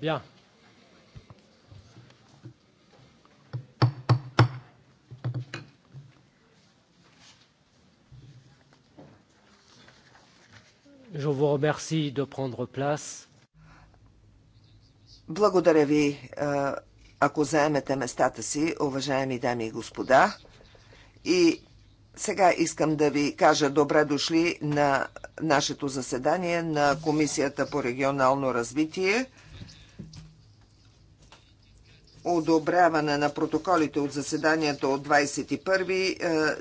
Bien. Je vous remercie de prendre place. Благодаря ви, ако заемете местата си, уважаеми дами и господа. И сега искам да ви кажа добре дошли на нашето заседание на Комисията по регионално развитие. Одобряване на протоколите от заседанията от 21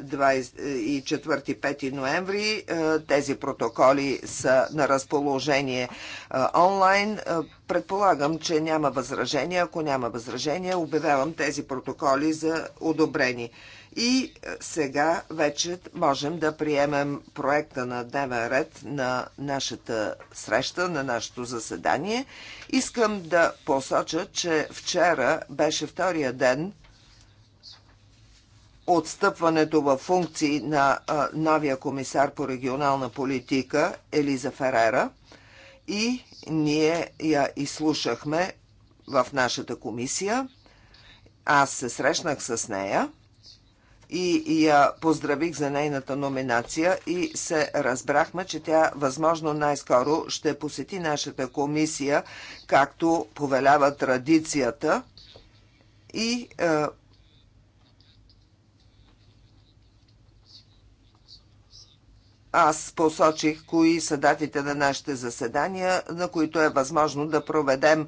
4 5 ноември. Е, тези протоколи са на разположение е, онлайн. Е, предполагам, че няма възражения. Ако няма възражения, обявявам тези протоколи за одобрени. И е, сега вече можем да приемем проекта на дневен ред на нашата среща, на нашето заседание. Искам да посоча, че вчера беше втория ден отстъпването във функции на е, новия комисар по регионална политика Елиза Ферера и ние я изслушахме в нашата комисия. Аз се срещнах с нея и я поздравих за нейната номинация и се разбрахме, че тя възможно най-скоро ще посети нашата комисия, както повелява традицията и е, Аз посочих кои са датите на нашите заседания, на които е възможно да проведем е,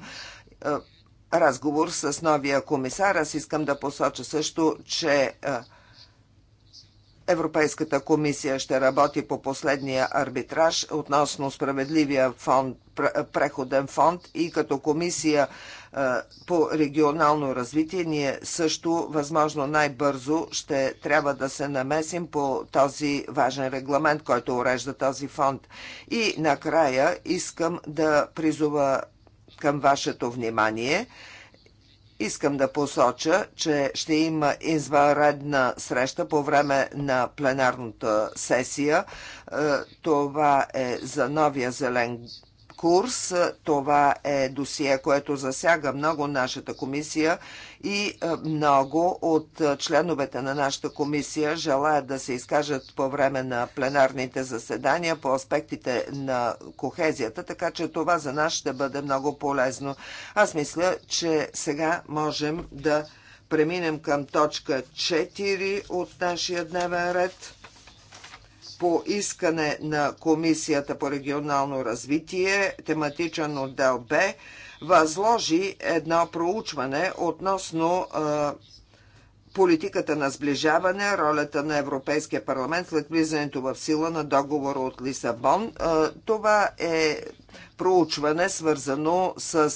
разговор с новия комисар. Аз искам да посоча също, че е, Европейската комисия ще работи по последния арбитраж относно справедливия фонд, преходен фонд и като комисия е, по регионално развитие ние също възможно най-бързо ще трябва да се намесим по този важен регламент, който урежда този фонд. И накрая искам да призова към вашето внимание – Искам да посоча, че ще има извънредна среща по време на пленарната сесия. Е, това е за новия зелен курс. Това е досие, което засяга много нашата комисия и е, много от членовете на нашата комисия желаят да се изкажат по време на пленарните заседания по аспектите на кохезията, така че това за нас ще бъде много полезно. Аз мисля, че сега можем да преминем към точка 4 от нашия дневен ред по искане на Комисията по регионално развитие, тематичен отдел Б, възложи едно проучване относно политиката на сближаване, ролята на Европейския парламент след влизането в сила на договора от Лисабон. Това е проучване, свързано с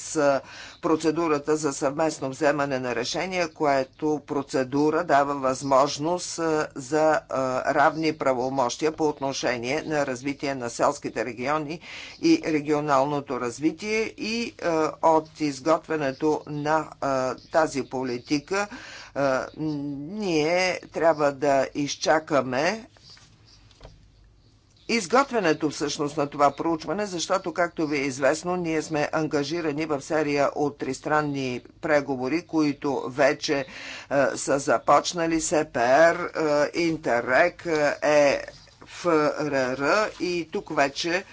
процедурата за съвместно вземане на решение, което процедура дава възможност за равни правомощия по отношение на развитие на селските региони и регионалното развитие и от изготвянето на тази политика ние трябва да изчакаме изготвянето всъщност на това проучване, защото, както ви е известно, ние сме ангажирани в серия от тристранни преговори, които вече е, са започнали СПР, е, Интеррек, е, и тук вече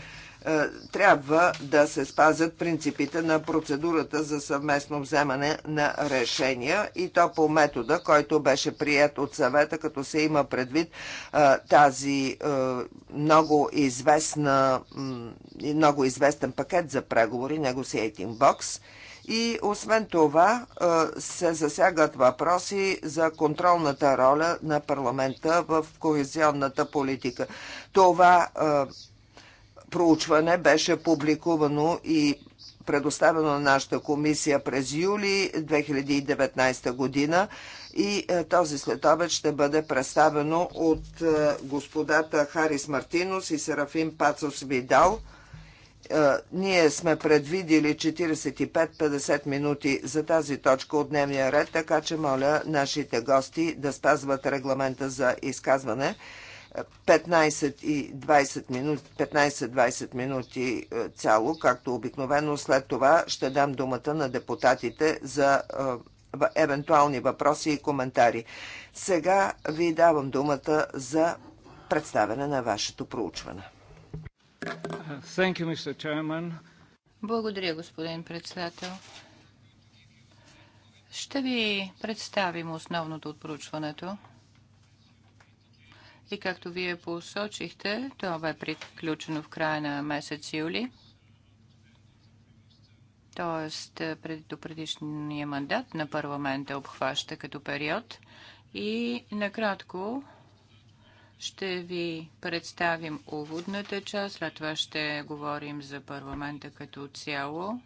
е, трябва да се спазят принципите на процедурата за съвместно вземане на решения и то по метода, който беше прият от съвета, като се има предвид е, тази е, много известна и много известен пакет за преговори, Negotiating Box. И освен това се засягат въпроси за контролната роля на парламента в кохезионната политика. Това е проучване беше публикувано и предоставено на нашата комисия през юли 2019 година и е, този следобед ще бъде представено от е, господата Харис Мартинус и Серафим Пацос Видал. Е, ние сме предвидили 45-50 минути за тази точка от дневния ред, така че моля нашите гости да спазват регламента за изказване. 15 и 20 минути, 15-20 е, минути цяло, както обикновено. След това ще дам думата на депутатите за е, евентуални въпроси и коментари. Сега ви давам думата за представяне на вашето проучване. You, Благодаря, господин председател. Ще ви представим основното от проучването. И както вие посочихте, това бе приключено в края на месец юли. Тоест, до предишния мандат на парламента обхваща като период. И накратко ще ви представим уводната част, след това ще говорим за парламента като цяло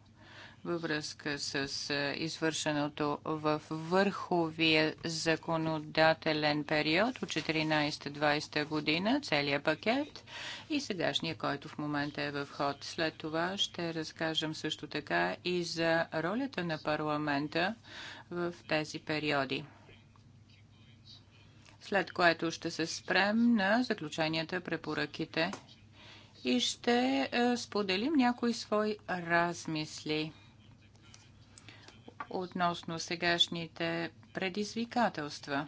във връзка с извършеното в върховия законодателен период от 14-20 година, целият пакет и сегашния, който в момента е в ход. След това ще разкажем също така и за ролята на парламента в тези периоди след което ще се спрем на заключенията, препоръките и ще споделим някои свои размисли относно сегашните предизвикателства,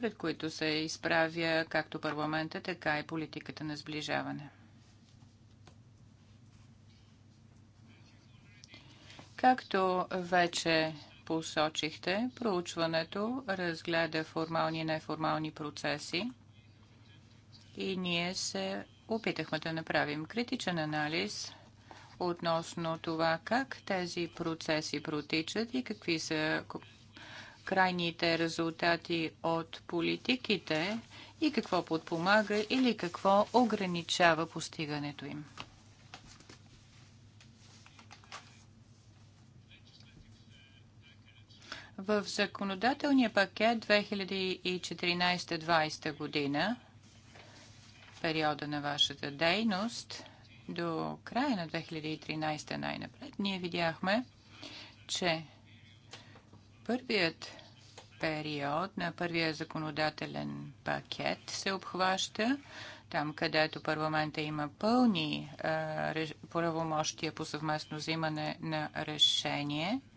пред които се изправя както парламента, така и политиката на сближаване. Както вече посочихте, проучването разгледа формални и неформални процеси и ние се опитахме да направим критичен анализ – относно това как тези процеси протичат и какви са крайните резултати от политиките и какво подпомага или какво ограничава постигането им. В законодателния пакет 2014-2020 година, периода на вашата дейност – до края на 2013 най-напред, ние видяхме, че първият период на първия законодателен пакет се обхваща там, където парламента има пълни правомощия по съвместно взимане на решение –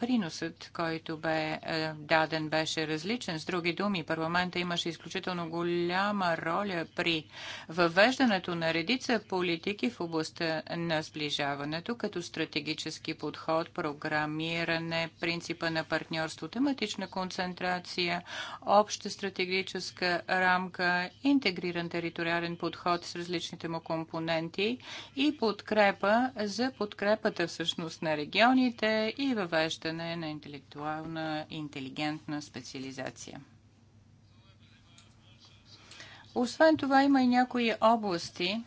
приносът, който бе е, даден, беше различен. С други думи, парламента имаше изключително голяма роля при въвеждането на редица политики в областта на сближаването, като стратегически подход, програмиране, принципа на партньорство, тематична концентрация, обща стратегическа рамка, интегриран териториален подход с различните му компоненти и подкрепа за подкрепата всъщност на регионите и въвеждането отчитане на интелектуална и интелигентна специализация. Освен това има и някои области,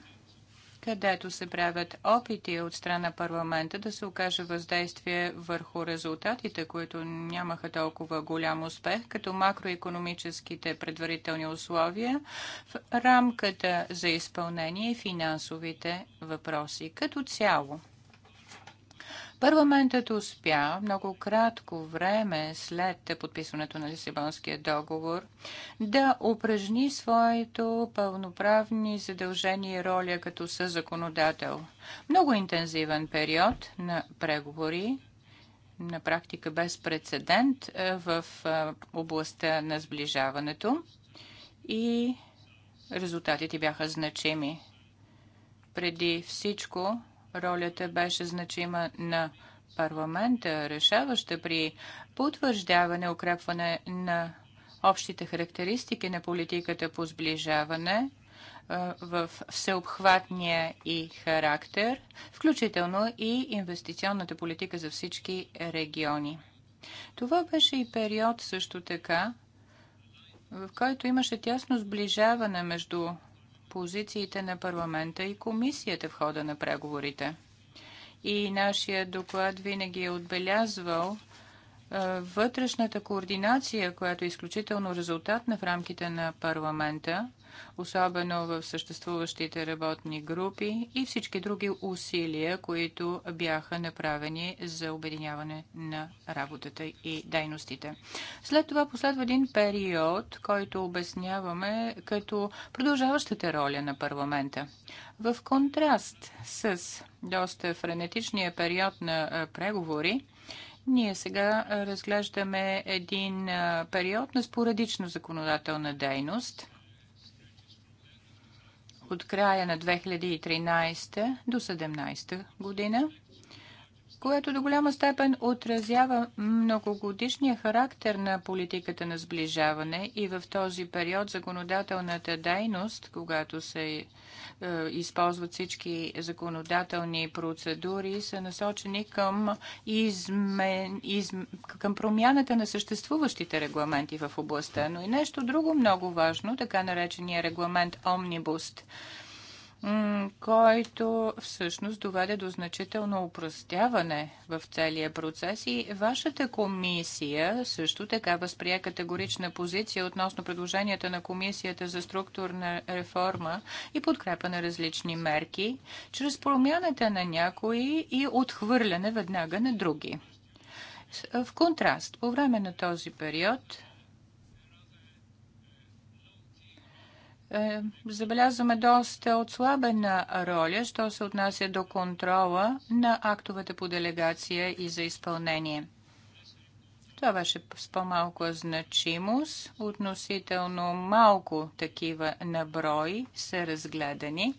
където се правят опити от страна парламента да се окаже въздействие върху резултатите, които нямаха толкова голям успех, като макроекономическите предварителни условия, в рамката за изпълнение и финансовите въпроси като цяло. Парламентът успя много кратко време след подписването на Лисабонския договор да упражни своето пълноправни задължения и роля като съзаконодател. Много интензивен период на преговори, на практика без прецедент е, в е, областта на сближаването и резултатите бяха значими. Преди всичко ролята беше значима на парламента, решаваща при потвърждаване, укрепване на общите характеристики на политиката по сближаване в всеобхватния и характер, включително и инвестиционната политика за всички региони. Това беше и период също така, в който имаше тясно сближаване между позициите на парламента и комисията в хода на преговорите. И нашия доклад винаги е отбелязвал вътрешната координация, която е изключително резултатна в рамките на парламента, особено в съществуващите работни групи и всички други усилия, които бяха направени за обединяване на работата и дейностите. След това последва един период, който обясняваме като продължаващата роля на парламента. В контраст с доста френетичния период на преговори, ние сега разглеждаме един период на споредично законодателна дейност от края на 2013 до 2017 година което до голяма степен отразява многогодишния характер на политиката на сближаване и в този период законодателната дейност, когато се е, използват всички законодателни процедури, са насочени към, измен, изм, към промяната на съществуващите регламенти в областта. Но и нещо друго много важно, така наречения регламент Омнибуст – който всъщност доведе до значително упростяване в целия процес и вашата комисия също така възприе категорична позиция относно предложенията на комисията за структурна реформа и подкрепа на различни мерки, чрез промяната на някои и отхвърляне веднага на други. В контраст, по време на този период Е, забелязваме доста отслабена роля, що се отнася до контрола на актовете по делегация и за изпълнение. Това беше с по-малко значимост. Относително малко такива наброи са разгледани.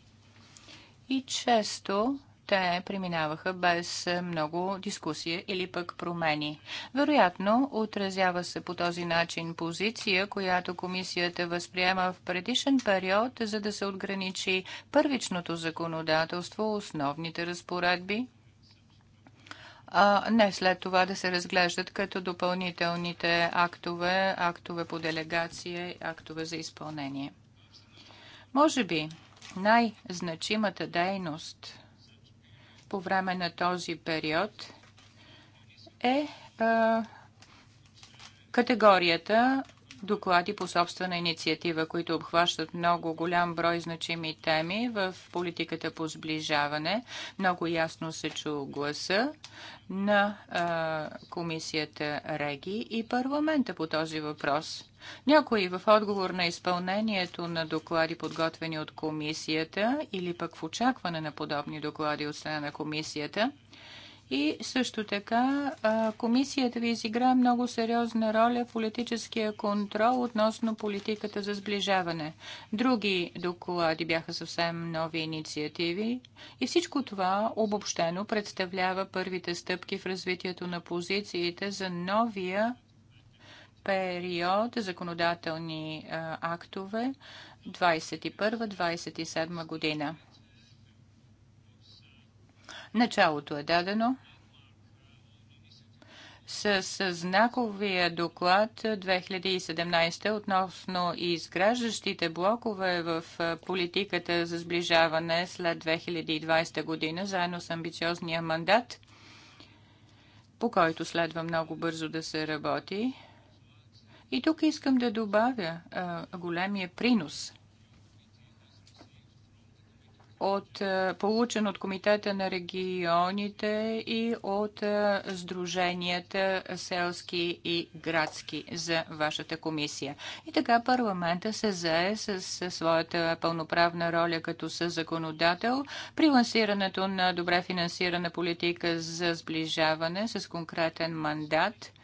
И често те преминаваха без много дискусия или пък промени. Вероятно, отразява се по този начин позиция, която комисията възприема в предишен период, за да се отграничи първичното законодателство, основните разпоредби, а не след това да се разглеждат като допълнителните актове, актове по делегация, актове за изпълнение. Може би най-значимата дейност – по време на този период е категорията доклади по собствена инициатива, които обхващат много голям брой значими теми в политиката по сближаване. Много ясно се чу гласа на а, комисията Реги и парламента по този въпрос. Някои в отговор на изпълнението на доклади, подготвени от комисията, или пък в очакване на подобни доклади от страна на комисията, и също така комисията ви изигра много сериозна роля в политическия контрол относно политиката за сближаване. Други доклади бяха съвсем нови инициативи и всичко това обобщено представлява първите стъпки в развитието на позициите за новия период законодателни актове 21-27 година. Началото е дадено с знаковия доклад 2017 относно изграждащите блокове в политиката за сближаване след 2020 година, заедно с амбициозния мандат, по който следва много бързо да се работи. И тук искам да добавя а, големия принос – от, е, получен от Комитета на регионите и от е, Сдруженията селски и градски за вашата комисия. И така парламента се зае с, с своята пълноправна роля като съзаконодател при лансирането на добре финансирана политика за сближаване с конкретен мандат –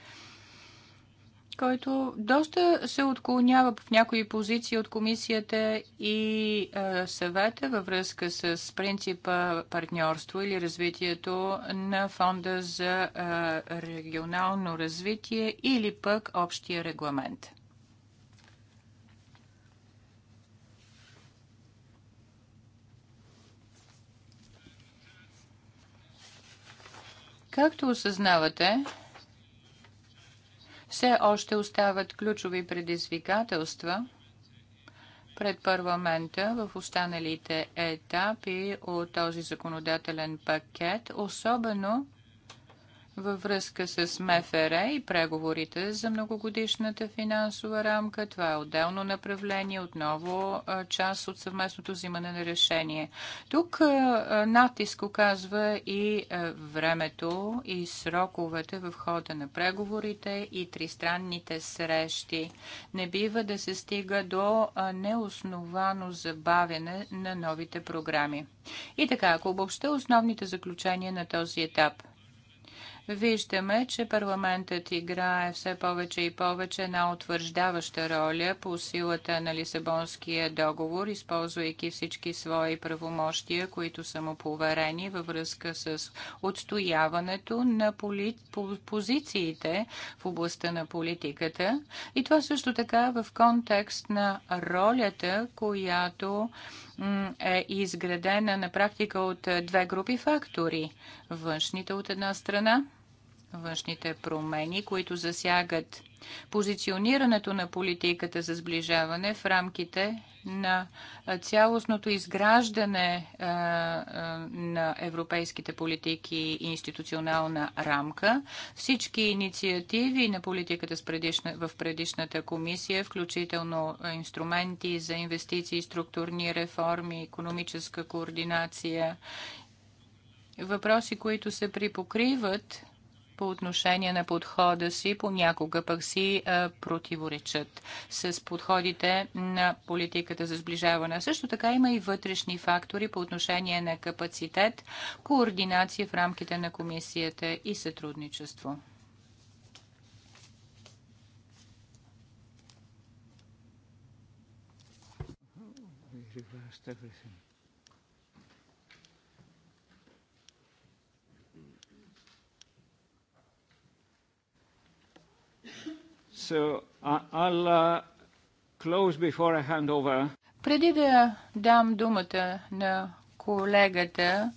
който доста се отклонява в някои позиции от комисията и е, съвета във връзка с принципа партньорство или развитието на фонда за е, регионално развитие или пък общия регламент. Както осъзнавате, все още остават ключови предизвикателства пред парламента в останалите етапи от този законодателен пакет, особено във връзка с МФР и преговорите за многогодишната финансова рамка. Това е отделно направление, отново част от съвместното взимане на решение. Тук натиск оказва и времето и сроковете в хода на преговорите и тристранните срещи. Не бива да се стига до неосновано забавяне на новите програми. И така, ако обобща основните заключения на този етап – виждаме, че парламентът играе все повече и повече на утвърждаваща роля по силата на Лисабонския договор, използвайки всички свои правомощия, които са му поверени във връзка с отстояването на поли... позициите в областта на политиката. И това също така в контекст на ролята, която е изградена на практика от е, две групи фактори. Външните от една страна, външните промени, които засягат позиционирането на политиката за сближаване в рамките на цялостното изграждане на европейските политики и институционална рамка. Всички инициативи на политиката в предишната комисия, включително инструменти за инвестиции, структурни реформи, економическа координация, въпроси, които се припокриват по отношение на подхода си, понякога пък си а, противоречат с подходите на политиката за сближаване. Също така има и вътрешни фактори по отношение на капацитет, координация в рамките на комисията и сътрудничество. Reversed everything. So, I'll uh, close before I hand over. Преди да дам думата на колегата,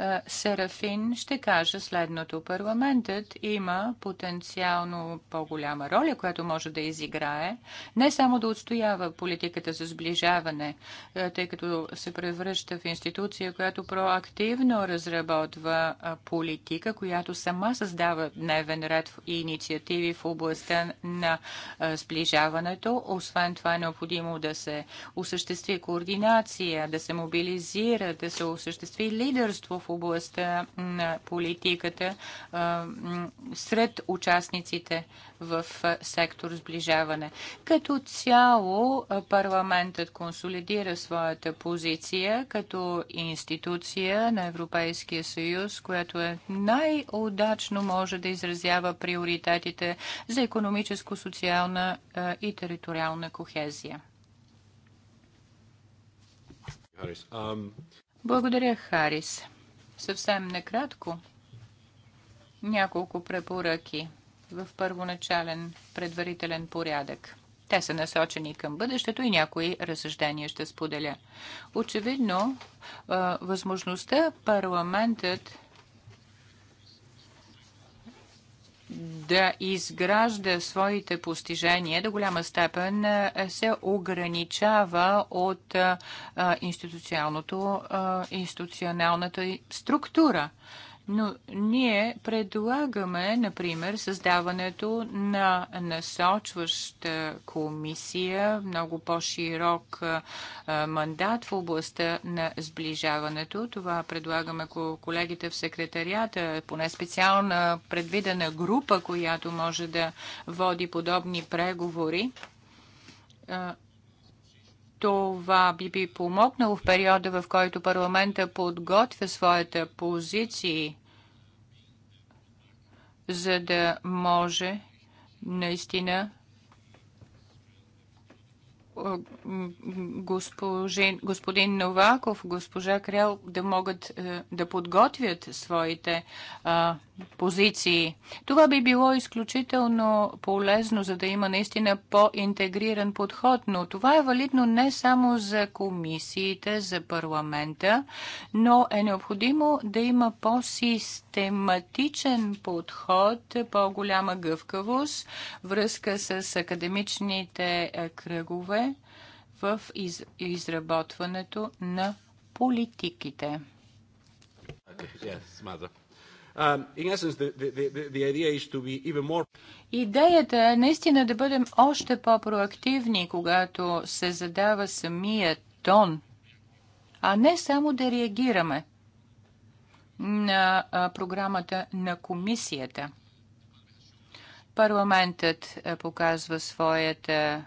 е, Серафин ще каже следното. Парламентът има потенциално по-голяма роля, която може да изиграе. Не само да отстоява политиката за сближаване, е, тъй като се превръща в институция, която проактивно разработва е, политика, която сама създава дневен ред и инициативи в областта на сближаването. Освен това е необходимо да се осъществи координация, да се мобилизира, да се осъществи лидерство в в областта на политиката сред участниците в сектор сближаване. Като цяло парламентът консолидира своята позиция като институция на Европейския съюз, която е най-удачно може да изразява приоритетите за економическо, социална и териториална кохезия. Благодаря, Харис. Съвсем накратко няколко препоръки в първоначален предварителен порядък. Те са насочени към бъдещето и някои разсъждения ще споделя. Очевидно, възможността парламентът да изгражда своите постижения до голяма степен е, се ограничава от е, е, институционалната структура. Но ние предлагаме, например, създаването на насочваща комисия, много по-широк мандат в областта на сближаването. Това предлагаме колегите в секретарията, поне специална предвидена група, която може да води подобни преговори това би би помогнало в периода, в който парламента подготвя своята позиции, за да може наистина господин Новаков, госпожа Крел да могат е, да подготвят своите а, позиции. Това би било изключително полезно, за да има наистина по-интегриран подход, но това е валидно не само за комисиите, за парламента, но е необходимо да има по-систематичен подход, по-голяма гъвкавост, връзка с академичните е, кръгове в из изработването на политиките. yes, mother. Um, Идеята е наистина да бъдем още по-проактивни, когато се задава самия тон, а не само да реагираме на програмата на комисията. Парламентът показва своята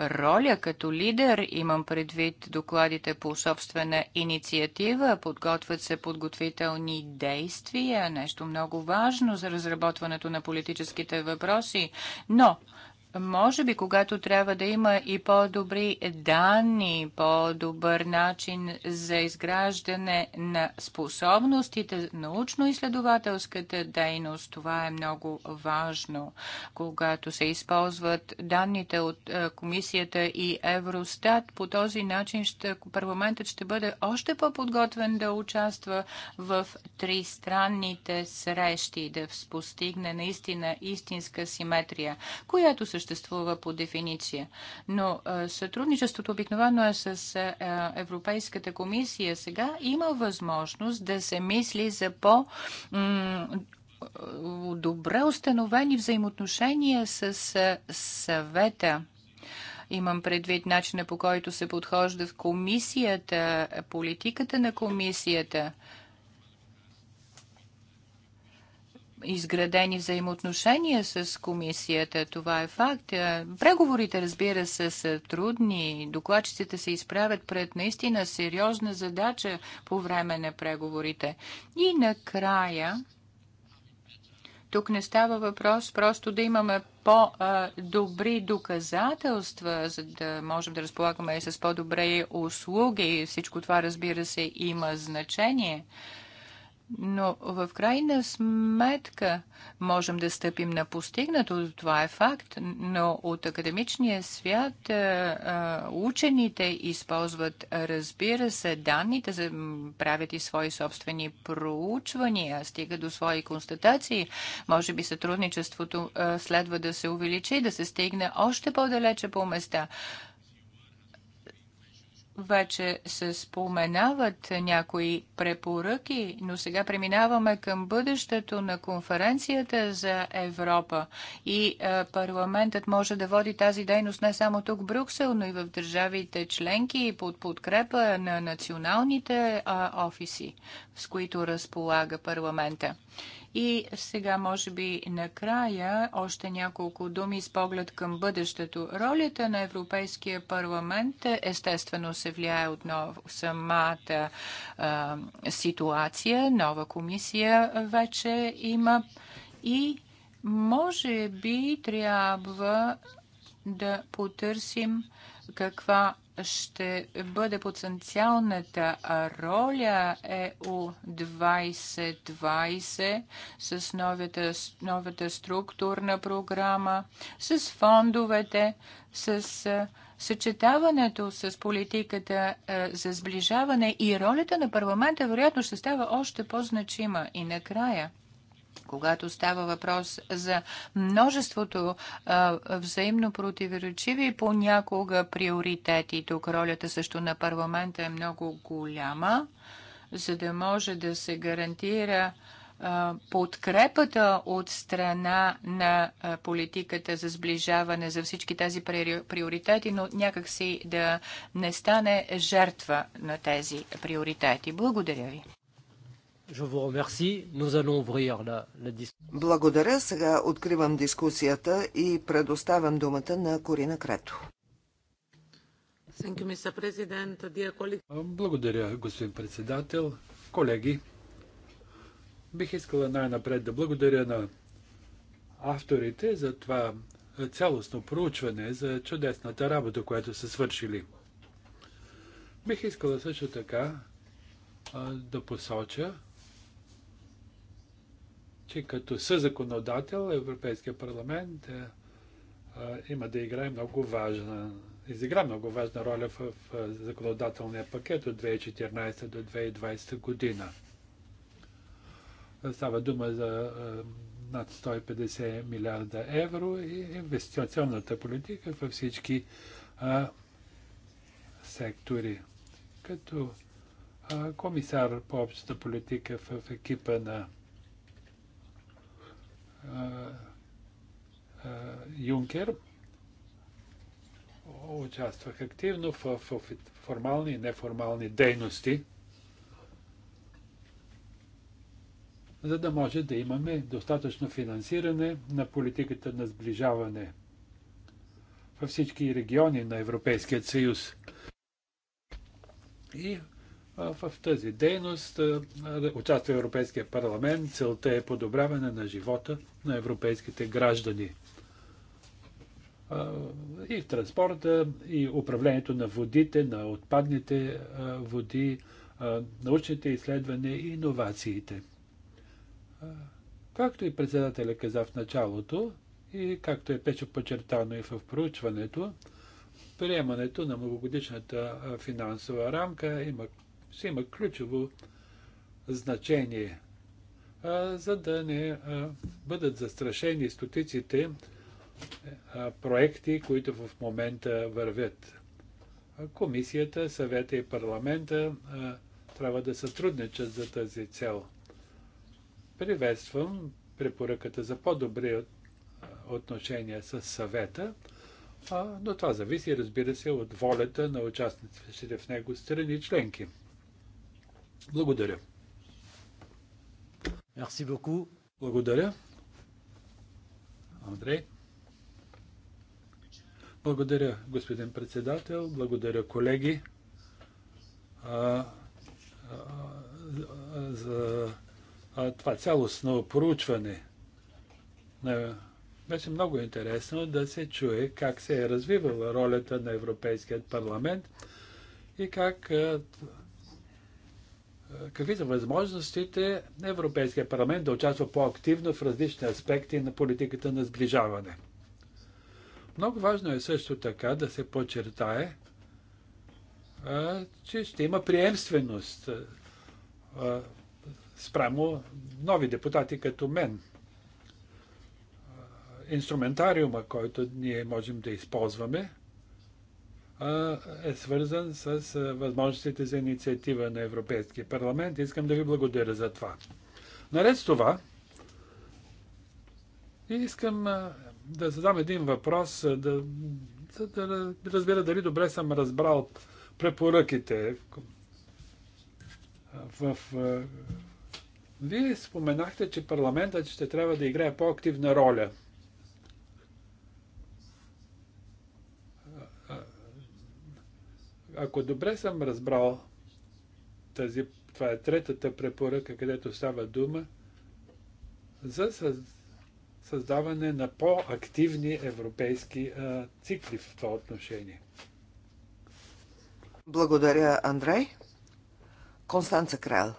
роля като лидер, имам предвид докладите по собствена инициатива, подготвят се подготвителни действия, нещо много важно за разработването на политическите въпроси. Но може би, когато трябва да има и по-добри данни, по-добър начин за изграждане на способностите, научно-изследователската дейност, това е много важно, когато се използват данните от е, комисията и Евростат. По този начин ще, парламентът ще бъде още по-подготвен да участва в тристранните срещи, да постигне наистина истинска симетрия, която също съществува по дефиниция. Но сътрудничеството обикновено е с Европейската комисия. Сега има възможност да се мисли за по- добре установени взаимоотношения с съвета. Имам предвид начина по който се подхожда в комисията, политиката на комисията. изградени взаимоотношения с комисията. Това е факт. Е, преговорите, разбира се, са трудни. Докладчиците се изправят пред наистина сериозна задача по време на преговорите. И накрая, тук не става въпрос просто да имаме по-добри доказателства, за да можем да разполагаме и с по-добри услуги. Всичко това, разбира се, има значение. Но в крайна сметка можем да стъпим на постигнато, това е факт, но от академичния свят учените използват, разбира се, данните, за правят и свои собствени проучвания, стига до свои констатации. Може би сътрудничеството следва да се увеличи, да се стигне още по-далече по места вече се споменават някои препоръки, но сега преминаваме към бъдещето на конференцията за Европа. И е, парламентът може да води тази дейност не само тук в Брюксел, но и в държавите членки под подкрепа на националните е, офиси, с които разполага парламента. И сега, може би, накрая, още няколко думи с поглед към бъдещето. Ролята на Европейския парламент естествено се влияе от нов, самата а, ситуация. Нова комисия вече има. И може би трябва да потърсим каква ще бъде потенциалната роля ЕУ 2020 с новата, новата структурна програма, с фондовете, с съчетаването с политиката за сближаване и ролята на парламента вероятно ще става още по-значима. И накрая – когато става въпрос за множеството а, взаимно противоречиви понякога приоритети. Тук ролята също на парламента е много голяма, за да може да се гарантира подкрепата от страна на политиката за сближаване за всички тези приоритети, но някакси да не стане жертва на тези приоритети. Благодаря ви. Благодаря. Сега откривам дискусията и предоставям думата на Корина Крето. Благодаря, господин председател. Колеги, бих искала най-напред да благодаря на авторите за това цялостно проучване, за чудесната работа, която са свършили. Бих искала също така да посоча, че като съзаконодател Европейския парламент е, а, има да играе много важна, изигра много важна роля в, в законодателния пакет от 2014 до 2020 година. Става дума за а, над 150 милиарда евро и инвестиционната политика във всички а, сектори. Като а, комисар по общата политика в, в екипа на Юнкер участвах активно в, формални и неформални дейности, за да може да имаме достатъчно финансиране на политиката на сближаване във всички региони на Европейския съюз. И в тази дейност участва Европейския парламент. Целта е подобряване на живота на европейските граждани. И в транспорта, и управлението на водите, на отпадните води, научните изследвания и иновациите. Както и председателя каза в началото, и както е пече подчертано и в проучването, приемането на многогодишната финансова рамка има ще има ключово значение, за да не бъдат застрашени стотиците проекти, които в момента вървят. Комисията, съвета и парламента трябва да сътрудничат за тази цел. Приветствам препоръката за по-добри отношения с съвета, но това зависи, разбира се, от волята на участниците в него страни членки. Благодаря. Мерси Боку. Благодаря. Андрей. Благодаря, господин председател. Благодаря, колеги, а, а, за а, това цялостно проучване. Беше много интересно да се чуе как се е развивала ролята на Европейският парламент и как какви са възможностите на Европейския парламент да участва по-активно в различни аспекти на политиката на сближаване. Много важно е също така да се подчертае, че ще има приемственост спрямо нови депутати като мен. Инструментариума, който ние можем да използваме, е свързан с възможностите за инициатива на Европейския парламент. Искам да ви благодаря за това. Наред с това, искам да задам един въпрос, да, да, да разбира дали добре съм разбрал препоръките. В, в, вие споменахте, че парламентът ще трябва да играе по-активна роля – Ако добре съм разбрал тази, това е третата препоръка, където става дума за създаване на по-активни европейски а, цикли в това отношение. Благодаря, Андрей. Констанца Крал.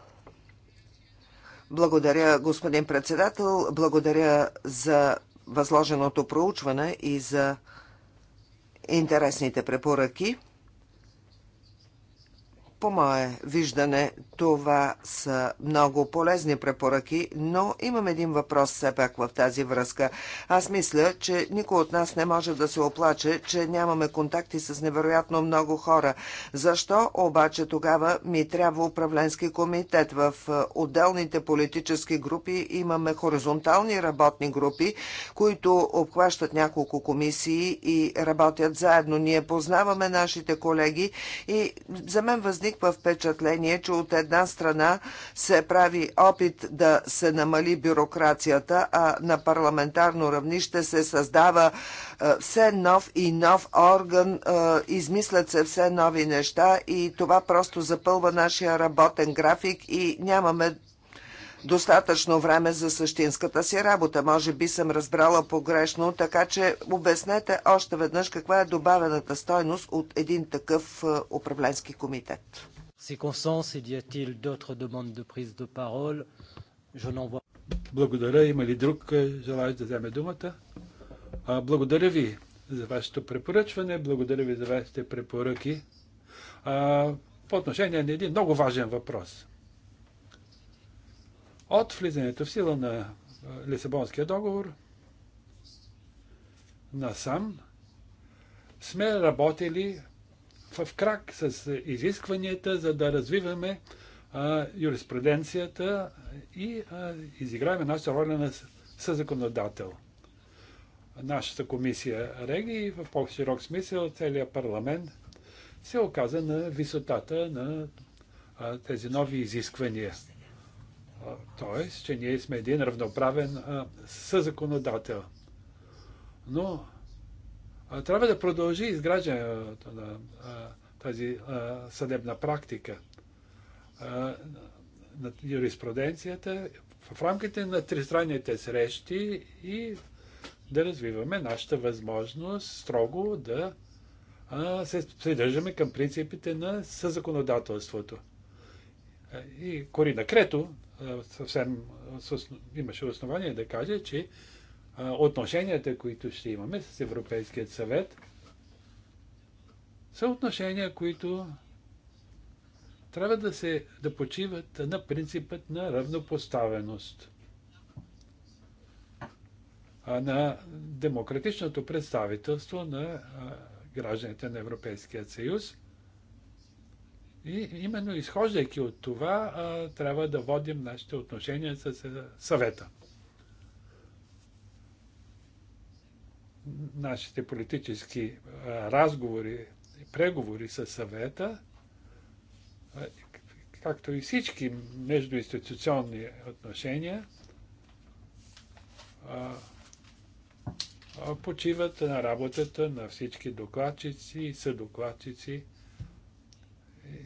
Благодаря, господин председател. Благодаря за възложеното проучване и за интересните препоръки. По мое виждане, това са много полезни препоръки, но имам един въпрос все пак в тази връзка. Аз мисля, че никой от нас не може да се оплаче, че нямаме контакти с невероятно много хора. Защо обаче тогава ми трябва управленски комитет? В е, отделните политически групи имаме хоризонтални работни групи, които обхващат няколко комисии и работят заедно. Ние познаваме нашите колеги и за мен възник възниква впечатление, че от една страна се прави опит да се намали бюрокрацията, а на парламентарно равнище се създава е, все нов и нов орган, е, измислят се все нови неща и това просто запълва нашия работен график и нямаме достатъчно време за същинската си работа. Може би съм разбрала погрешно, така че обяснете още веднъж каква е добавената стойност от един такъв е, управленски комитет. Благодаря. Има ли друг е, желаящ да вземе думата? благодаря ви за вашето препоръчване, благодаря ви за вашите препоръки. по отношение на един много важен въпрос – от влизането в сила на Лисабонския договор насам сме работили в крак с изискванията, за да развиваме а, юриспруденцията и а, изиграваме нашата роля на съзаконодател. Нашата комисия Реги в по-широк смисъл целият парламент се оказа на висотата на а, тези нови изисквания. Тоест, че ние сме един равноправен съзаконодател. Но а, трябва да продължи изграждането на а, тази а, съдебна практика на юриспруденцията в рамките на тристранните срещи и да развиваме нашата възможност строго да се придържаме към принципите на съзаконодателството. И Корина Крето е, съвсем е, имаше основание да каже, че е, отношенията, които ще имаме с Европейският съвет, са отношения, които трябва да се да почиват на принципът на равнопоставеност, на демократичното представителство на гражданите на Европейския съюз и именно изхождайки от това, а, трябва да водим нашите отношения с а, съвета. Нашите политически а, разговори и преговори с съвета, както и всички междуинституционни отношения, почиват на работата на всички докладчици и съдокладчици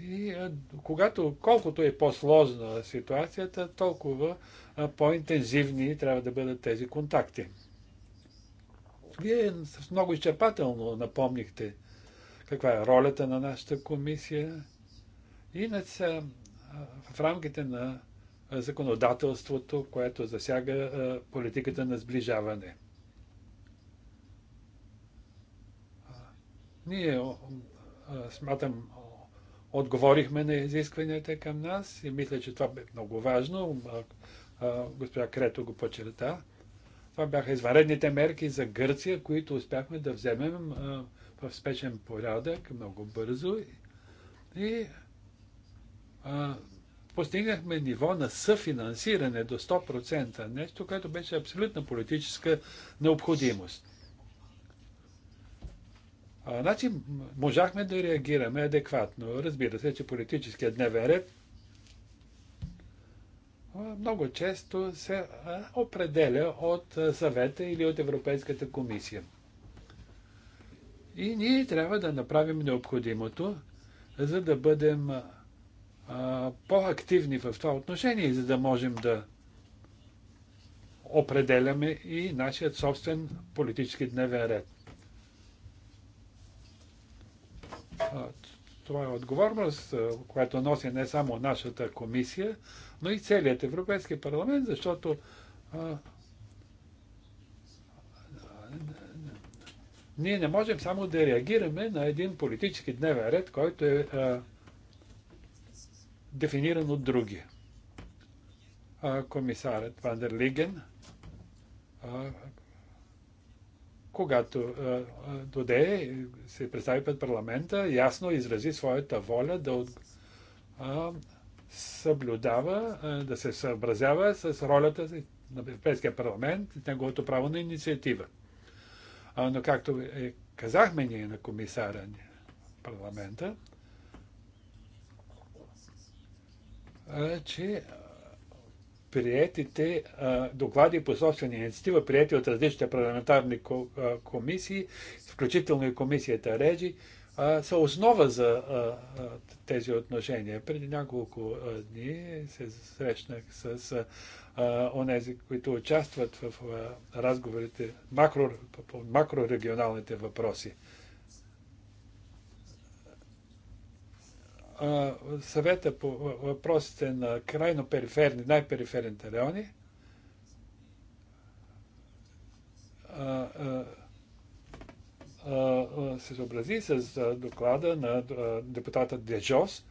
и когато, колкото е по-сложна ситуацията, толкова по-интензивни трябва да бъдат тези контакти. Вие много изчерпателно напомнихте каква е ролята на нашата комисия. Инак в рамките на законодателството, което засяга политиката на сближаване. Ние смятам Отговорихме на изискванията към нас и мисля, че това бе много важно. Госпожа Крето го почерта. Това бяха изваредните мерки за Гърция, които успяхме да вземем в спешен порядък много бързо и а, постигнахме ниво на съфинансиране до 100%, нещо, което беше абсолютна политическа необходимост. А, значи, можахме да реагираме адекватно. Разбира се, че политическият дневен ред много често се определя от съвета или от Европейската комисия. И ние трябва да направим необходимото, за да бъдем по-активни в това отношение, за да можем да определяме и нашият собствен политически дневен ред. Това е отговорност, която носи не само нашата комисия, но и целият Европейски парламент, защото а, ние не можем само да реагираме на един политически дневен ред, който е а, дефиниран от други. А, комисарът Вандерлиген когато Доде се представи пред парламента, ясно изрази своята воля да а, съблюдава, а, да се съобразява с ролята на Европейския парламент и неговото право на инициатива. А, но както е, казахме ние на комисара парламента, че приетите доклади по посочени инициатива, прияти от различните парламентарни комисии, включително и комисията Реджи, са основа за тези отношения. Преди няколко дни се срещнах с онези, които участват в разговорите по макрорегионалните въпроси. съвета по въпросите на крайно периферни, най-периферните райони се съобрази с доклада на депутата Дежос,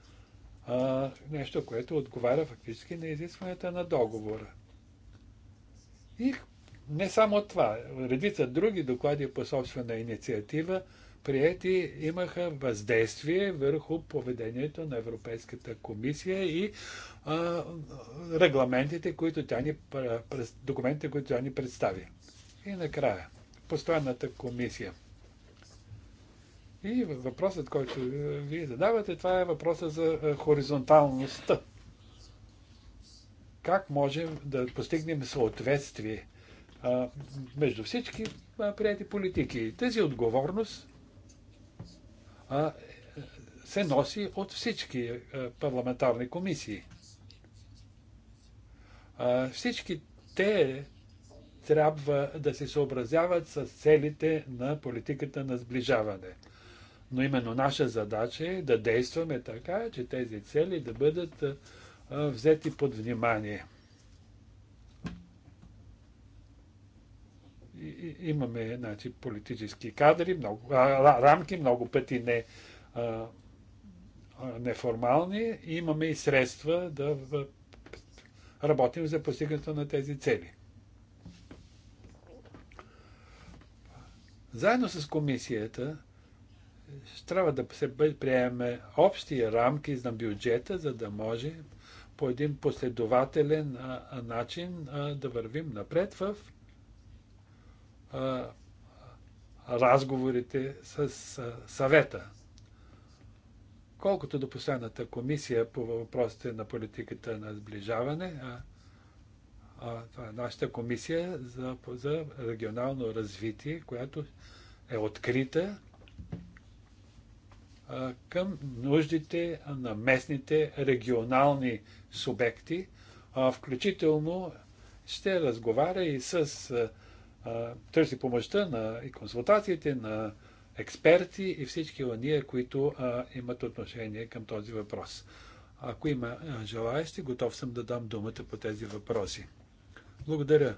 нещо, което отговаря фактически на изискванията на договора. И не само това, редица други доклади по собствена инициатива приети имаха въздействие върху поведението на Европейската комисия и а, регламентите, които тя ни, документите, които тя ни представи. И накрая, постоянната комисия. И въпросът, който е, вие задавате, това е въпроса за е, хоризонталността. Как можем да постигнем съответствие а, между всички а, прияти политики? Тази отговорност е, се носи от всички е, парламентарни комисии. Всички те трябва да се съобразяват с целите на политиката на сближаване. Но именно наша задача е да действаме така, че тези цели да бъдат взети под внимание. имаме значи, политически кадри, много, а, рамки, много пъти не, а, неформални, и имаме и средства да в, работим за постигането на тези цели. Заедно с комисията трябва да се приеме общи рамки на бюджета, за да може по един последователен начин да вървим напред в разговорите с съвета. Колкото до последната комисия по въпросите на политиката на сближаване, а, а, това е нашата комисия за, за регионално развитие, която е открита а, към нуждите на местните регионални субекти, а, включително ще разговаря и с а, търси помощта на и консултациите на експерти и всички ония, които а, имат отношение към този въпрос. Ако има желаящи, готов съм да дам думата по тези въпроси. Благодаря.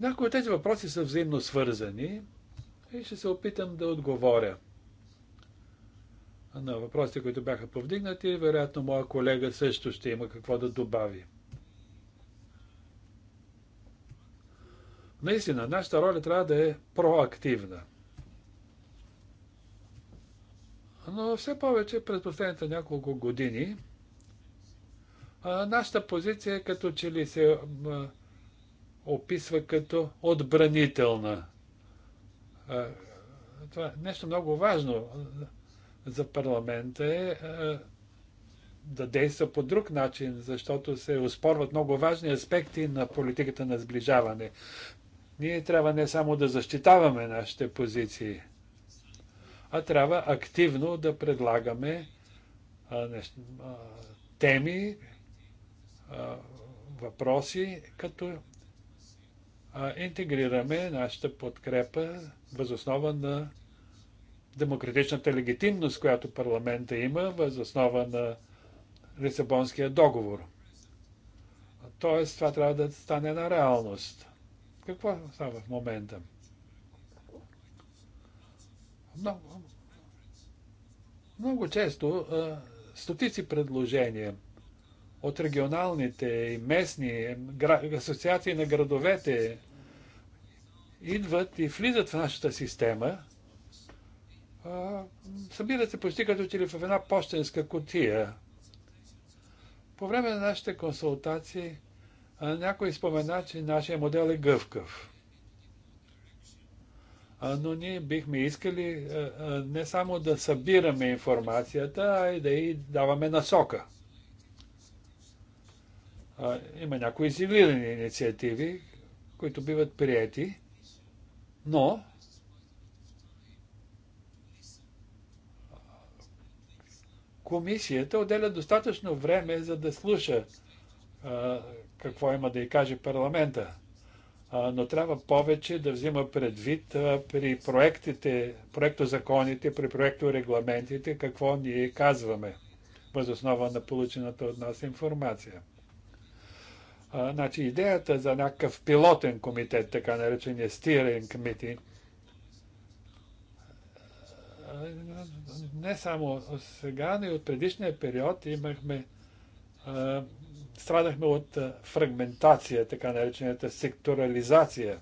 Някои от тези въпроси са взаимно свързани и ще се опитам да отговоря на въпросите, които бяха повдигнати. Вероятно, моя колега също ще има какво да добави. Наистина, нашата роля трябва да е проактивна. Но все повече през последните няколко години нашата позиция е като че ли се описва като отбранителна. Това е нещо много важно за парламента е да действа по друг начин, защото се оспорват много важни аспекти на политиката на сближаване. Ние трябва не само да защитаваме нашите позиции, а трябва активно да предлагаме а, не, а, теми, а, въпроси, като а, интегрираме нашата подкрепа възоснова на демократичната легитимност, която парламента има, възоснова на Лисабонския договор. Тоест, това трябва да стане на реалност. Какво става в момента? Много, много често стотици предложения от регионалните и местни асоциации на градовете идват и влизат в нашата система, събират се почти като че ли в една почтенска котия. По време на нашите консултации някой спомена, че нашия модел е гъвкав. Но ние бихме искали не само да събираме информацията, а и да и даваме насока. Има някои изявилени инициативи, които биват приети, но комисията отделя достатъчно време, за да слуша какво има да й каже парламента. Но трябва повече да взима предвид при проектите, проектозаконите, при проекторегламентите, какво ние казваме, възоснова на получената от нас информация. А, значи идеята за някакъв пилотен комитет, така наречения стирен комитет, не само сега, но и от предишния период имахме а, страдахме от фрагментация, така наречената секторализация.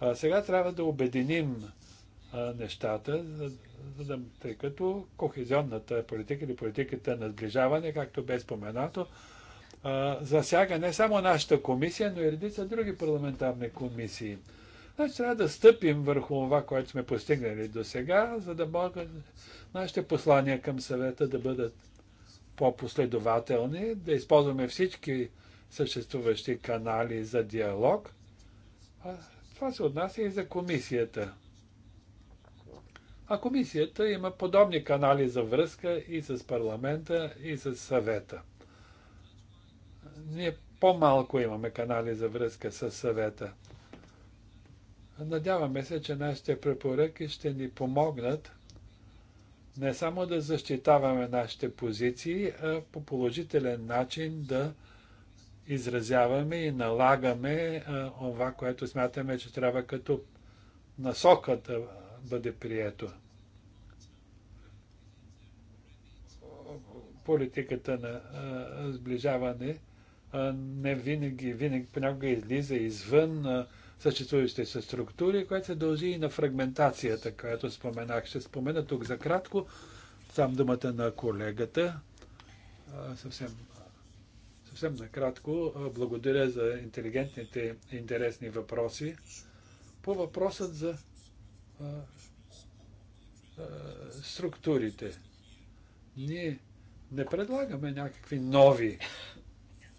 А сега трябва да обединим нещата, за, да, тъй като кохезионната политика или политиката на сближаване, както бе споменато, засяга не само нашата комисия, но и редица други парламентарни комисии. Значи трябва да стъпим върху това, което сме постигнали до сега, за да могат нашите послания към съвета да бъдат по-последователни, да използваме всички съществуващи канали за диалог. А това се отнася и за комисията. А комисията има подобни канали за връзка и с парламента, и с съвета. Ние по-малко имаме канали за връзка с съвета. Надяваме се, че нашите препоръки ще ни помогнат не само да защитаваме нашите позиции, а по положителен начин да изразяваме и налагаме това, което смятаме, че трябва като насока да бъде прието. Политиката на сближаване не винаги, винаги понякога излиза извън съществуващите са структури, което се дължи и на фрагментацията, която споменах. Ще спомена тук за кратко, сам думата на колегата. съвсем, съвсем накратко, благодаря за интелигентните, интересни въпроси. По въпросът за структурите. Ние не предлагаме някакви нови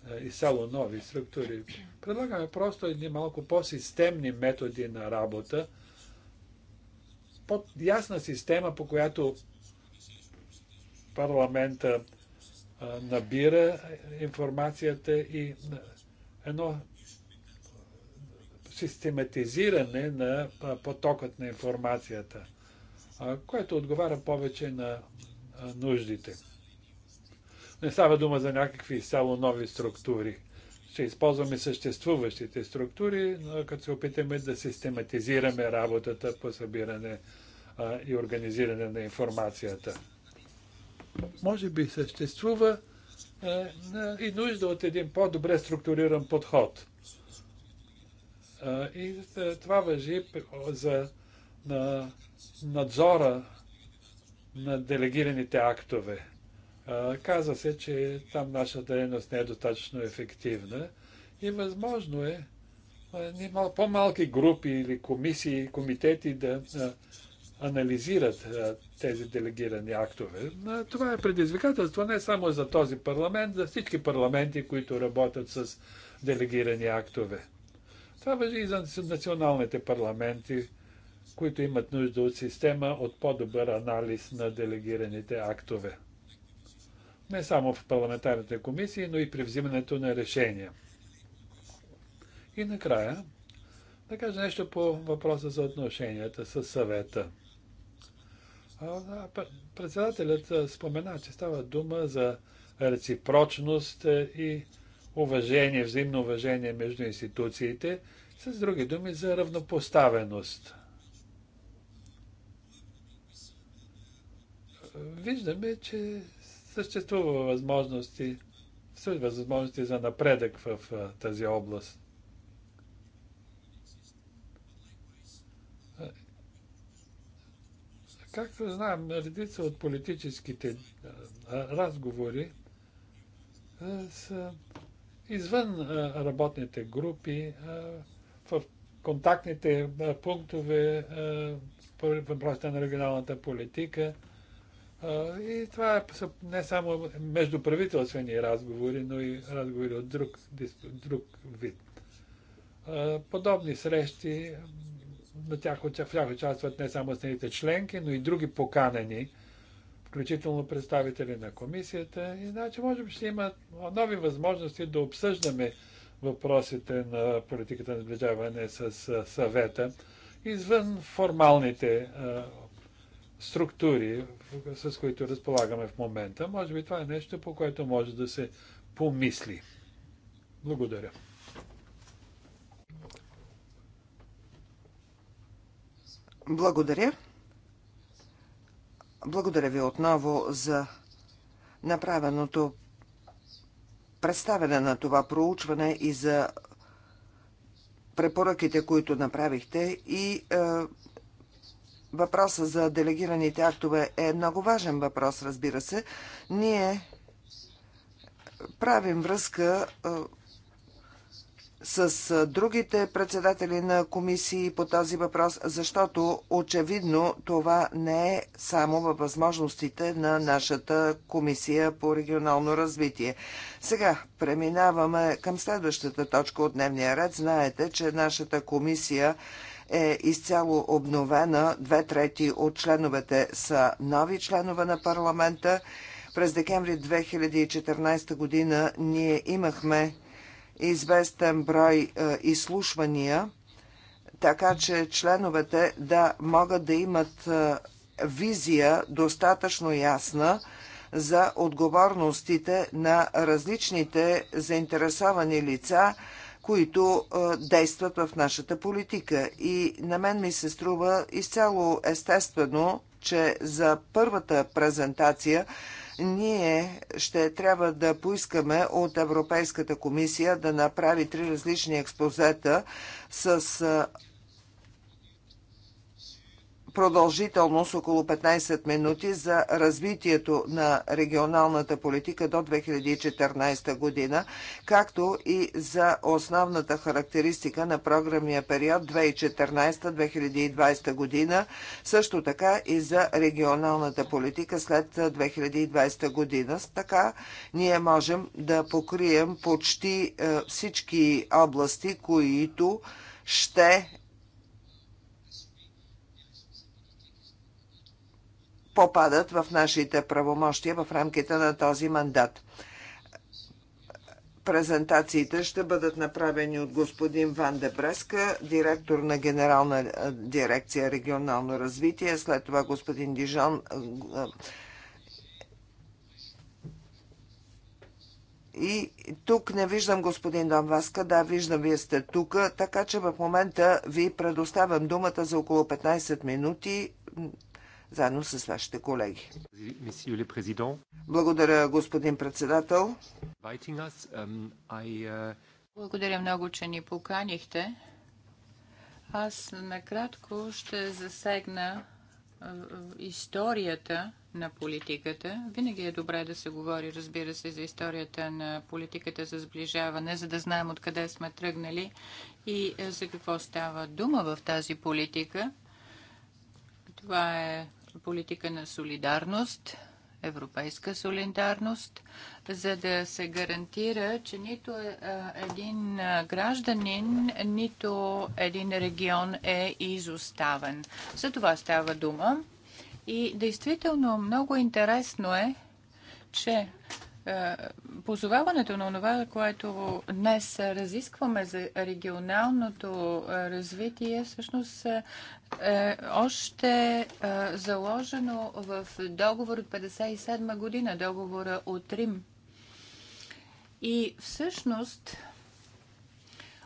е, и село нови структури. Предлагаме просто едни малко по-системни методи на работа, по-ясна система, по която парламента набира информацията и едно систематизиране на потокът на информацията, което отговаря повече на нуждите. Не става дума за някакви изцяло нови структури. Ще използваме съществуващите структури, но като се опитаме да систематизираме работата по събиране а, и организиране на информацията. Може би съществува а, и нужда от един по-добре структуриран подход. А, и това въжи за на надзора на делегираните актове. Казва се, че там нашата дейност не е достатъчно ефективна и възможно е по-малки групи или комисии, комитети да анализират тези делегирани актове. Това е предизвикателство не само за този парламент, за всички парламенти, които работят с делегирани актове. Това въжи и за националните парламенти, които имат нужда от система от по-добър анализ на делегираните актове не само в парламентарните комисии, но и при взимането на решения. И накрая, да кажа нещо по въпроса за отношенията с съвета. Председателят спомена, че става дума за реципрочност и уважение, взаимно уважение между институциите, с други думи за равнопоставеност. Виждаме, че съществува възможности, възможности за напредък в тази област. Както знаем, редица от политическите разговори са извън работните групи, в контактните пунктове по въпросите на регионалната политика – и това е, са не само междуправителствени разговори, но и разговори от друг, друг вид. Подобни срещи, на тях, в тях участват не само страните членки, но и други поканени, включително представители на комисията. И значи, може би ще има нови възможности да обсъждаме въпросите на политиката на сближаване с съвета, извън формалните структури, с които разполагаме в момента. Може би това е нещо, по което може да се помисли. Благодаря. Благодаря. Благодаря ви отново за направеното представяне на това проучване и за препоръките, които направихте и е, въпроса за делегираните актове е много важен въпрос, разбира се. Ние правим връзка с другите председатели на комисии по този въпрос, защото очевидно това не е само във възможностите на нашата комисия по регионално развитие. Сега преминаваме към следващата точка от дневния ред. Знаете, че нашата комисия е изцяло обновена. Две трети от членовете са нови членове на парламента. През декември 2014 година ние имахме известен брой е, изслушвания, така че членовете да могат да имат е, визия достатъчно ясна за отговорностите на различните заинтересовани лица, които действат в нашата политика. И на мен ми се струва изцяло естествено, че за първата презентация ние ще трябва да поискаме от Европейската комисия да направи три различни експозета с продължителност около 15 минути за развитието на регионалната политика до 2014 година, както и за основната характеристика на програмния период 2014-2020 година, също така и за регионалната политика след 2020 година. Така ние можем да покрием почти е, всички области, които ще попадат в нашите правомощия в рамките на този мандат. Презентациите ще бъдат направени от господин Ван Дебреска, директор на Генерална е, дирекция регионално развитие, след това господин Дижон е, е, И тук не виждам господин Васка, да, виждам, вие сте тук, така че в момента ви предоставям думата за около 15 минути заедно с вашите колеги. Благодаря, господин председател. Um, uh, Благодаря много, че ни поканихте. Аз накратко ще засегна историята на политиката. Винаги е добре да се говори, разбира се, за историята на политиката за сближаване, за да знаем откъде сме тръгнали и е, за какво става дума в тази политика. Това е политика на солидарност, европейска солидарност, за да се гарантира, че нито е, един гражданин, нито един регион е изоставен. За това става дума. И действително много интересно е, че е, позоваването на това, което днес разискваме за регионалното е, развитие, всъщност е, е още заложено в договор от 1957 година, договора от Рим. И всъщност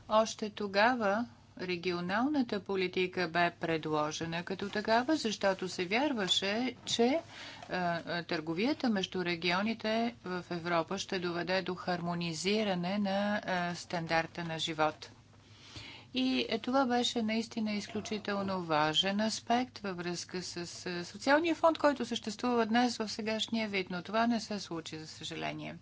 още тогава регионалната политика бе предложена като такава, защото се вярваше, че е, е, търговията между регионите в Европа ще доведе до хармонизиране на е, стандарта на живот. И това беше наистина изключително важен аспект във връзка с социалния фонд, който съществува днес в сегашния вид, но това не се случи, за съжаление.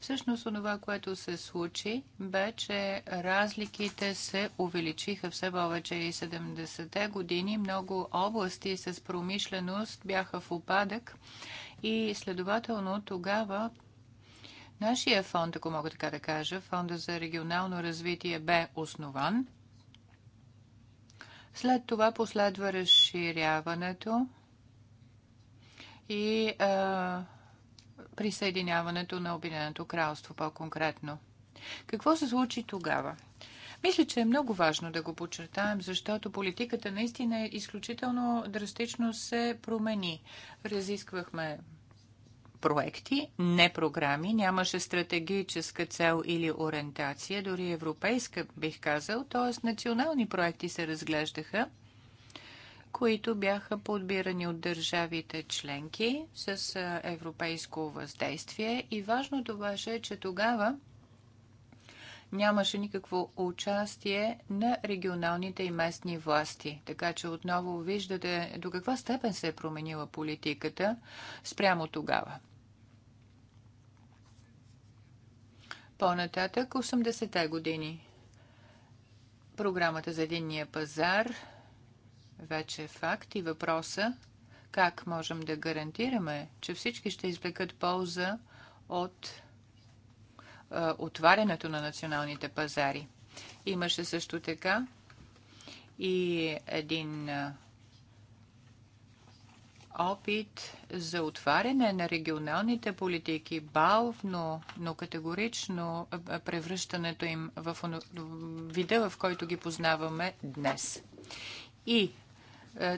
Всъщност, това, което се случи, бе, че разликите се увеличиха все повече и 70-те години. Много области с промишленост бяха в упадък и следователно тогава Нашия фонд, ако мога така да кажа, фонда за регионално развитие бе основан след това последва разширяването и а, присъединяването на Обединеното кралство по-конкретно. Какво се случи тогава? Мисля, че е много важно да го подчертаем, защото политиката наистина е изключително драстично се промени. Разисквахме проекти, не програми, нямаше стратегическа цел или ориентация, дори европейска бих казал, т.е. национални проекти се разглеждаха, които бяха подбирани от държавите членки с европейско въздействие и важното беше, че тогава нямаше никакво участие на регионалните и местни власти. Така че отново виждате до каква степен се е променила политиката спрямо тогава. По-нататък 80-те години. Програмата за единния пазар вече е факт и въпроса как можем да гарантираме, че всички ще извлекат полза от е, отварянето на националните пазари. Имаше също така и един опит за отваряне на регионалните политики, бавно, но категорично превръщането им в вида, в който ги познаваме днес. И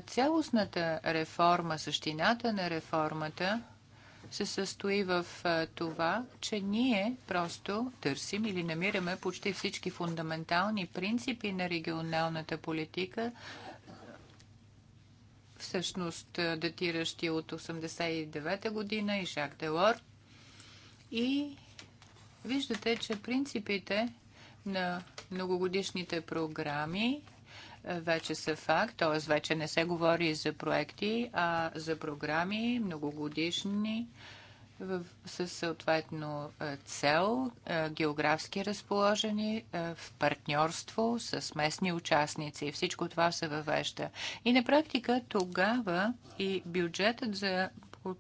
цялостната реформа, същината на реформата се състои в това, че ние просто търсим или намираме почти всички фундаментални принципи на регионалната политика всъщност датиращи от 89-та година и Жак Делор. И виждате, че принципите на многогодишните програми вече са факт, т.е. вече не се говори за проекти, а за програми, многогодишни програми в, със съответно цел, географски разположени, в партньорство с местни участници. Всичко това се въвежда. И на практика тогава и бюджетът за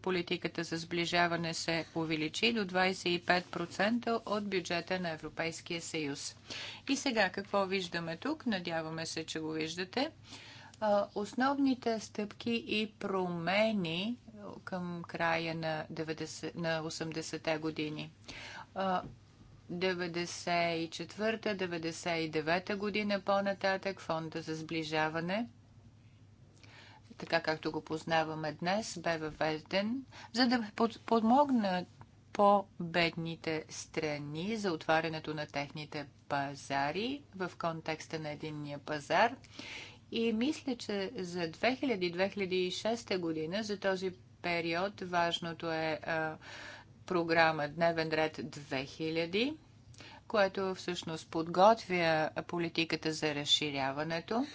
политиката за сближаване се увеличи до 25% от бюджета на Европейския съюз. И сега какво виждаме тук? Надяваме се, че го виждате. Основните стъпки и промени към края на, 90, на 80-те години. 94-99 година по-нататък фонда за сближаване, така както го познаваме днес, бе въведен, за да подмогна по-бедните страни за отварянето на техните пазари в контекста на единния пазар. И мисля, че за 2000-2006 година за този период. Важното е програма Дневен ред 2000, което всъщност подготвя политиката за разширяването.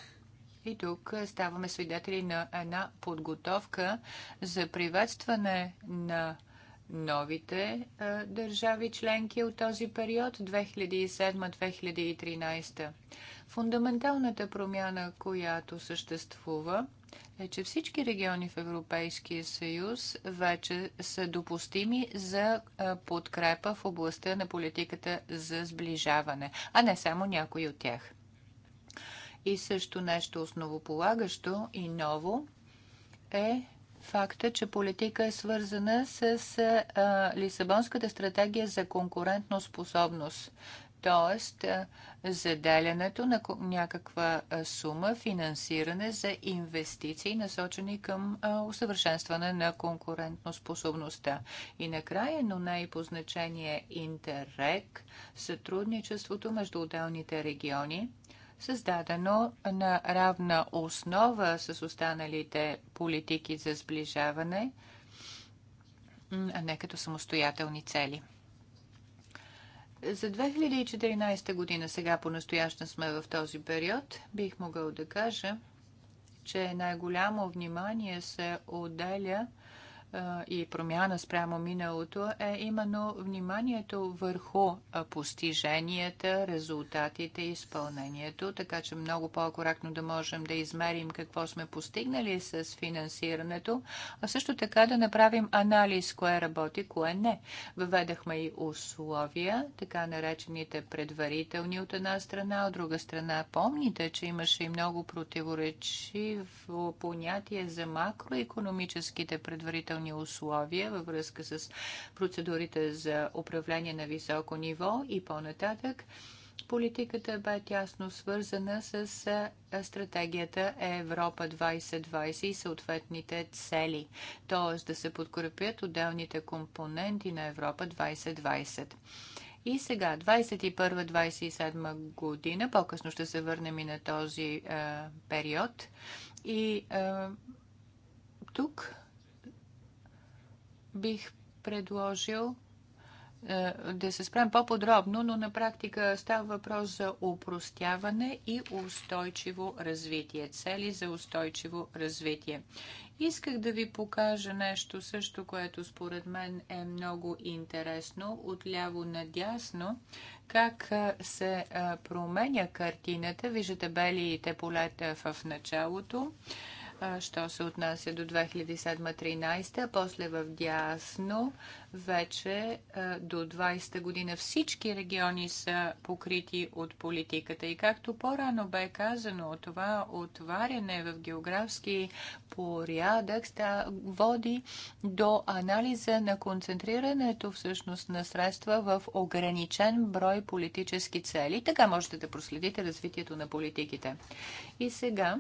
И тук ставаме свидетели на една подготовка за приветстване на новите държави членки от този период 2007-2013. Фундаменталната промяна, която съществува, е, че всички региони в Европейския съюз вече са допустими за подкрепа в областта на политиката за сближаване, а не само някои от тях. И също нещо основополагащо и ново е факта, че политика е свързана с Лисабонската стратегия за конкурентно способност. Тоест, заделянето на някаква сума, финансиране за инвестиции, насочени към усъвършенстване на конкурентноспособността. И накрая, но най позначение значение Интеррек, сътрудничеството между отделните региони, създадено на равна основа с останалите политики за сближаване, а не като самостоятелни цели. За 2014 година, сега по настояща сме в този период, бих могъл да кажа, че най-голямо внимание се отделя и промяна спрямо миналото е именно вниманието върху постиженията, резултатите и изпълнението, така че много по-акуратно да можем да измерим какво сме постигнали с финансирането, а също така да направим анализ кое работи, кое не. Въведахме и условия, така наречените предварителни от една страна, от друга страна помните, че имаше и много противоречиво понятие за макроекономическите предварителни предварителни условия във връзка с процедурите за управление на високо ниво и по-нататък. Политиката бе тясно свързана с стратегията Европа 2020 и съответните цели, т.е. да се подкрепят отделните компоненти на Европа 2020. И сега, 21-27 година, по-късно ще се върнем и на този е, период. И е, тук бих предложил е, да се спрем по-подробно, но на практика става въпрос за упростяване и устойчиво развитие. Цели за устойчиво развитие. Исках да ви покажа нещо също, което според мен е много интересно, отляво надясно, как е, се е, променя картината. Виждате белите полета в началото що се отнася до 2007-2013, а после в дясно вече до 20 година всички региони са покрити от политиката. И както по-рано бе казано, това отваряне в географски порядък води до анализа на концентрирането всъщност на средства в ограничен брой политически цели. Така можете да проследите развитието на политиките. И сега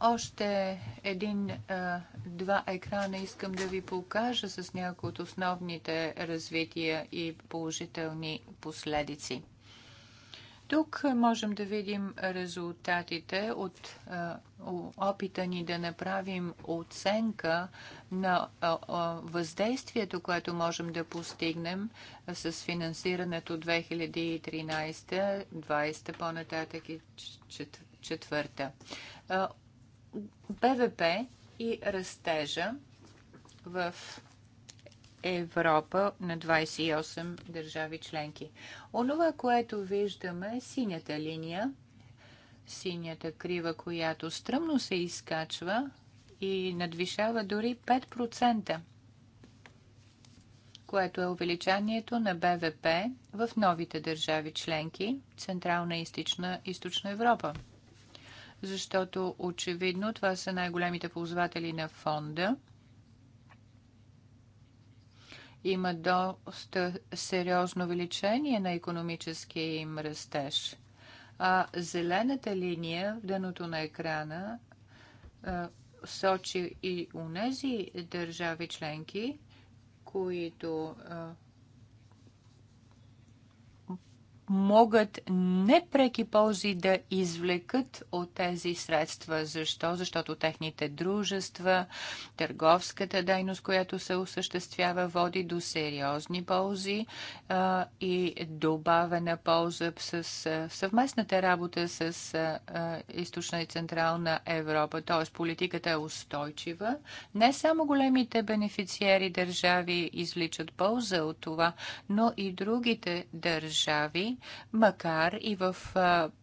още един-два екрана искам да ви покажа с някои от основните развития и положителни последици. Тук можем да видим резултатите от опита ни да направим оценка на въздействието, което можем да постигнем с финансирането 2013-2020 по-нататък и четвърта. БВП и растежа в Европа на 28 държави членки. Онова, което виждаме е синята линия, синята крива, която стръмно се изкачва и надвишава дори 5%, което е увеличанието на БВП в новите държави членки, Централна и Източна, Източна Европа защото очевидно това са най-големите ползватели на фонда. Има доста сериозно увеличение на економическия им растеж. А зелената линия в дъното на екрана сочи и унези държави членки, които а, могат непреки ползи да извлекат от тези средства. Защо? Защото техните дружества, търговската дейност, която се осъществява, води до сериозни ползи а, и добавена полза с а, съвместната работа с а, източна и централна Европа. Т.е. политиката е устойчива. Не само големите бенефициери държави извличат полза от това, но и другите държави макар и в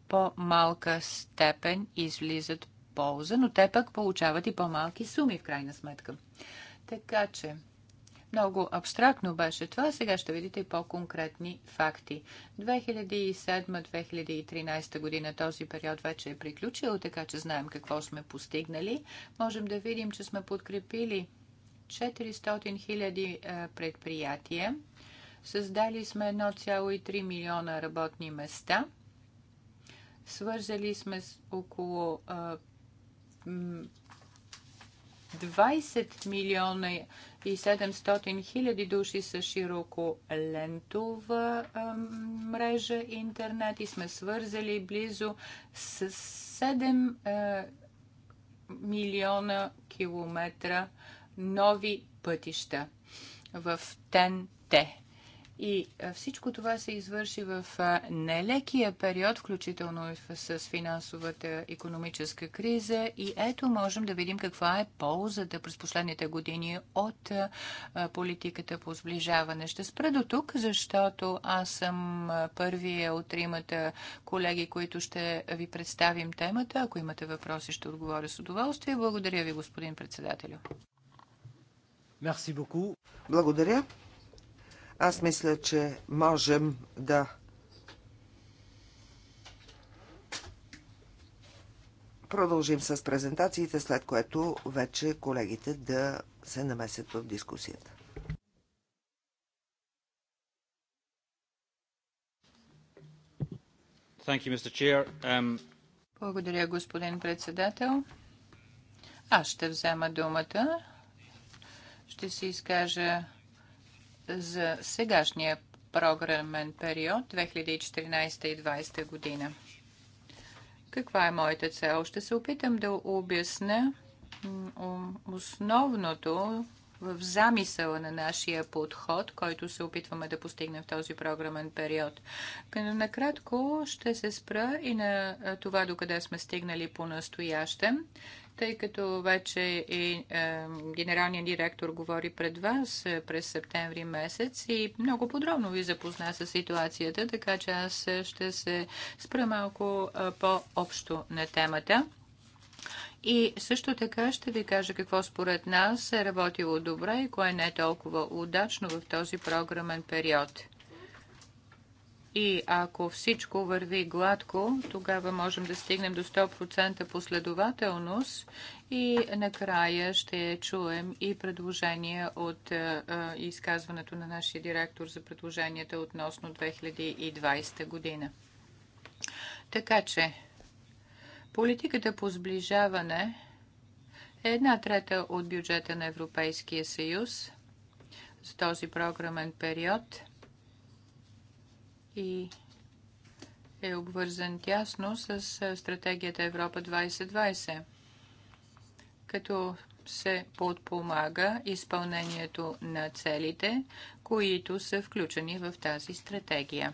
по-малка степен излизат полза, но те пък получават и по-малки суми в крайна сметка. Така че, много абстрактно беше това, сега ще видите и по-конкретни факти. 2007-2013 година този период вече е приключил, така че знаем какво сме постигнали. Можем да видим, че сме подкрепили 400 000 е, предприятия Създали сме 1,3 милиона работни места. Свързали сме с около 20 милиона и 700 хиляди души с широко лентова мрежа интернет и сме свързали близо с 7 милиона километра нови пътища в ТЕН-Т. И всичко това се извърши в нелекия период, включително и с финансовата економическа криза. И ето можем да видим каква е ползата през последните години от политиката по сближаване. Ще спра до тук, защото аз съм първия от тримата колеги, които ще ви представим темата. Ако имате въпроси, ще отговоря с удоволствие. Благодаря ви, господин председателю. Благодаря. Аз мисля, че можем да продължим с презентациите, след което вече колегите да се намесят в дискусията. Um, Благодаря, господин председател. Аз ще взема думата. Ще се изкажа за сегашния програмен период 2014 и 2020 година. Каква е моята цел? Ще се опитам да обясня основното в замисъла на нашия подход, който се опитваме да постигнем в този програмен период. накратко ще се спра и на това докъде сме стигнали по настоящем тъй като вече и е, генералният директор говори пред вас е, през септември месец и много подробно ви запозна с ситуацията, така че аз е, ще се спра малко е, по-общо на темата. И също така ще ви кажа какво според нас е работило добре и кое не е толкова удачно в този програмен период. И ако всичко върви гладко, тогава можем да стигнем до 100% последователност и накрая ще чуем и предложения от е, е, изказването на нашия директор за предложенията относно 2020 година. Така че, политиката по сближаване е една трета от бюджета на Европейския съюз за този програмен период – и е обвързан тясно с е, стратегията Европа 2020, като се подпомага изпълнението на целите, които са включени в тази стратегия.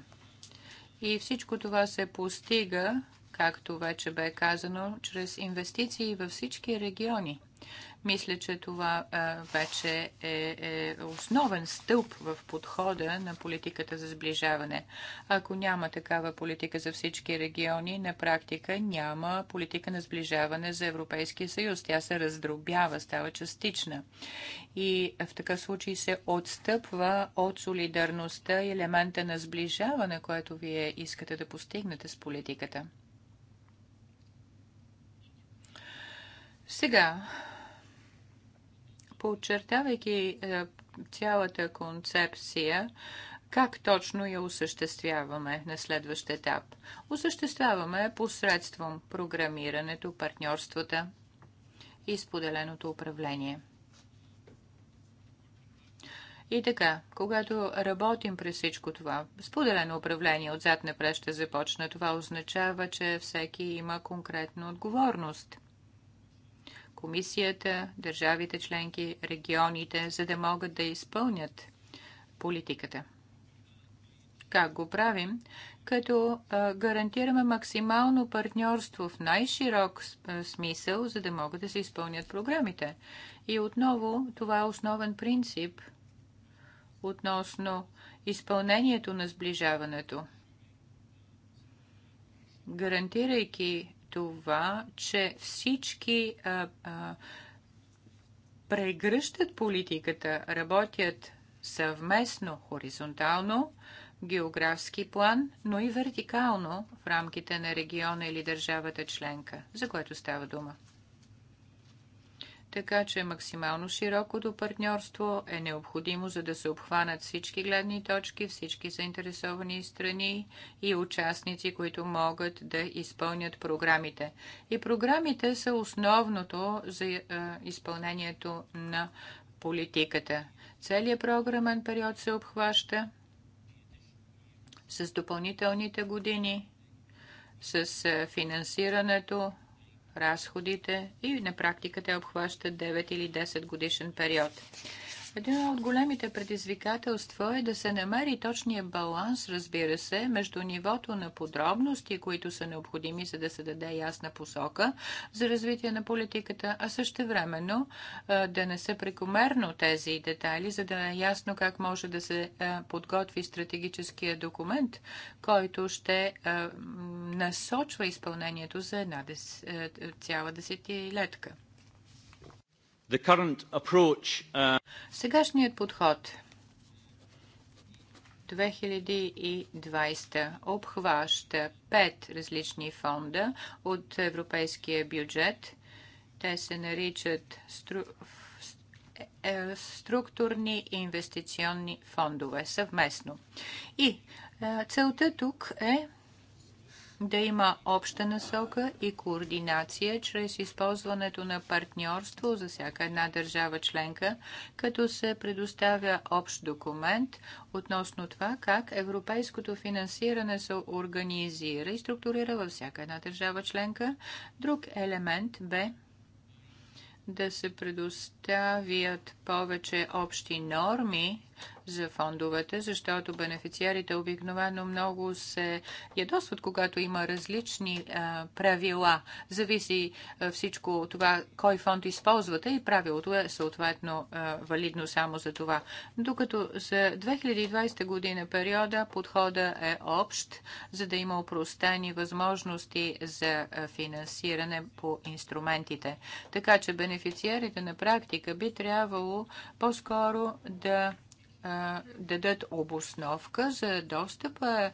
И всичко това се постига както вече бе казано, чрез инвестиции във всички региони. Мисля, че това вече е, е основен стълб в подхода на политиката за сближаване. Ако няма такава политика за всички региони, на практика няма политика на сближаване за Европейския съюз. Тя се раздробява, става частична. И в такъв случай се отстъпва от солидарността и елемента на сближаване, което вие искате да постигнете с политиката. Сега, поочертавайки е, цялата концепция, как точно я осъществяваме на следващ етап? Осъществяваме посредством програмирането, партньорствата и споделеното управление. И така, когато работим през всичко това, споделено управление отзад напред ще започне, това означава, че всеки има конкретна отговорност – комисията, държавите членки, регионите, за да могат да изпълнят политиката. Как го правим? Като гарантираме максимално партньорство в най-широк смисъл, за да могат да се изпълнят програмите. И отново, това е основен принцип относно изпълнението на сближаването гарантирайки това, че всички а, а, прегръщат политиката, работят съвместно, хоризонтално, географски план, но и вертикално в рамките на региона или държавата членка, за което става дума така че максимално широкото партньорство е необходимо, за да се обхванат всички гледни точки, всички заинтересовани страни и участници, които могат да изпълнят програмите. И програмите са основното за е, изпълнението на политиката. Целият програмен период се обхваща с допълнителните години, с е, финансирането разходите и на практика те обхващат 9 или 10 годишен период. Едно от големите предизвикателства е да се намери точния баланс, разбира се, между нивото на подробности, които са необходими, за да се даде ясна посока за развитие на политиката, а също времено да не са прекомерно тези детайли, за да е ясно как може да се подготви стратегическия документ, който ще насочва изпълнението за една цяла десетилетка. The current approach, uh... Сегашният подход 2020 обхваща пет различни фонда от европейския бюджет. Те се наричат стру... Е, е, структурни и инвестиционни фондове съвместно. И целта тук е да има обща насока и координация чрез използването на партньорство за всяка една държава членка, като се предоставя общ документ относно това как европейското финансиране се организира и структурира във всяка една държава членка. Друг елемент бе да се предоставят повече общи норми за фондовете, защото бенефициарите обикновено много се ядосват, когато има различни а, правила. Зависи а, всичко от това, кой фонд използвате и правилото е съответно а, валидно само за това. Докато за 2020 година периода подхода е общ, за да има упростени възможности за финансиране по инструментите. Така че бенефициарите на практика би трябвало по-скоро да дадат обосновка за достъпа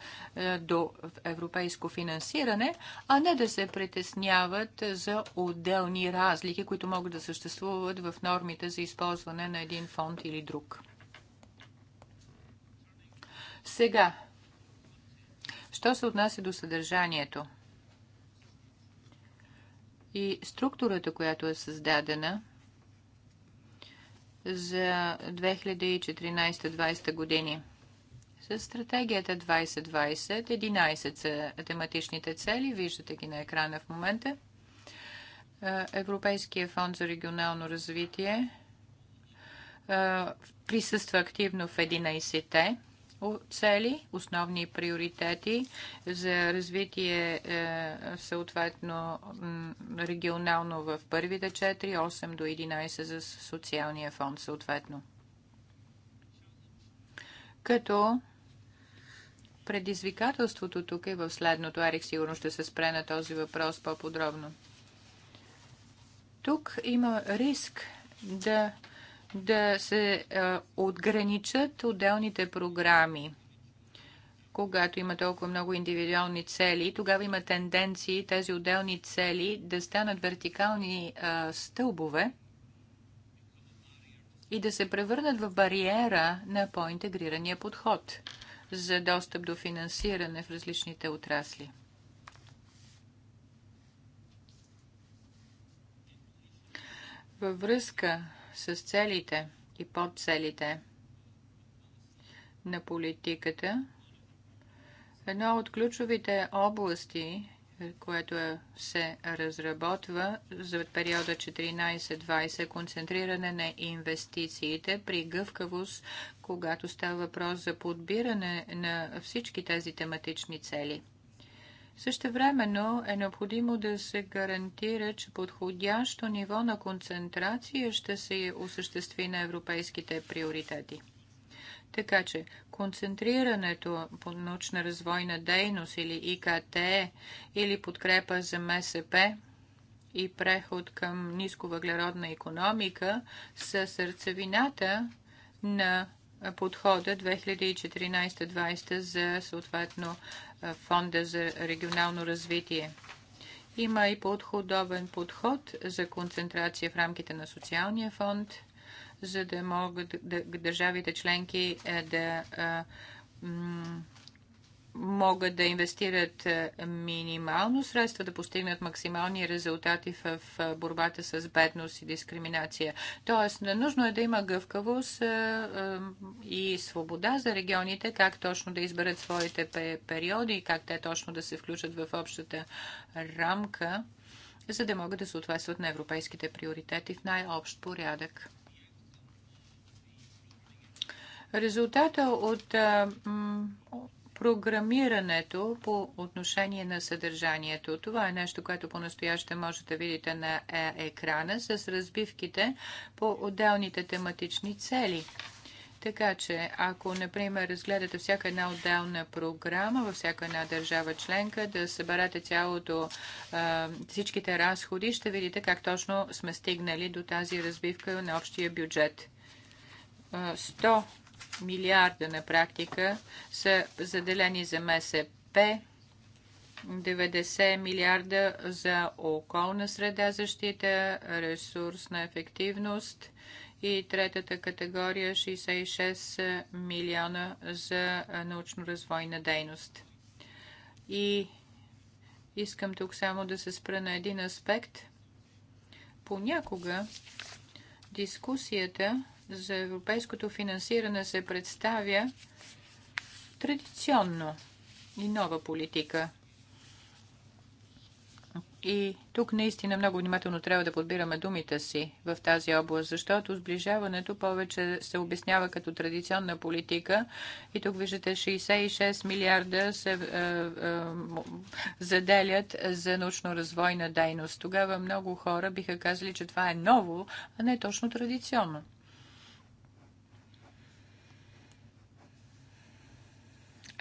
до европейско финансиране, а не да се притесняват за отделни разлики, които могат да съществуват в нормите за използване на един фонд или друг. Сега, що се отнася до съдържанието и структурата, която е създадена – за 2014-2020 години. С стратегията 2020, 11 са тематичните цели, виждате ги на екрана в момента. Е, Европейския фонд за регионално развитие е, присъства активно в 11-те цели, основни приоритети за развитие е, съответно регионално в първите 4, 8 до 11 за социалния фонд съответно. Като предизвикателството тук е в следното. Арик сигурно ще се спре на този въпрос по-подробно. Тук има риск да да се отграничат отделните програми. Когато има толкова много индивидуални цели, тогава има тенденции тези отделни цели да станат вертикални стълбове и да се превърнат в бариера на по-интегрирания подход за достъп до финансиране в различните отрасли. Във връзка с целите и подцелите на политиката. Една от ключовите области, което е, се разработва за периода 14-20, е концентриране на инвестициите при гъвкавост, когато става въпрос за подбиране на всички тези тематични цели – Същевременно е необходимо да се гарантира, че подходящо ниво на концентрация ще се осъществи на европейските приоритети. Така че концентрирането по научна развойна дейност или ИКТ или подкрепа за МСП и преход към нисковъглеродна економика са сърцевината на подхода 2014-2020 за съответно Фонда за регионално развитие. Има и подходобен подход за концентрация в рамките на социалния фонд, за да могат държавите членки е, да могат да инвестират е, минимално средства да постигнат максимални резултати в е, борбата с бедност и дискриминация. Тоест, е, нужно е да има гъвкавост и свобода за регионите, как точно да изберат своите периоди и как те точно да се включат в общата рамка, за да могат да се съответстват на европейските приоритети в най-общ порядък. Резултата от програмирането по отношение на съдържанието. Това е нещо, което по-настояще можете да видите на е, екрана с разбивките по отделните тематични цели. Така че, ако, например, разгледате всяка една отделна програма във всяка една държава членка, да съберете цялото, всичките разходи, ще видите как точно сме стигнали до тази разбивка на общия бюджет. 100 милиарда на практика са заделени за МСП, 90 милиарда за околна среда защита, ресурсна ефективност и третата категория 66 милиона за научно-развойна дейност. И искам тук само да се спра на един аспект. Понякога дискусията за европейското финансиране се представя традиционно и нова политика. И тук наистина много внимателно трябва да подбираме думите си в тази област, защото сближаването повече се обяснява като традиционна политика. И тук виждате 66 милиарда се е, е, заделят за научно-развойна дейност. Тогава много хора биха казали, че това е ново, а не точно традиционно.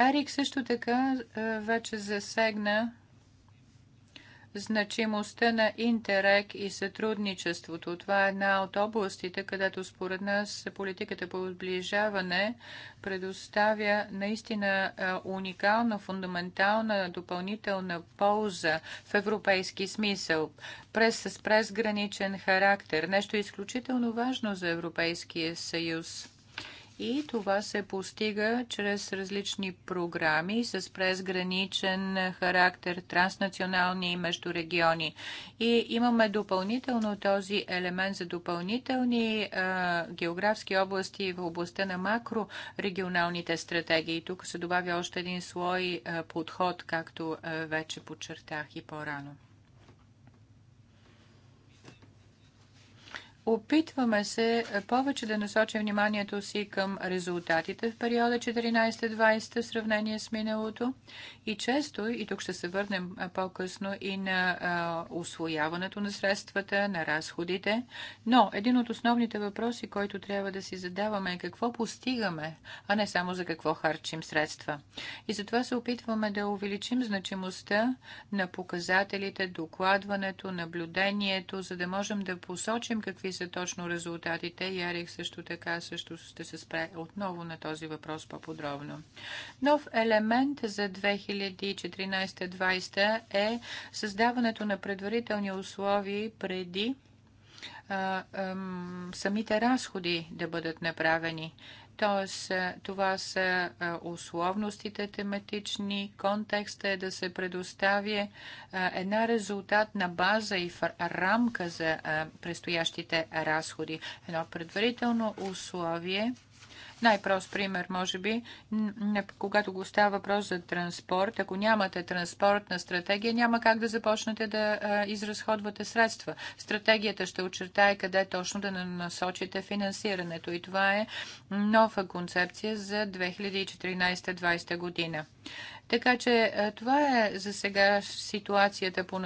Ерик също така вече засегна значимостта на интерек и сътрудничеството. Това е една от областите, където според нас политиката по отближаване предоставя наистина уникална, фундаментална, допълнителна полза в европейски смисъл, през, с презграничен характер. Нещо изключително важно за Европейския съюз. И това се постига чрез различни програми с презграничен характер, транснационални и между региони. И имаме допълнително този елемент за допълнителни а, географски области в областта на макрорегионалните стратегии. Тук се добавя още един слой а, подход, както а, вече подчертах и по-рано. Опитваме се е, повече да насочим вниманието си към резултатите в периода 14-20 в сравнение с миналото и често, и тук ще се върнем е, по-късно и на а, е, освояването на средствата, на разходите, но един от основните въпроси, който трябва да си задаваме е какво постигаме, а не само за какво харчим средства. И затова се опитваме да увеличим значимостта на показателите, докладването, наблюдението, за да можем да посочим какви са точно резултатите и Ярих също така също ще се спре отново на този въпрос по-подробно. Нов елемент за 2014-2020 е създаването на предварителни условия преди а, а, самите разходи да бъдат направени. Тоест, е, това са е, условностите тематични. Контекста е да се предостави е, една резултат на база и рамка за предстоящите разходи. Едно предварително условие – най-прост пример, може би, когато го става въпрос за транспорт, ако нямате транспортна стратегия, няма как да започнете да изразходвате средства. Стратегията ще очертае къде точно да насочите финансирането и това е нова концепция за 2014-2020 година. Така че това е за сега ситуацията по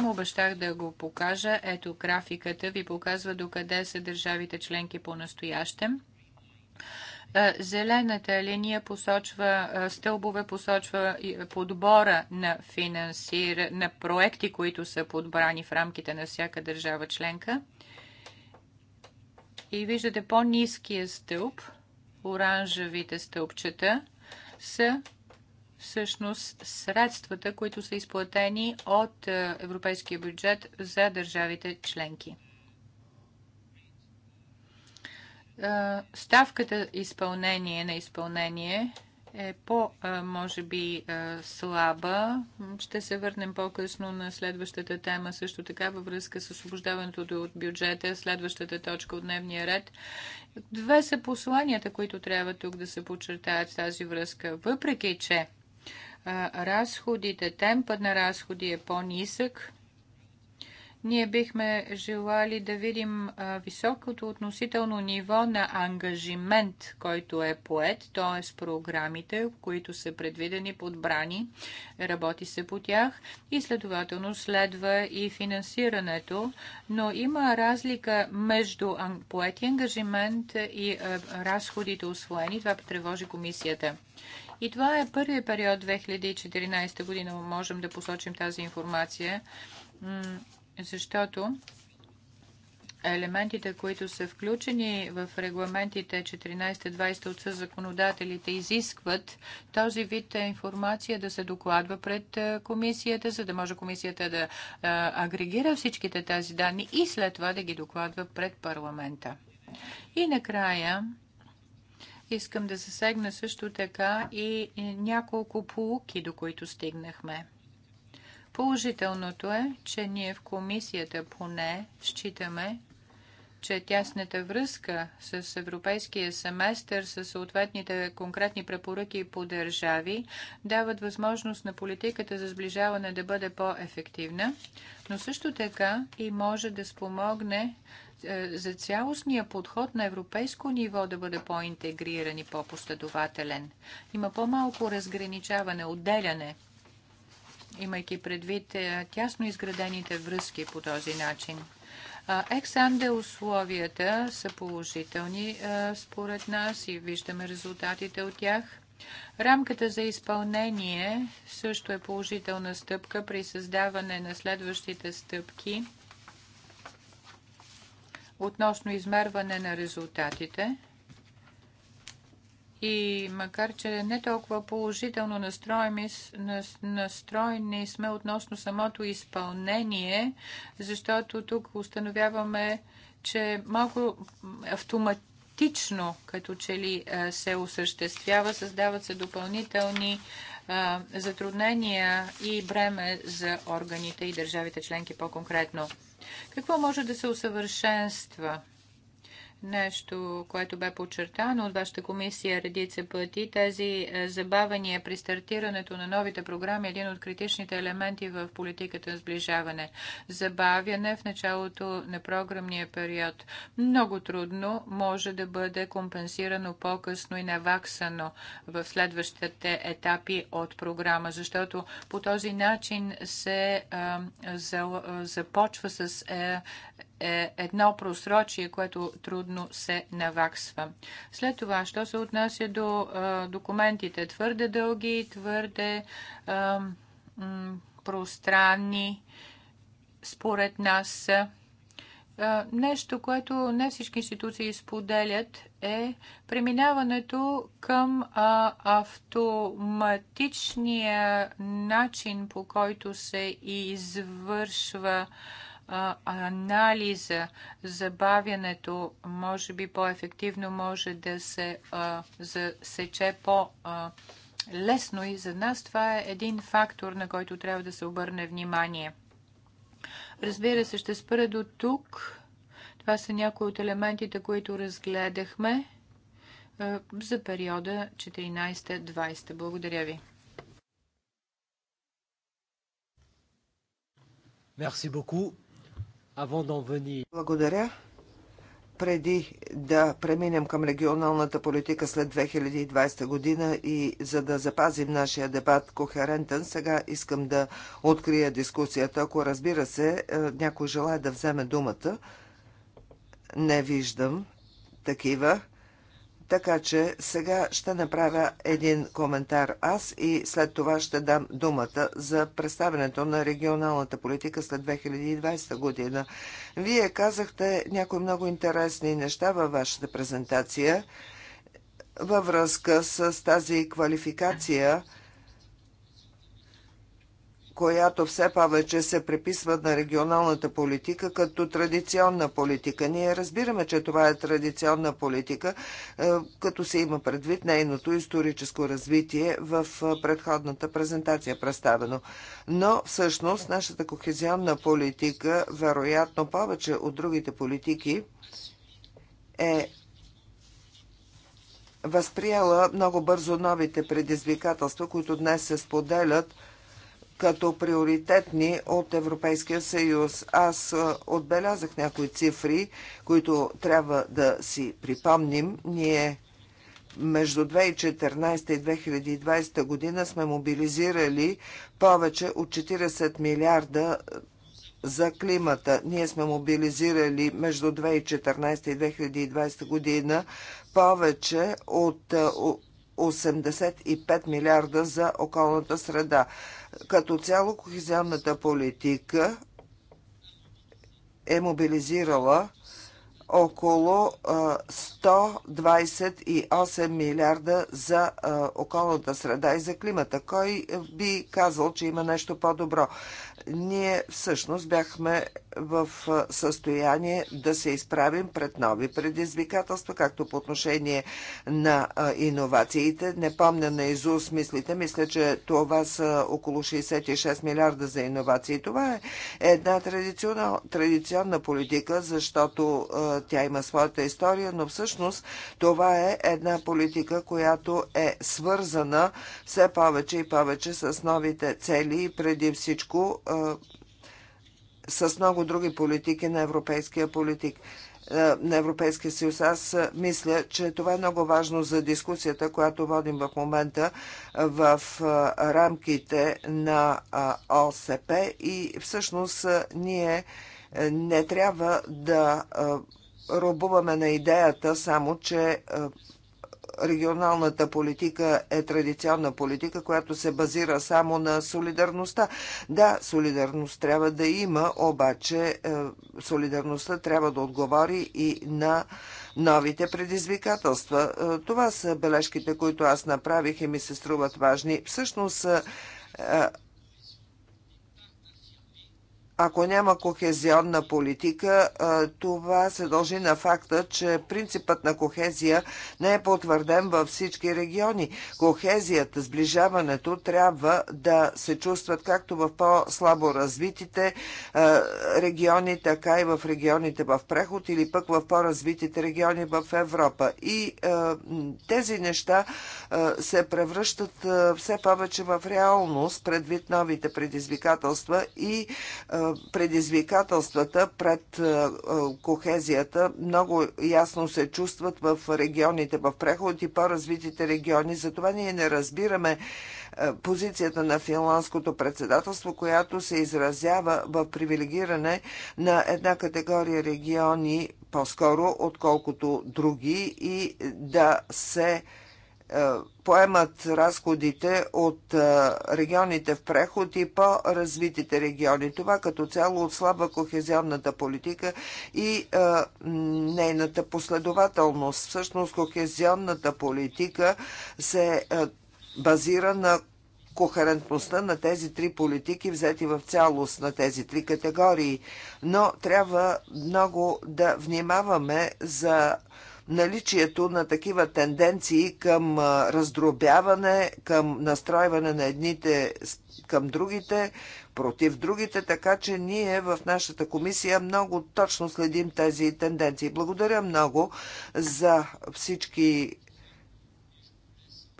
Му Обещах да го покажа. Ето графиката ви показва докъде са държавите членки по настоящем. Е, зелената линия посочва, е, стълбове посочва подбора на финансир, на проекти, които са подбрани в рамките на всяка държава членка. И виждате по-низкия стълб, оранжевите стълбчета, са всъщност средствата, които са изплатени от е, европейския бюджет за държавите членки. ставката изпълнение на изпълнение е по, може би, слаба. Ще се върнем по-късно на следващата тема, също така във връзка с освобождаването от бюджета, следващата точка от дневния ред. Две са посланията, които трябва тук да се подчертаят в тази връзка. Въпреки, че разходите, темпът на разходи е по-нисък, ние бихме желали да видим високото относително ниво на ангажимент, който е поет, т.е. програмите, които са предвидени, подбрани, работи се по тях и следователно следва и финансирането, но има разлика между поети ангажимент и разходите освоени. Това потревожи комисията. И това е първият период 2014 година. Можем да посочим тази информация защото елементите, които са включени в регламентите 14-20 от законодателите изискват този вид информация да се докладва пред комисията, за да може комисията да агрегира всичките тези данни и след това да ги докладва пред парламента. И накрая искам да засегна също така и няколко полуки, до които стигнахме. Положителното е, че ние в комисията поне считаме, че тясната връзка с европейския семестър, с съответните конкретни препоръки по държави, дават възможност на политиката за сближаване да бъде по-ефективна, но също така и може да спомогне е, за цялостния подход на европейско ниво да бъде по-интегриран и по-последователен. Има по-малко разграничаване, отделяне имайки предвид е, тясно изградените връзки по този начин. Ександе условията са положителни е, според нас и виждаме резултатите от тях. Рамката за изпълнение също е положителна стъпка при създаване на следващите стъпки относно измерване на резултатите. И макар, че не толкова положително настроени, сме относно самото изпълнение, защото тук установяваме, че малко автоматично, като че ли се осъществява, създават се допълнителни затруднения и бреме за органите и държавите членки по-конкретно. Какво може да се усъвършенства? нещо, което бе подчертано от вашата комисия редица пъти. Тези е, забавания при стартирането на новите програми е един от критичните елементи в политиката на сближаване. Забавяне в началото на програмния период. Много трудно може да бъде компенсирано по-късно и наваксано в следващите етапи от програма, защото по този начин се е, е, започва с е едно просрочие, което трудно се наваксва. След това, що се отнася до е, документите, твърде дълги, твърде е, пространни, според нас. Е, нещо, което не всички институции споделят е преминаването към а, автоматичния начин, по който се извършва а, анализа, забавянето, може би по-ефективно може да се засече по- лесно и за нас това е един фактор, на който трябва да се обърне внимание. Разбира се, ще спра до тук. Това са някои от елементите, които разгледахме за периода 14-20. Благодаря ви. Merci beaucoup. Благодаря. Преди да преминем към регионалната политика след 2020 година и за да запазим нашия дебат кохерентен, сега искам да открия дискусията. Ако разбира се, е, някой желая да вземе думата, не виждам такива. Така че сега ще направя един коментар аз и след това ще дам думата за представенето на регионалната политика след 2020 година. Вие казахте някои много интересни неща във вашата презентация във връзка с тази квалификация – която все повече се преписва на регионалната политика като традиционна политика. Ние разбираме, че това е традиционна политика, е, като се има предвид нейното историческо развитие в е, предходната презентация представено. Но всъщност нашата кохезионна политика, вероятно повече от другите политики, е възприела много бързо новите предизвикателства, които днес се споделят – като приоритетни от Европейския съюз. Аз отбелязах някои цифри, които трябва да си припомним. Ние между 2014 и 2020 година сме мобилизирали повече от 40 милиарда за климата. Ние сме мобилизирали между 2014 и 2020 година повече от 85 милиарда за околната среда. Като цяло кохезионната политика е мобилизирала около 128 милиарда за околната среда и за климата. Кой би казал, че има нещо по-добро? ние всъщност бяхме в състояние да се изправим пред нови предизвикателства, както по отношение на иновациите. Не помня на изус мислите, мисля, че това са около 66 милиарда за иновации. Това е една традиционна, политика, защото тя има своята история, но всъщност това е една политика, която е свързана все повече и повече с новите цели и преди всичко с много други политики на европейския политик на Европейския съюз. Аз мисля, че това е много важно за дискусията, която водим в момента в рамките на ОСП и всъщност ние не трябва да робуваме на идеята само, че регионалната политика е традиционна политика, която се базира само на солидарността. Да, солидарност трябва да има, обаче е, солидарността трябва да отговори и на новите предизвикателства. Е, това са бележките, които аз направих и ми се струват важни. Всъщност, е, ако няма кохезионна политика, това се дължи на факта, че принципът на кохезия не е потвърден във всички региони. Кохезията, сближаването трябва да се чувстват както в по-слабо развитите региони, така и в регионите в преход или пък в по-развитите региони в Европа. И тези неща се превръщат все повече в реалност предвид новите предизвикателства и предизвикателствата пред е, е, кохезията много ясно се чувстват в регионите в преход и по-развитите региони. Затова ние не разбираме е, позицията на финландското председателство, която се изразява в привилегиране на една категория региони по-скоро, отколкото други и да се е, поемат разходите от е, регионите в преход и по-развитите региони. Това като цяло отслабва кохезионната политика и е, нейната последователност. Всъщност кохезионната политика се базира на кохерентността на тези три политики, взети в цялост на тези три категории. Но трябва много да внимаваме за наличието на такива тенденции към раздробяване, към настройване на едните към другите, против другите, така че ние в нашата комисия много точно следим тези тенденции. Благодаря много за всички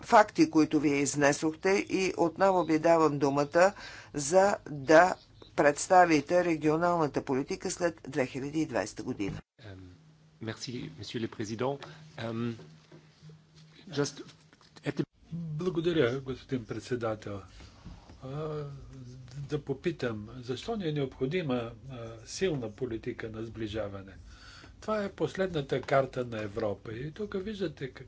факти, които вие изнесохте и отново ви давам думата за да представите регионалната политика след 2020 година. Euh, Благодаря, господин председател. да попитам, защо ни е необходима силна политика на сближаване? Това е последната карта на Европа. И тук виждате как,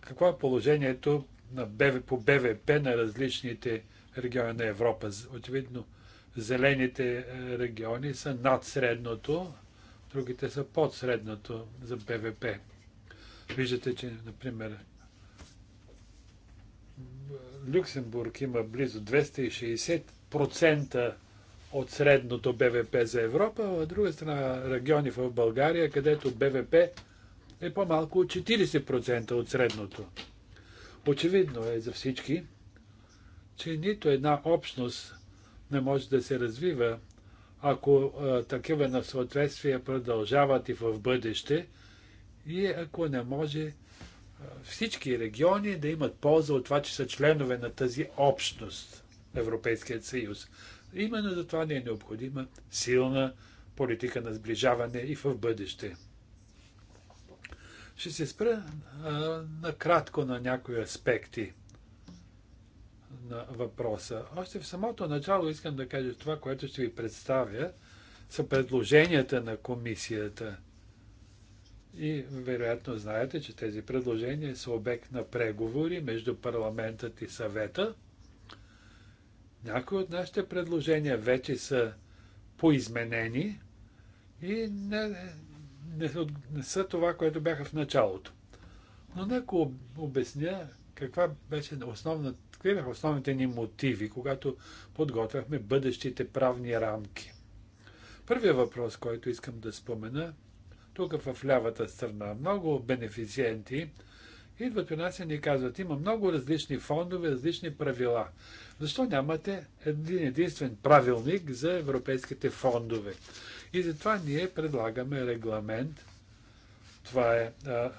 какво е положението на БВ, по БВП на различните региони на Европа. Очевидно, зелените региони са над средното, другите са под средното за БВП. Виждате, че, например, Люксембург има близо 260% от средното БВП за Европа, а от друга страна региони в България, където БВП е по-малко от 40% от средното. Очевидно е за всички, че нито една общност не може да се развива ако а, такива несъответствия продължават и в бъдеще, и ако не може всички региони да имат полза от това, че са членове на тази общност, Европейският съюз. Именно за това ни е необходима силна политика на сближаване и в бъдеще. Ще се спра а, накратко на някои аспекти на въпроса. Още в самото начало искам да кажа това, което ще ви представя, са предложенията на комисията. И вероятно знаете, че тези предложения са обект на преговори между парламентът и съвета. Някои от нашите предложения вече са поизменени и не, не, не са това, което бяха в началото. Но нека обясня каква беше основна, какви бяха основните ни мотиви, когато подготвяхме бъдещите правни рамки. Първият въпрос, който искам да спомена, тук в лявата страна, много бенефициенти идват при нас и ни казват, има много различни фондове, различни правила. Защо нямате един единствен правилник за европейските фондове? И затова ние предлагаме регламент. Това е а,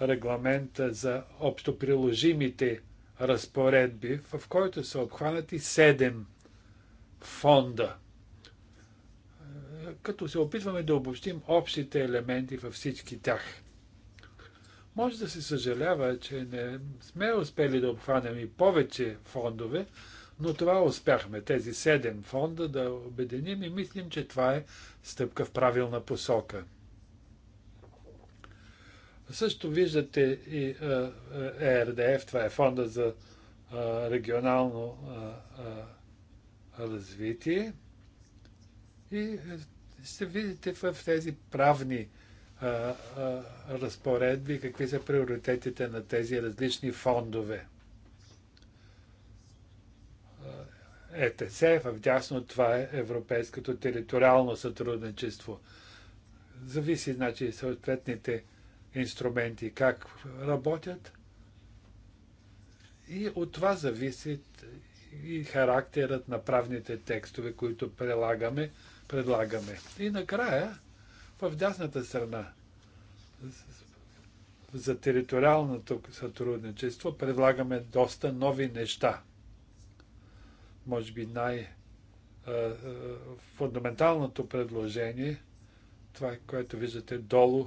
Регламента за общоприложимите разпоредби, в който са обхванати 7 фонда. Като се опитваме да обобщим общите елементи във всички тях. Може да се съжалява, че не сме успели да обхванем и повече фондове, но това успяхме, тези 7 фонда да обединим и мислим, че това е стъпка в правилна посока. Също виждате и ЕРДФ, това е фонда за регионално развитие. И ще видите в тези правни разпоредби какви са приоритетите на тези различни фондове. ЕТС, в дясно това е Европейското териториално сътрудничество. Зависи, значи, съответните инструменти как работят. И от това зависи и характерът на правните текстове, които прилагаме, предлагаме. И накрая, в дясната страна, за териториалното сътрудничество предлагаме доста нови неща. Може би най-фундаменталното предложение, това, което виждате долу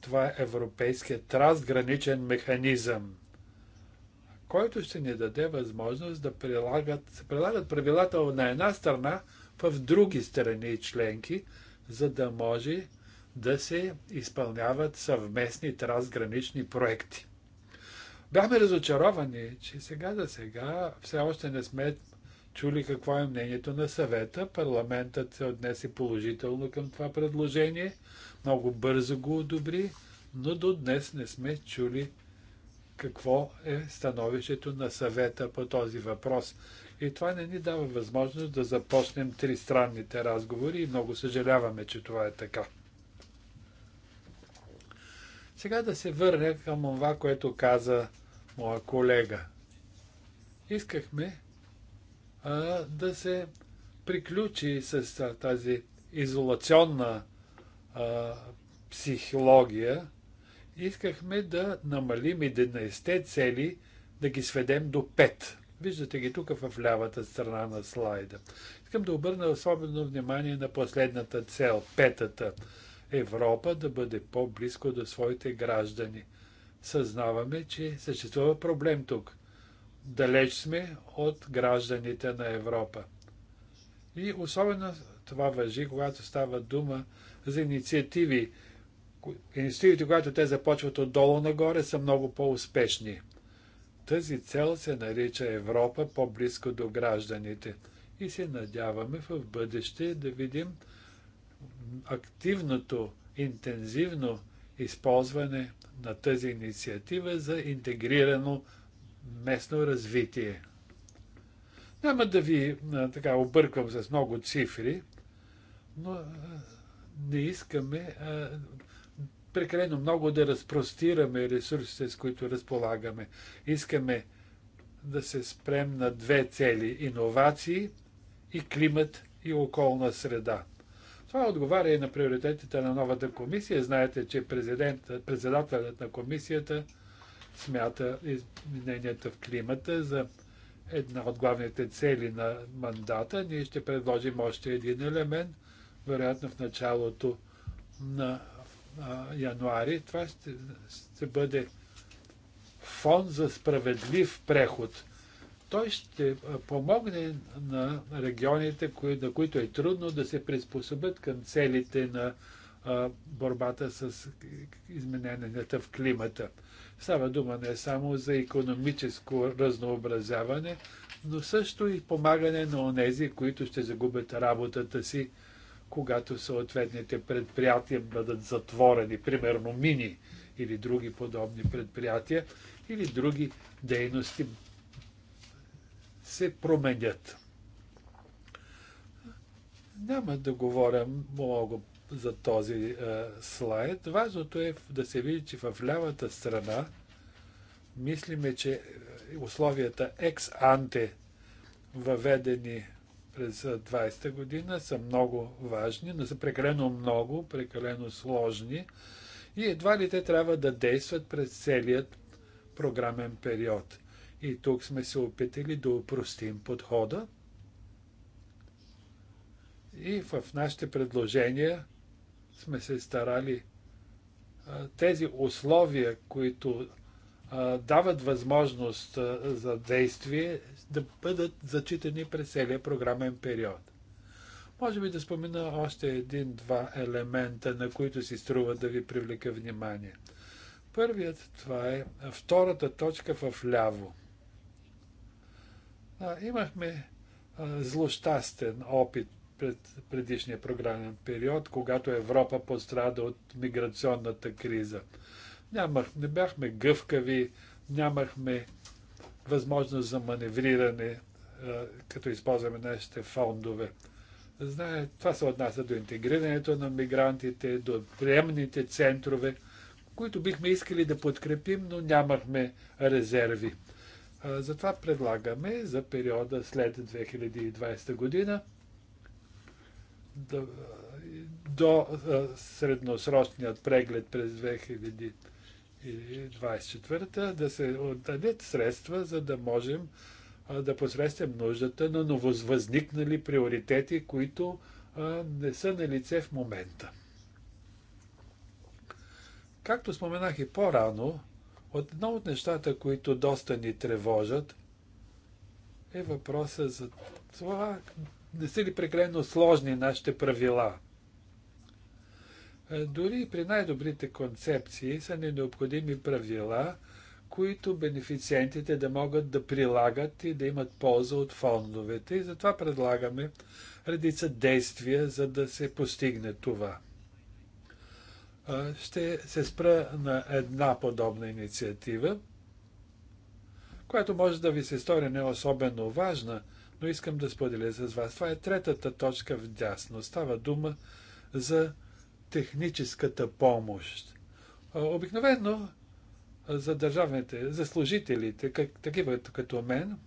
това е европейският трансграничен механизъм, който ще ни даде възможност да прилагат, се прилагат правилата на една страна в други страни и членки, за да може да се изпълняват съвместни трансгранични проекти. Бяхме разочаровани, че сега за сега все още не сме чули какво е мнението на съвета. Парламентът се отнесе положително към това предложение, много бързо го одобри, но до днес не сме чули какво е становището на съвета по този въпрос. И това не ни дава възможност да започнем три странните разговори и много съжаляваме, че това е така. Сега да се върне към това, което каза моя колега. Искахме да се приключи с тази изолационна психология. Искахме да намалим и да цели, да ги сведем до 5. Виждате ги тук в лявата страна на слайда. Искам да обърна особено внимание на последната цел, петата. Европа да бъде по-близко до своите граждани. Съзнаваме, че съществува проблем тук далеч сме от гражданите на Европа. И особено това въжи, когато става дума за инициативи. Инициативите, когато те започват отдолу нагоре, са много по-успешни. Тази цел се нарича Европа по-близко до гражданите. И се надяваме в бъдеще да видим активното, интензивно използване на тази инициатива за интегрирано местно развитие. Няма да ви така обърквам с много цифри, но не искаме прекалено много да разпростираме ресурсите, с които разполагаме. Искаме да се спрем на две цели иновации и климат и околна среда. Това отговаря и на приоритетите на новата комисия. Знаете, че президентът, председателят на комисията смята измененията в климата за една от главните цели на мандата. Ние ще предложим още един елемент, вероятно в началото на а, януари. Това ще, ще бъде фонд за справедлив преход. Той ще помогне на регионите, кои, на които е трудно да се приспособят към целите на а, борбата с измененията в климата. Става дума не само за економическо разнообразяване, но също и помагане на онези, които ще загубят работата си, когато съответните предприятия бъдат затворени, примерно мини или други подобни предприятия, или други дейности се променят. Няма да говоря много за този е, слайд. Важното е да се види, че в лявата страна мислиме, че е, условията екс-анте, въведени през 20-та е, година, са много важни, но са прекалено много, прекалено сложни и едва ли те трябва да действат през целият програмен период. И тук сме се опитали да упростим подхода и в нашите предложения – сме се старали тези условия, които дават възможност за действие, да бъдат зачитани през целия програмен период. Може би да спомена още един-два елемента, на които си струва да ви привлека внимание. Първият това е втората точка в ляво. А, имахме а, злощастен опит пред предишния програмен период, когато Европа пострада от миграционната криза. Нямах, не бяхме гъвкави, нямахме възможност за маневриране, като използваме нашите фондове. Знае, това се отнася до интегрирането на мигрантите, до приемните центрове, които бихме искали да подкрепим, но нямахме резерви. Затова предлагаме за периода след 2020 година до средносрочният преглед през 2024 да се отдадат средства, за да можем да посрещнем нуждата на нововъзникнали приоритети, които не са на лице в момента. Както споменах и по-рано, едно от нещата, които доста ни тревожат, е въпроса за това не са ли прекалено сложни нашите правила? Е, дори при най-добрите концепции са ни необходими правила, които бенефициентите да могат да прилагат и да имат полза от фондовете. И затова предлагаме редица действия, за да се постигне това. Е, ще се спра на една подобна инициатива, която може да ви се стори не особено важна – но искам да споделя с вас. Това е третата точка в дясно. Става дума за техническата помощ. Обикновено за държавните, за служителите, как, такива като мен,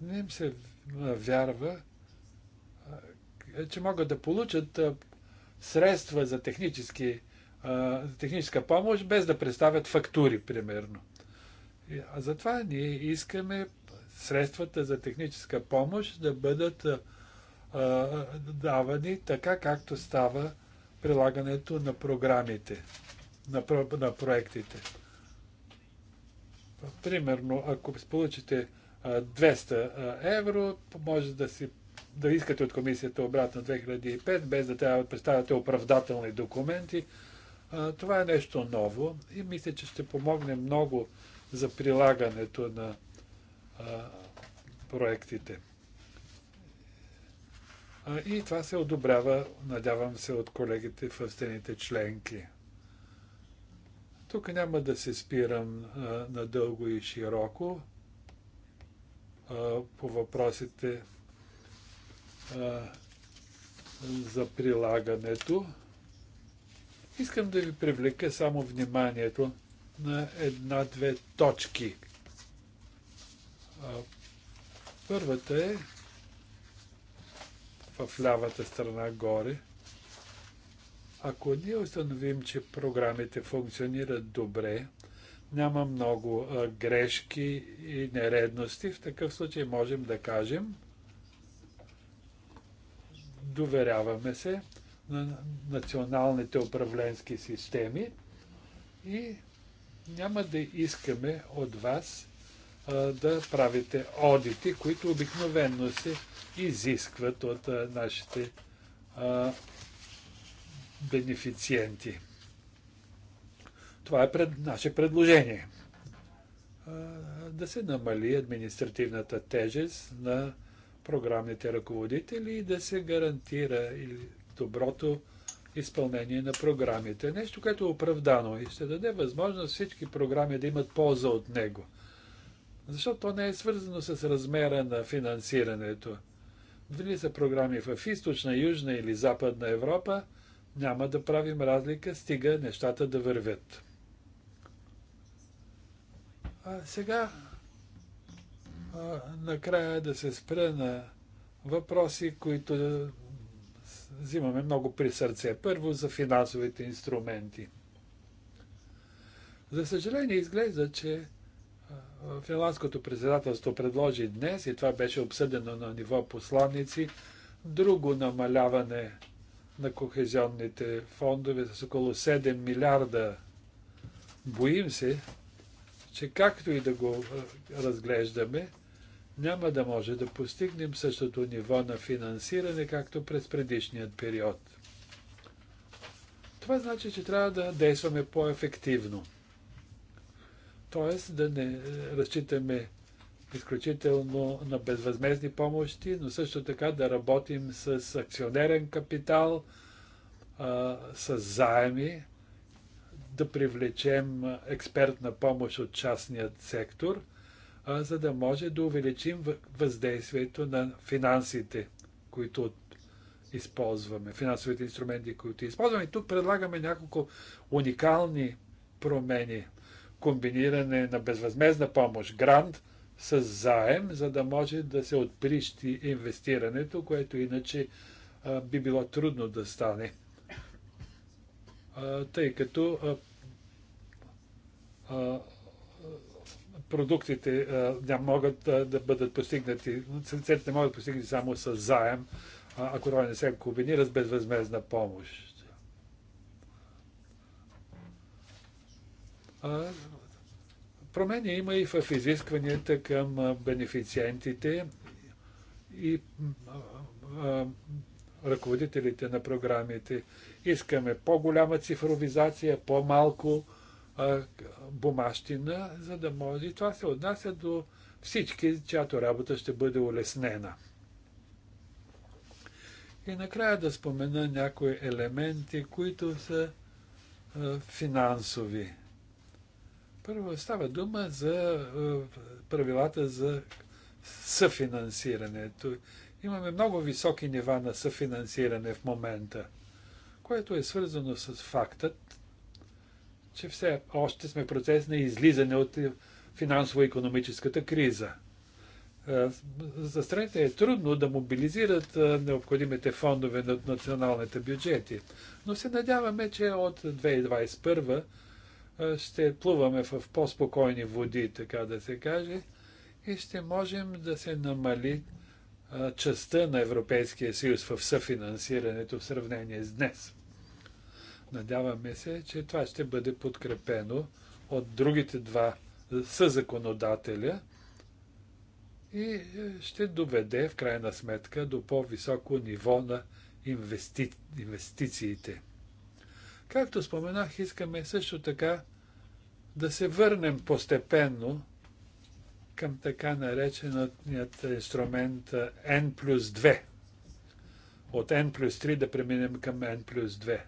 не им се вярва, че могат да получат средства за технически, техническа помощ, без да представят фактури, примерно. А затова ние искаме средствата за техническа помощ да бъдат а, давани така, както става прилагането на програмите, на, на проектите. Примерно, ако получите 200 евро, може да си да искате от комисията обратно 2005, без да трябва да представяте оправдателни документи. Това е нещо ново и мисля, че ще помогне много за прилагането на проектите. И това се одобрява, надявам се, от колегите в стените членки. Тук няма да се спирам надълго и широко по въпросите за прилагането. Искам да ви привлека само вниманието на една-две точки Първата е в лявата страна горе. Ако ние установим, че програмите функционират добре, няма много грешки и нередности, в такъв случай можем да кажем, доверяваме се на националните управленски системи и няма да искаме от вас да правите одити, които обикновенно се изискват от нашите бенефициенти. Това е пред, наше предложение. Да се намали административната тежест на програмните ръководители и да се гарантира доброто изпълнение на програмите. Нещо, което е оправдано и ще даде възможност всички програми да имат полза от него защото то не е свързано с размера на финансирането. Дали са програми в източна, южна или западна Европа, няма да правим разлика, стига нещата да вървят. А сега а, накрая да се спра на въпроси, които взимаме много при сърце. Първо за финансовите инструменти. За съжаление изглежда, че Финландското председателство предложи днес, и това беше обсъдено на ниво посланници, друго намаляване на кохезионните фондове с около 7 милиарда. Боим се, че както и да го разглеждаме, няма да може да постигнем същото ниво на финансиране, както през предишният период. Това значи, че трябва да действаме по-ефективно – Тоест да не е, разчитаме изключително на безвъзмезни помощи, но също така да работим с акционерен капитал, а, с заеми, да привлечем експертна помощ от частният сектор, а, за да може да увеличим въздействието на финансите, които използваме, финансовите инструменти, които използваме. И тук предлагаме няколко уникални промени – комбиниране на безвъзмезна помощ, грант, с заем, за да може да се отприщи инвестирането, което иначе а, би било трудно да стане. А, тъй като а, продуктите не могат да бъдат постигнати, целите не могат да постигнати само с заем, ако това не се комбинира с безвъзмезна помощ. Промени има и в изискванията към бенефициентите и ръководителите на програмите. Искаме по-голяма цифровизация, по-малко бумащина, за да може. И това се отнася до всички, чиято работа ще бъде улеснена. И накрая да спомена някои елементи, които са финансови. Първо става дума за е, правилата за съфинансирането. Имаме много високи нива на съфинансиране в момента, което е свързано с фактът, че все още сме процес на излизане от финансово-економическата криза. Е, за страните е трудно да мобилизират е, необходимите фондове на националните бюджети, но се надяваме, че от 2021 ще плуваме в по-спокойни води, така да се каже, и ще можем да се намали частта на Европейския съюз в съфинансирането в сравнение с днес. Надяваме се, че това ще бъде подкрепено от другите два съзаконодателя и е, ще доведе в крайна сметка до по-високо ниво на инвести... инвестициите. Както споменах, искаме също така да се върнем постепенно към така нареченият инструмент N плюс 2. От N плюс 3 да преминем към N плюс 2.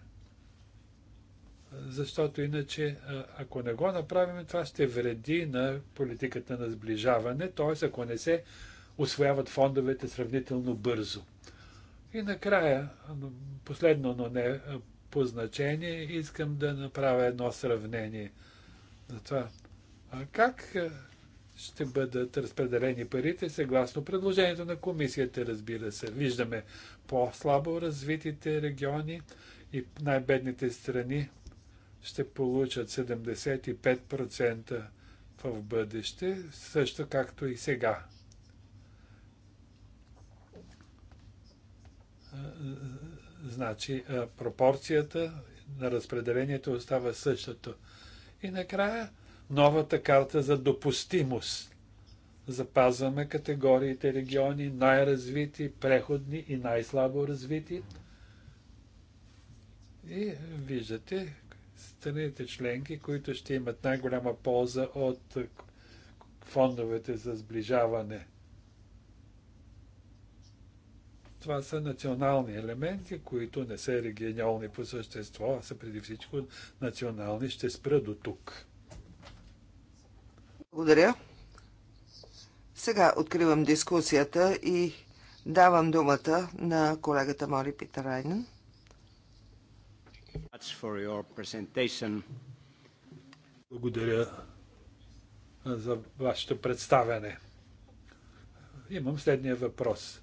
Защото иначе, ако не го направим, това ще вреди на политиката на сближаване, т.е. ако не се освояват фондовете сравнително бързо. И накрая, последно, но не по значение, искам да направя едно сравнение на това. А как ще бъдат разпределени парите съгласно предложението на комисията, разбира се. Виждаме по-слабо развитите региони и най-бедните страни ще получат 75% в бъдеще, също както и сега. Значи пропорцията на разпределението остава същото. И накрая новата карта за допустимост. Запазваме категориите региони най-развити, преходни и най-слабо развити. И виждате страните членки, които ще имат най-голяма полза от фондовете за сближаване – това са национални елементи, които не са регионални по същество, а са преди всичко национални. Ще спра до тук. Благодаря. Сега откривам дискусията и давам думата на колегата Мори Питарайнен. Благодаря за вашето представяне. Имам следния въпрос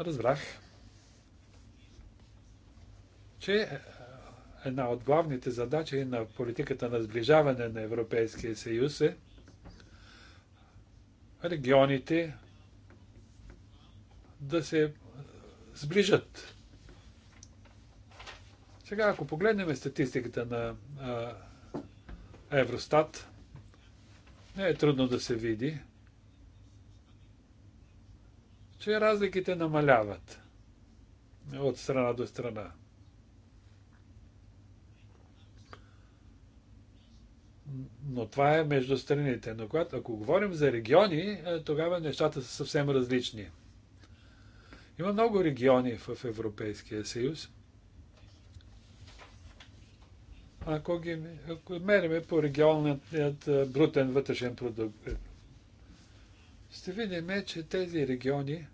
разбрах, че е, една от главните задачи на политиката на сближаване на Европейския съюз е регионите да се сближат. Сега, ако погледнем статистиката на а, Евростат, не е трудно да се види, че разликите намаляват от страна до страна. Но това е между страните. Но когато, ако говорим за региони, е, тогава нещата са съвсем различни. Има много региони в Европейския съюз. Ако ги ако мериме по регионният е, брутен вътрешен продукт, е, ще видим, че тези региони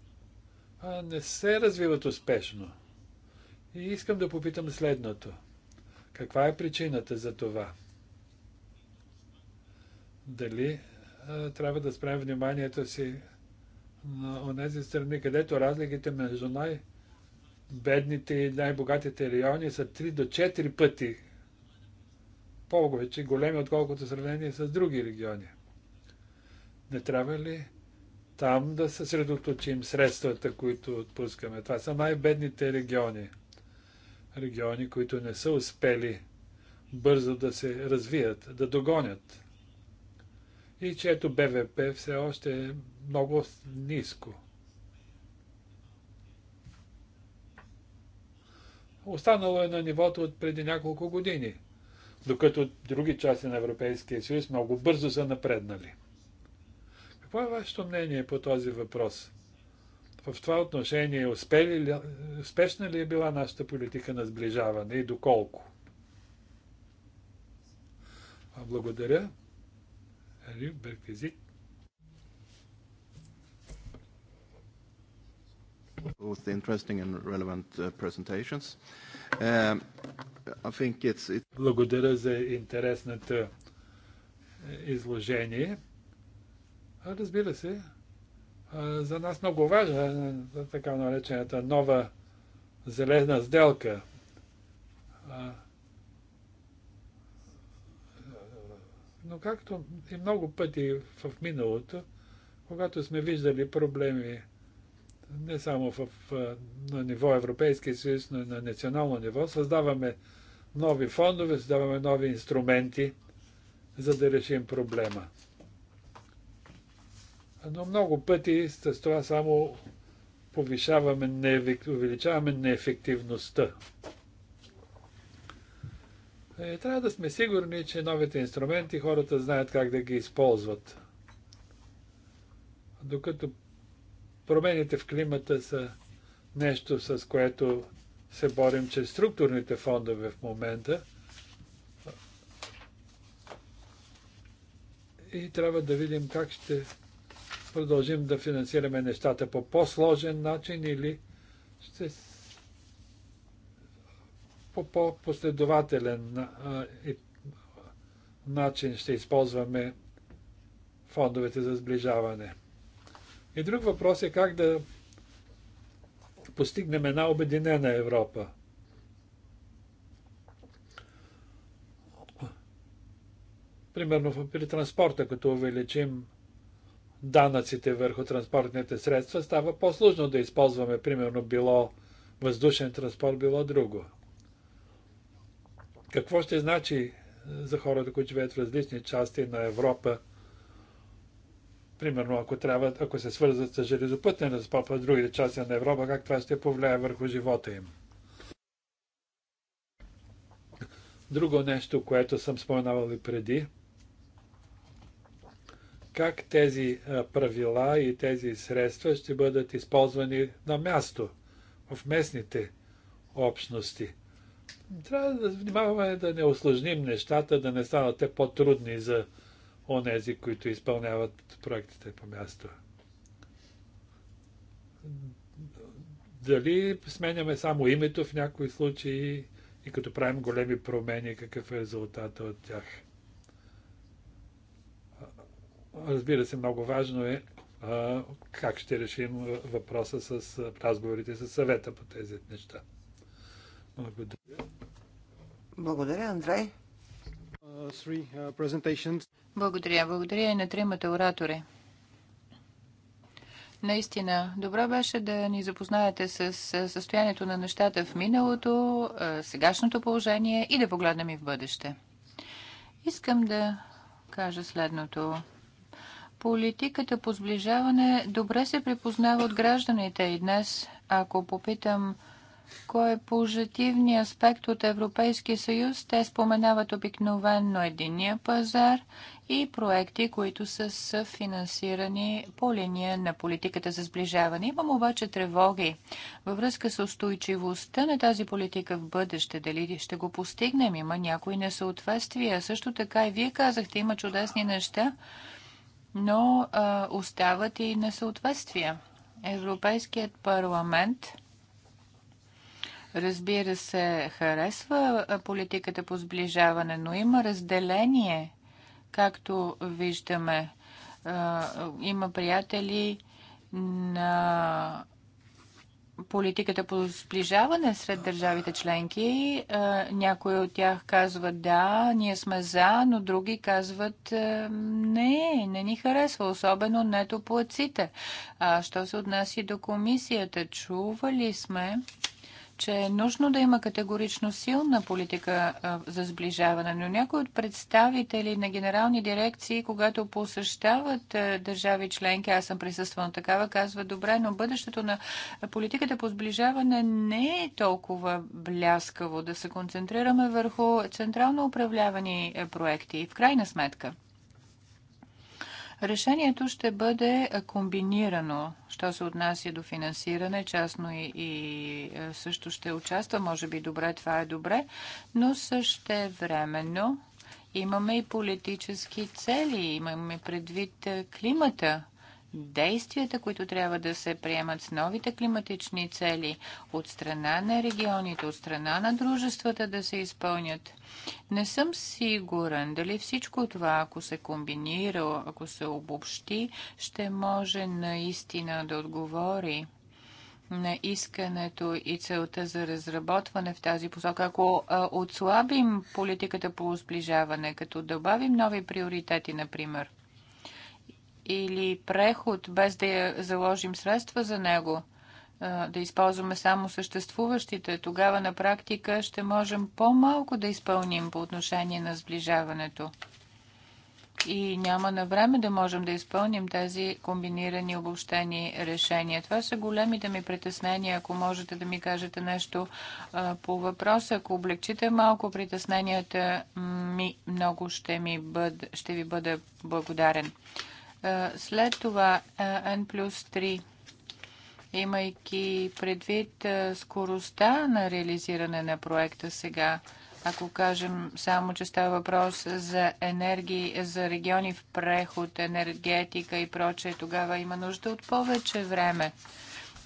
не се развиват успешно. И искам да попитам следното. Каква е причината за това? Дали а, трябва да спрем вниманието си на тези страни, където разликите между най-бедните и най-богатите райони са 3 до 4 пъти повече големи, отколкото сравнение с други региони. Не трябва ли там да съсредоточим средствата, които отпускаме. Това са най-бедните региони. Региони, които не са успели бързо да се развият, да догонят. И ето БВП все още е много ниско. Останало е на нивото от преди няколко години, докато други части на Европейския съюз много бързо са напреднали. Какво е вашето мнение по този въпрос? В това отношение успели, ли, успешна ли е била нашата политика на сближаване и доколко? Благодаря. Рим Берквизит. both interesting and relevant uh, presentations. Uh, I think it's. it... Благодаря за интересната е, изложение. Разбира се, за нас много важна така наречената нова зелена сделка. Но както и много пъти в миналото, когато сме виждали проблеми не само в, на ниво Европейския съюз, но и на национално ниво, създаваме нови фондове, създаваме нови инструменти, за да решим проблема. Но много пъти с това само повишаваме, не, увеличаваме неефективността. Е, трябва да сме сигурни, че новите инструменти хората знаят как да ги използват. Докато промените в климата са нещо, с което се борим чрез структурните фондове в момента. И трябва да видим как ще продължим да финансираме нещата по по-сложен начин или ще по по-последователен начин ще използваме фондовете за сближаване. И друг въпрос е как да постигнем една обединена Европа. Примерно при транспорта, като увеличим данъците върху транспортните средства, става по-сложно да използваме, примерно, било въздушен транспорт, било друго. Какво ще значи е, за хората, които живеят в различни части на Европа, примерно, ако, трябва, ако се свързват с железопътен транспорт в другите части на Европа, как това ще повлияе върху живота им? Друго нещо, което съм споменавал и преди – как тези правила и тези средства ще бъдат използвани на място, в местните общности. Трябва да внимаваме да не осложним нещата, да не станат те по-трудни за онези, които изпълняват проектите по място. Дали сменяме само името в някои случаи и като правим големи промени, какъв е резултата от тях? Разбира се, много важно е как ще решим въпроса с разговорите с съвета по тези неща. Благодаря. Благодаря, Андрей. Благодаря, благодаря и на тримата оратори. Наистина, добро беше да ни запознаете с състоянието на нещата в миналото, сегашното положение и да погледнем и в бъдеще. Искам да кажа следното. Политиката по сближаване добре се припознава от гражданите и днес, ако попитам кой е позитивният аспект от Европейския съюз, те споменават обикновенно единния пазар и проекти, които са съфинансирани по линия на политиката за сближаване. Имам обаче тревоги във връзка с устойчивостта на тази политика в бъдеще. Дали ще го постигнем? Има някои несъответствия. Също така и вие казахте, има чудесни неща но а, остават и несъответствия. Европейският парламент разбира се харесва политиката по сближаване, но има разделение, както виждаме. А, има приятели на политиката по сближаване сред държавите членки. Е, някои от тях казват да, ние сме за, но други казват е, не, не ни харесва, особено нетоплаците. А що се отнася до комисията, чували сме че е нужно да има категорично силна политика за сближаване, но някои от представители на генерални дирекции, когато посещават държави членки, аз съм присъствал на такава, казва, добре, но бъдещето на политиката по сближаване не е толкова бляскаво да се концентрираме върху централно управлявани проекти. В крайна сметка, Решението ще бъде комбинирано, що се отнася до финансиране, частно и, и също ще участва. Може би добре, това е добре, но също времено имаме и политически цели, имаме предвид климата действията, които трябва да се приемат с новите климатични цели от страна на регионите, от страна на дружествата да се изпълнят. Не съм сигурен дали всичко това, ако се комбинира, ако се обобщи, ще може наистина да отговори на искането и целта за разработване в тази посока. Ако а, отслабим политиката по сближаване, като добавим нови приоритети, например, или преход, без да я заложим средства за него, да използваме само съществуващите, тогава на практика ще можем по-малко да изпълним по отношение на сближаването. И няма на време да можем да изпълним тези комбинирани обобщени решения. Това са големите ми притеснения. Ако можете да ми кажете нещо по въпроса, ако облегчите малко притесненията ми, много ще, ми бъд, ще ви бъда благодарен. Е, след това е, N плюс 3, имайки предвид е, скоростта на реализиране на проекта сега, ако кажем само, че става въпрос за енергии, за региони в преход, енергетика и прочее, тогава има нужда от повече време.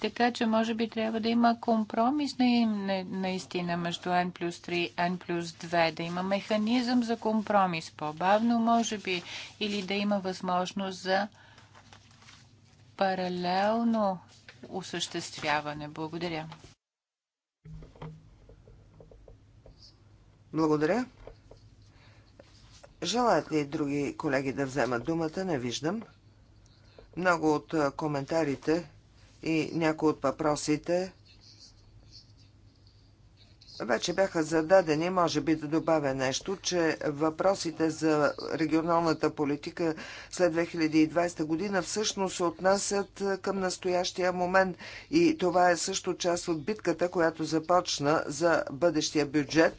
Така че може би трябва да има компромис на, наистина между N плюс 3, N плюс 2, да има механизъм за компромис, по-бавно може би, или да има възможност за паралелно осъществяване. Благодаря. Благодаря. Желаят ли други колеги да вземат думата? Не виждам. Много от коментарите и някои от въпросите вече бяха зададени, може би да добавя нещо, че въпросите за регионалната политика след 2020 година всъщност се отнасят към настоящия момент и това е също част от битката, която започна за бъдещия бюджет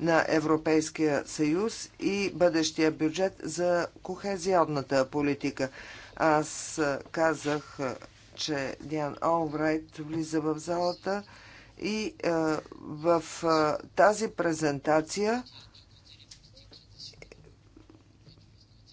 на Европейския съюз и бъдещия бюджет за кохезионната политика. Аз казах че Диан Олбрайт влиза в залата и е, в е, тази презентация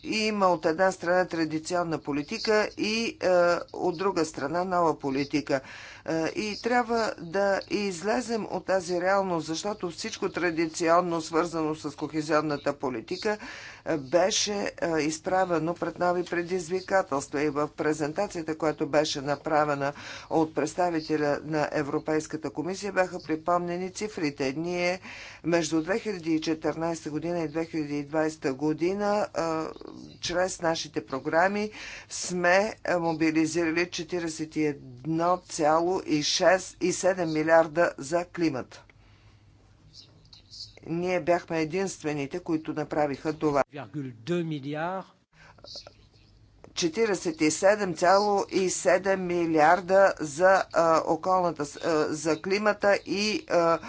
има от една страна традиционна политика и е, от друга страна нова политика. Е, и трябва да излезем от тази реалност, защото всичко традиционно свързано с кохезионната политика е, беше е, изправено пред нови предизвикателства. И в презентацията, която беше направена от представителя на Европейската комисия, бяха припомнени цифрите. Ние между 2014 година и 2020 година чрез нашите програми сме мобилизирали 41 цяло. 6 и 7 милиарда за климат. Ние бяхме единствените, които направиха това. 47,7 милиарда за, а, околната, а, за климата и а,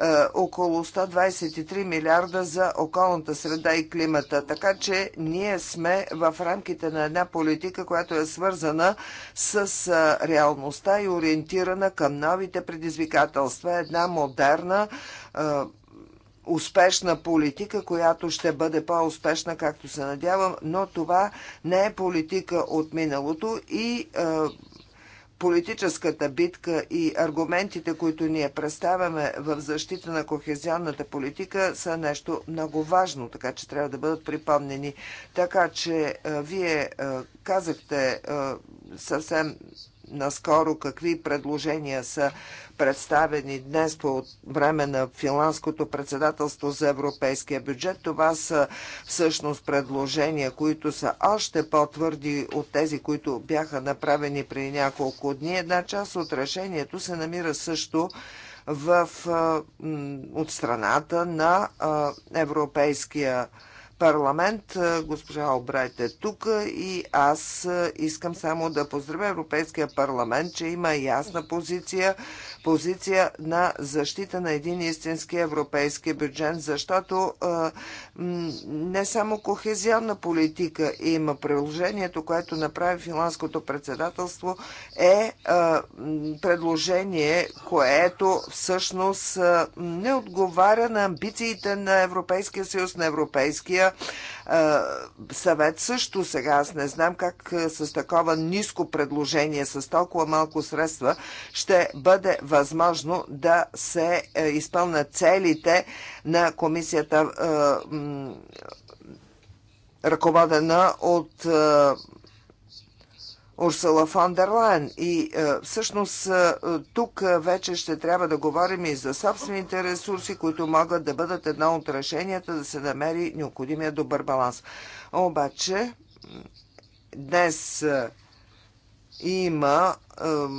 е, около 123 милиарда за околната среда и климата. Така че ние сме в рамките на една политика, която е свързана с е, реалността и ориентирана към новите предизвикателства. Една модерна е, успешна политика, която ще бъде по-успешна, както се надявам, но това не е политика от миналото и е, политическата битка и аргументите, които ние представяме в защита на кохезионната политика, са нещо много важно, така че трябва да бъдат припомнени. Така че вие казахте съвсем наскоро какви предложения са представени днес по време на финландското председателство за европейския бюджет. Това са всъщност предложения, които са още по-твърди от тези, които бяха направени при няколко дни. Една част от решението се намира също в, от страната на Европейския бюджет парламент. Госпожа Обрайт е тук и аз искам само да поздравя Европейския парламент, че има ясна позиция позиция на защита на един истински европейски бюджет, защото не само кохезионна политика има приложението, което направи финландското председателство, е предложение, което всъщност не отговаря на амбициите на Европейския съюз, на Европейския съвет също сега. Аз не знам как с такова ниско предложение, с толкова малко средства, ще бъде възможно да се е, изпълнят целите на комисията ръководена от Урсула фон дер Лайн. И е, всъщност е, тук вече ще трябва да говорим и за собствените ресурси, които могат да бъдат едно от решенията да се намери необходимия добър баланс. Обаче, днес е, има,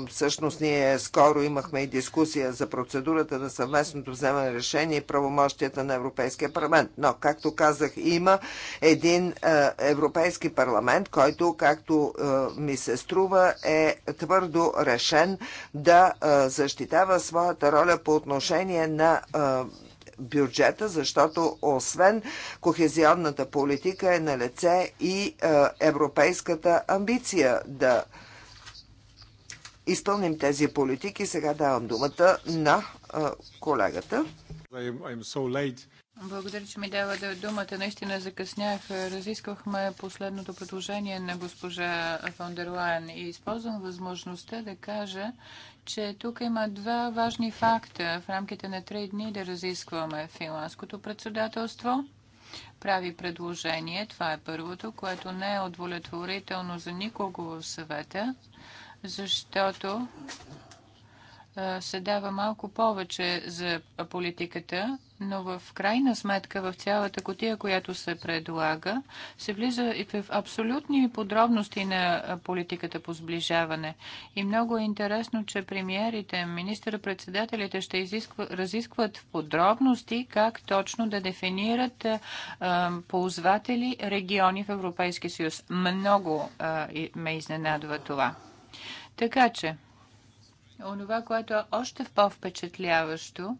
всъщност ние скоро имахме и дискусия за процедурата на съвместното вземане решение и правомощията на Европейския парламент. Но, както казах, има един Европейски парламент, който, както ми се струва, е твърдо решен да защитава своята роля по отношение на бюджета, защото освен кохезионната политика е на лице и европейската амбиция да изпълним тези политики. Сега давам думата на колегата. Благодаря, че ми дава да думата. Наистина закъснях. Разисквахме последното предложение на госпожа Фондерлайн и използвам възможността да кажа, че тук има два важни факта в рамките на три дни да разискваме финландското председателство прави предложение. Това е първото, което не е удовлетворително за никого в съвета защото се дава малко повече за политиката, но в крайна сметка в цялата котия, която се предлага, се влиза и в абсолютни подробности на политиката по сближаване. И много е интересно, че премиерите, министър-председателите ще изисква, разискват в подробности как точно да дефинират а, ползватели региони в Европейския съюз. Много и, ме изненадва това. Така че, онова, което е още по-впечатляващо,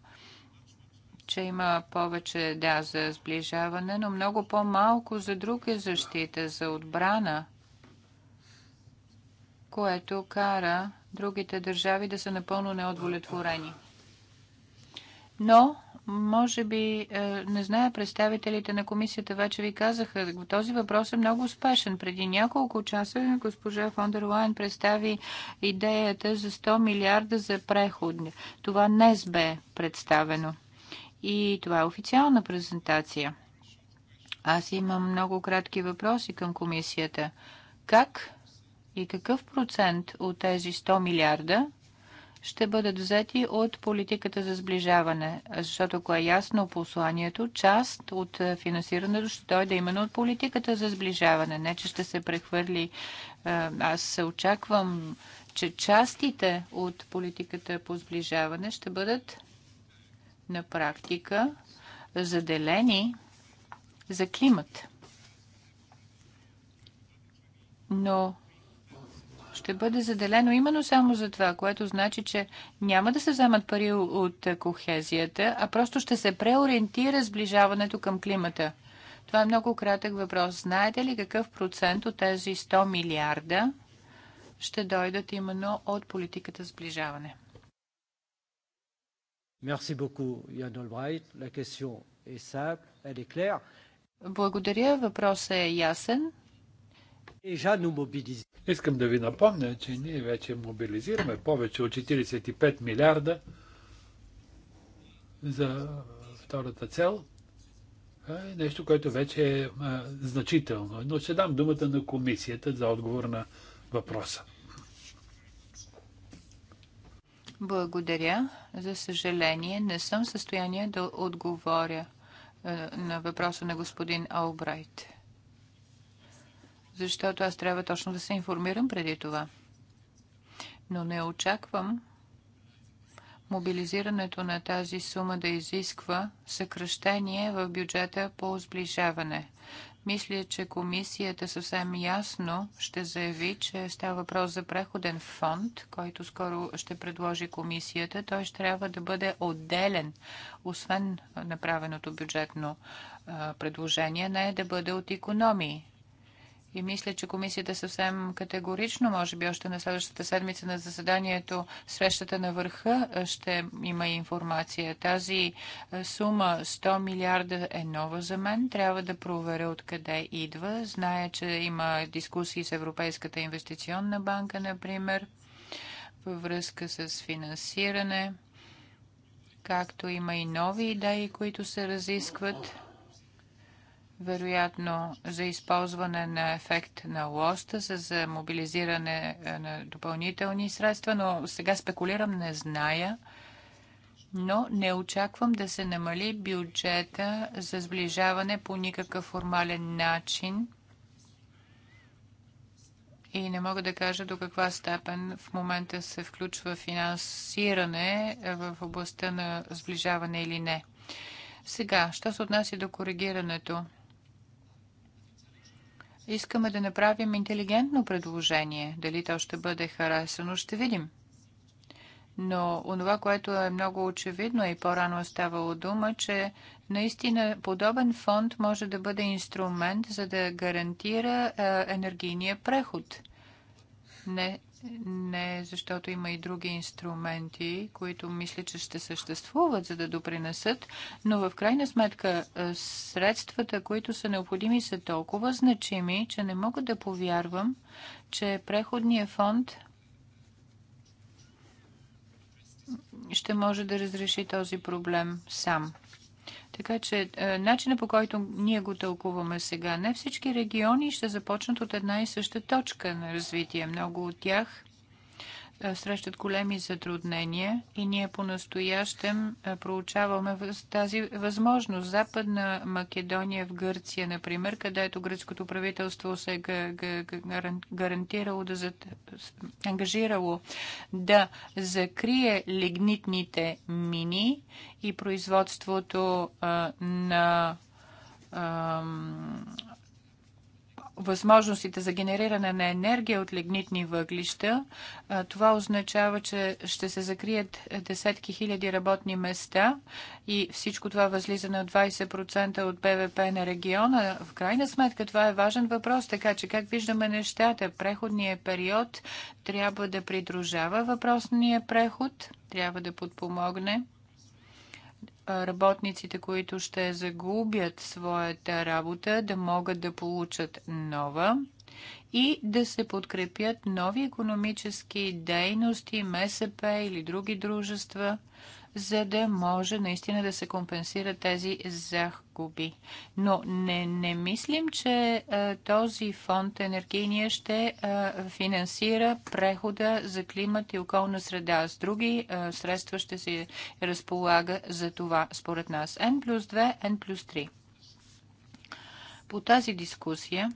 че има повече, да, за сближаване, но много по-малко за друга защита, за отбрана, което кара другите държави да са напълно неудовлетворени. Но може би, е, не зная, представителите на комисията вече ви казаха, този въпрос е много успешен. Преди няколко часа госпожа Фондер Лайн представи идеята за 100 милиарда за преход. Това днес бе представено. И това е официална презентация. Аз имам много кратки въпроси към комисията. Как и какъв процент от тези 100 милиарда – ще бъдат взети от политиката за сближаване, защото ако е ясно посланието, част от е, финансирането ще дойде именно от политиката за сближаване. Не, че ще се прехвърли. Е, аз се очаквам, че частите от политиката по сближаване ще бъдат на практика заделени за климат. Но ще бъде заделено именно само за това, което значи, че няма да се вземат пари от кохезията, а просто ще се преориентира сближаването към климата. Това е много кратък въпрос. Знаете ли какъв процент от тези 100 милиарда ще дойдат именно от политиката сближаване? Merci beaucoup, Jan Albright. La question est simple, elle est claire. Благодаря, въпросът е ясен. Искам да ви напомня, че ние вече мобилизираме повече от 45 милиарда за втората цел. Е нещо, което вече е значително. Но ще дам думата на комисията за отговор на въпроса. Благодаря. За съжаление, не съм в състояние да отговоря на въпроса на господин Албрайт защото аз трябва точно да се информирам преди това. Но не очаквам мобилизирането на тази сума да изисква съкръщение в бюджета по сближаване. Мисля, че комисията съвсем ясно ще заяви, че става въпрос за преходен фонд, който скоро ще предложи комисията. Той ще трябва да бъде отделен, освен направеното бюджетно предложение, не да бъде от економии. И мисля, че комисията съвсем категорично, може би още на следващата седмица на заседанието, срещата на върха ще има информация. Тази сума 100 милиарда е нова за мен. Трябва да проверя откъде идва. Зная, че има дискусии с Европейската инвестиционна банка, например, във връзка с финансиране, както има и нови идеи, които се разискват вероятно за използване на ефект на лоста, за мобилизиране е, на допълнителни средства, но сега спекулирам, не зная но не очаквам да се намали бюджета за сближаване по никакъв формален начин. И не мога да кажа до каква степен в момента се включва финансиране е, в областта на сближаване или не. Сега, що се отнася до коригирането? Искаме да направим интелигентно предложение. Дали то ще бъде харесано, ще видим. Но онова, което е много очевидно и по-рано оставало е ставало дума, че наистина подобен фонд може да бъде инструмент, за да гарантира е, енергийния преход. Не не защото има и други инструменти, които мисля, че ще съществуват, за да допринесат, но в крайна сметка е, средствата, които са необходими, са толкова значими, че не мога да повярвам, че преходният фонд ще може да разреши този проблем сам. Така че е, начина по който ние го тълкуваме сега, не всички региони ще започнат от една и съща точка на развитие. Много от тях е, срещат големи затруднения и ние по-настоящем е, проучаваме тази възможност. Западна Македония в Гърция, например, където гръцкото правителство се гарантирало да за... ангажирало да закрие лигнитните мини и производството е, на възможностите за генериране на енергия от лигнитни въглища. Това означава, че ще се закрият десетки хиляди работни места и всичко това възлиза на 20% от БВП на региона. В крайна сметка това е важен въпрос, така че как виждаме нещата? Преходният период трябва да придружава въпросния преход, трябва да подпомогне работниците, които ще загубят своята работа, да могат да получат нова и да се подкрепят нови економически дейности, МСП или други дружества, за да може наистина да се компенсират тези загуби. Но не, не мислим, че а, този фонд енергийния ще а, финансира прехода за климат и околна среда. С други а, средства ще се разполага за това, според нас. N плюс 2, N плюс 3. По тази дискусия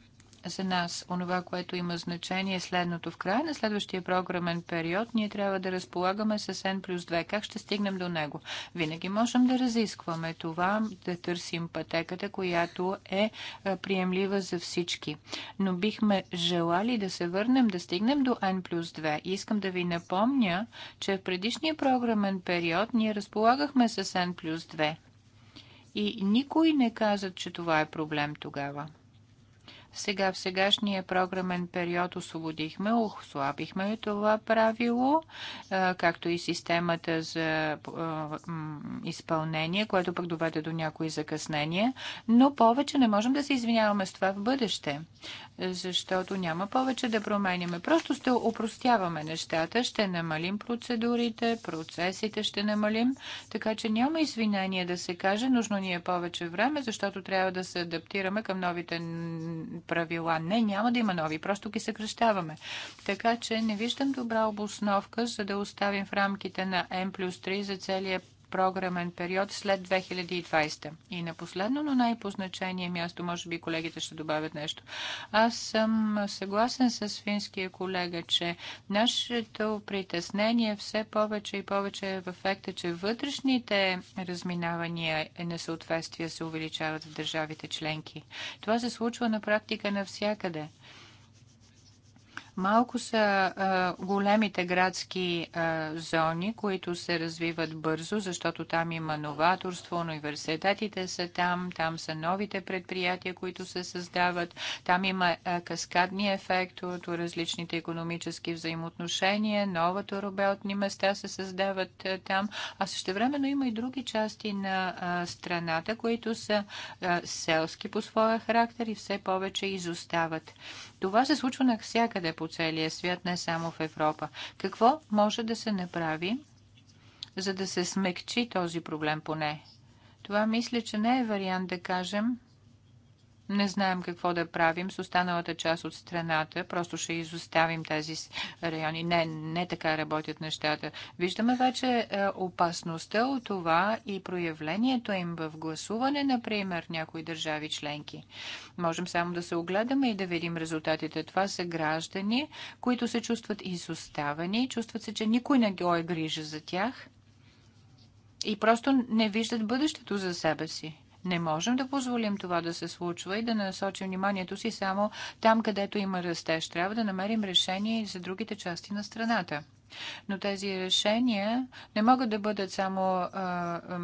за нас онова, което има значение е следното. В края на следващия програмен период ние трябва да разполагаме с N плюс 2. Как ще стигнем до него? Винаги можем да разискваме това, да търсим пътеката, която е приемлива за всички. Но бихме желали да се върнем, да стигнем до N плюс 2. И искам да ви напомня, че в предишния програмен период ние разполагахме с N плюс 2. И никой не каза, че това е проблем тогава. Сега в сегашния програмен период освободихме, ослабихме това правило, както и системата за изпълнение, което пък доведе до някои закъснения, но повече не можем да се извиняваме с това в бъдеще, защото няма повече да променяме. Просто ще упростяваме нещата, ще намалим процедурите, процесите ще намалим, така че няма извинение да се каже, нужно ни е повече време, защото трябва да се адаптираме към новите правила. Не, няма да има нови, просто ги съкръщаваме. Така че не виждам добра обосновка, за да оставим в рамките на N плюс 3 за целия програмен период след 2020. И на последно, но най позначение място, може би колегите ще добавят нещо. Аз съм съгласен с финския колега, че нашето притеснение все повече и повече е в ефекта, че вътрешните разминавания и несъответствия се увеличават в държавите членки. Това се случва на практика навсякъде. Малко са а, големите градски а, зони, които се развиват бързо, защото там има новаторство, университетите са там, там са новите предприятия, които се създават, там има а, каскадния ефект от различните економически взаимоотношения, новата работни места се създават а, там, а същевременно има и други части на а, страната, които са а, селски по своя характер и все повече изостават. Това се случва навсякъде по целия свят, не само в Европа. Какво може да се направи, за да се смекчи този проблем поне? Това мисля, че не е вариант да кажем, не знаем какво да правим с останалата част от страната. Просто ще изоставим тези райони. Не, не така работят нещата. Виждаме вече е, опасността от това и проявлението им в гласуване, например, някои държави членки. Можем само да се огледаме и да видим резултатите. Това са граждани, които се чувстват изоставени, чувстват се, че никой не го е грижа за тях и просто не виждат бъдещето за себе си. Не можем да позволим това да се случва и да насочим вниманието си само там, където има растеж. Трябва да намерим решение и за другите части на страната. Но тези решения не могат да бъдат само а, а,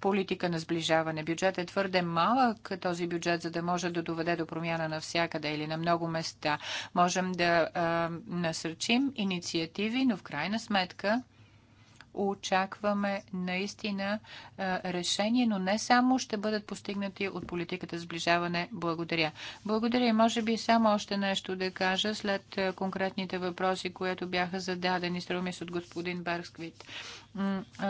политика на сближаване. Бюджет е твърде малък, този бюджет, за да може да доведе до промяна навсякъде или на много места. Можем да а, насърчим инициативи, но в крайна сметка очакваме наистина решение, но не само ще бъдат постигнати от политиката сближаване. Благодаря. Благодаря и може би само още нещо да кажа след конкретните въпроси, които бяха зададени, струми от господин Барсквит.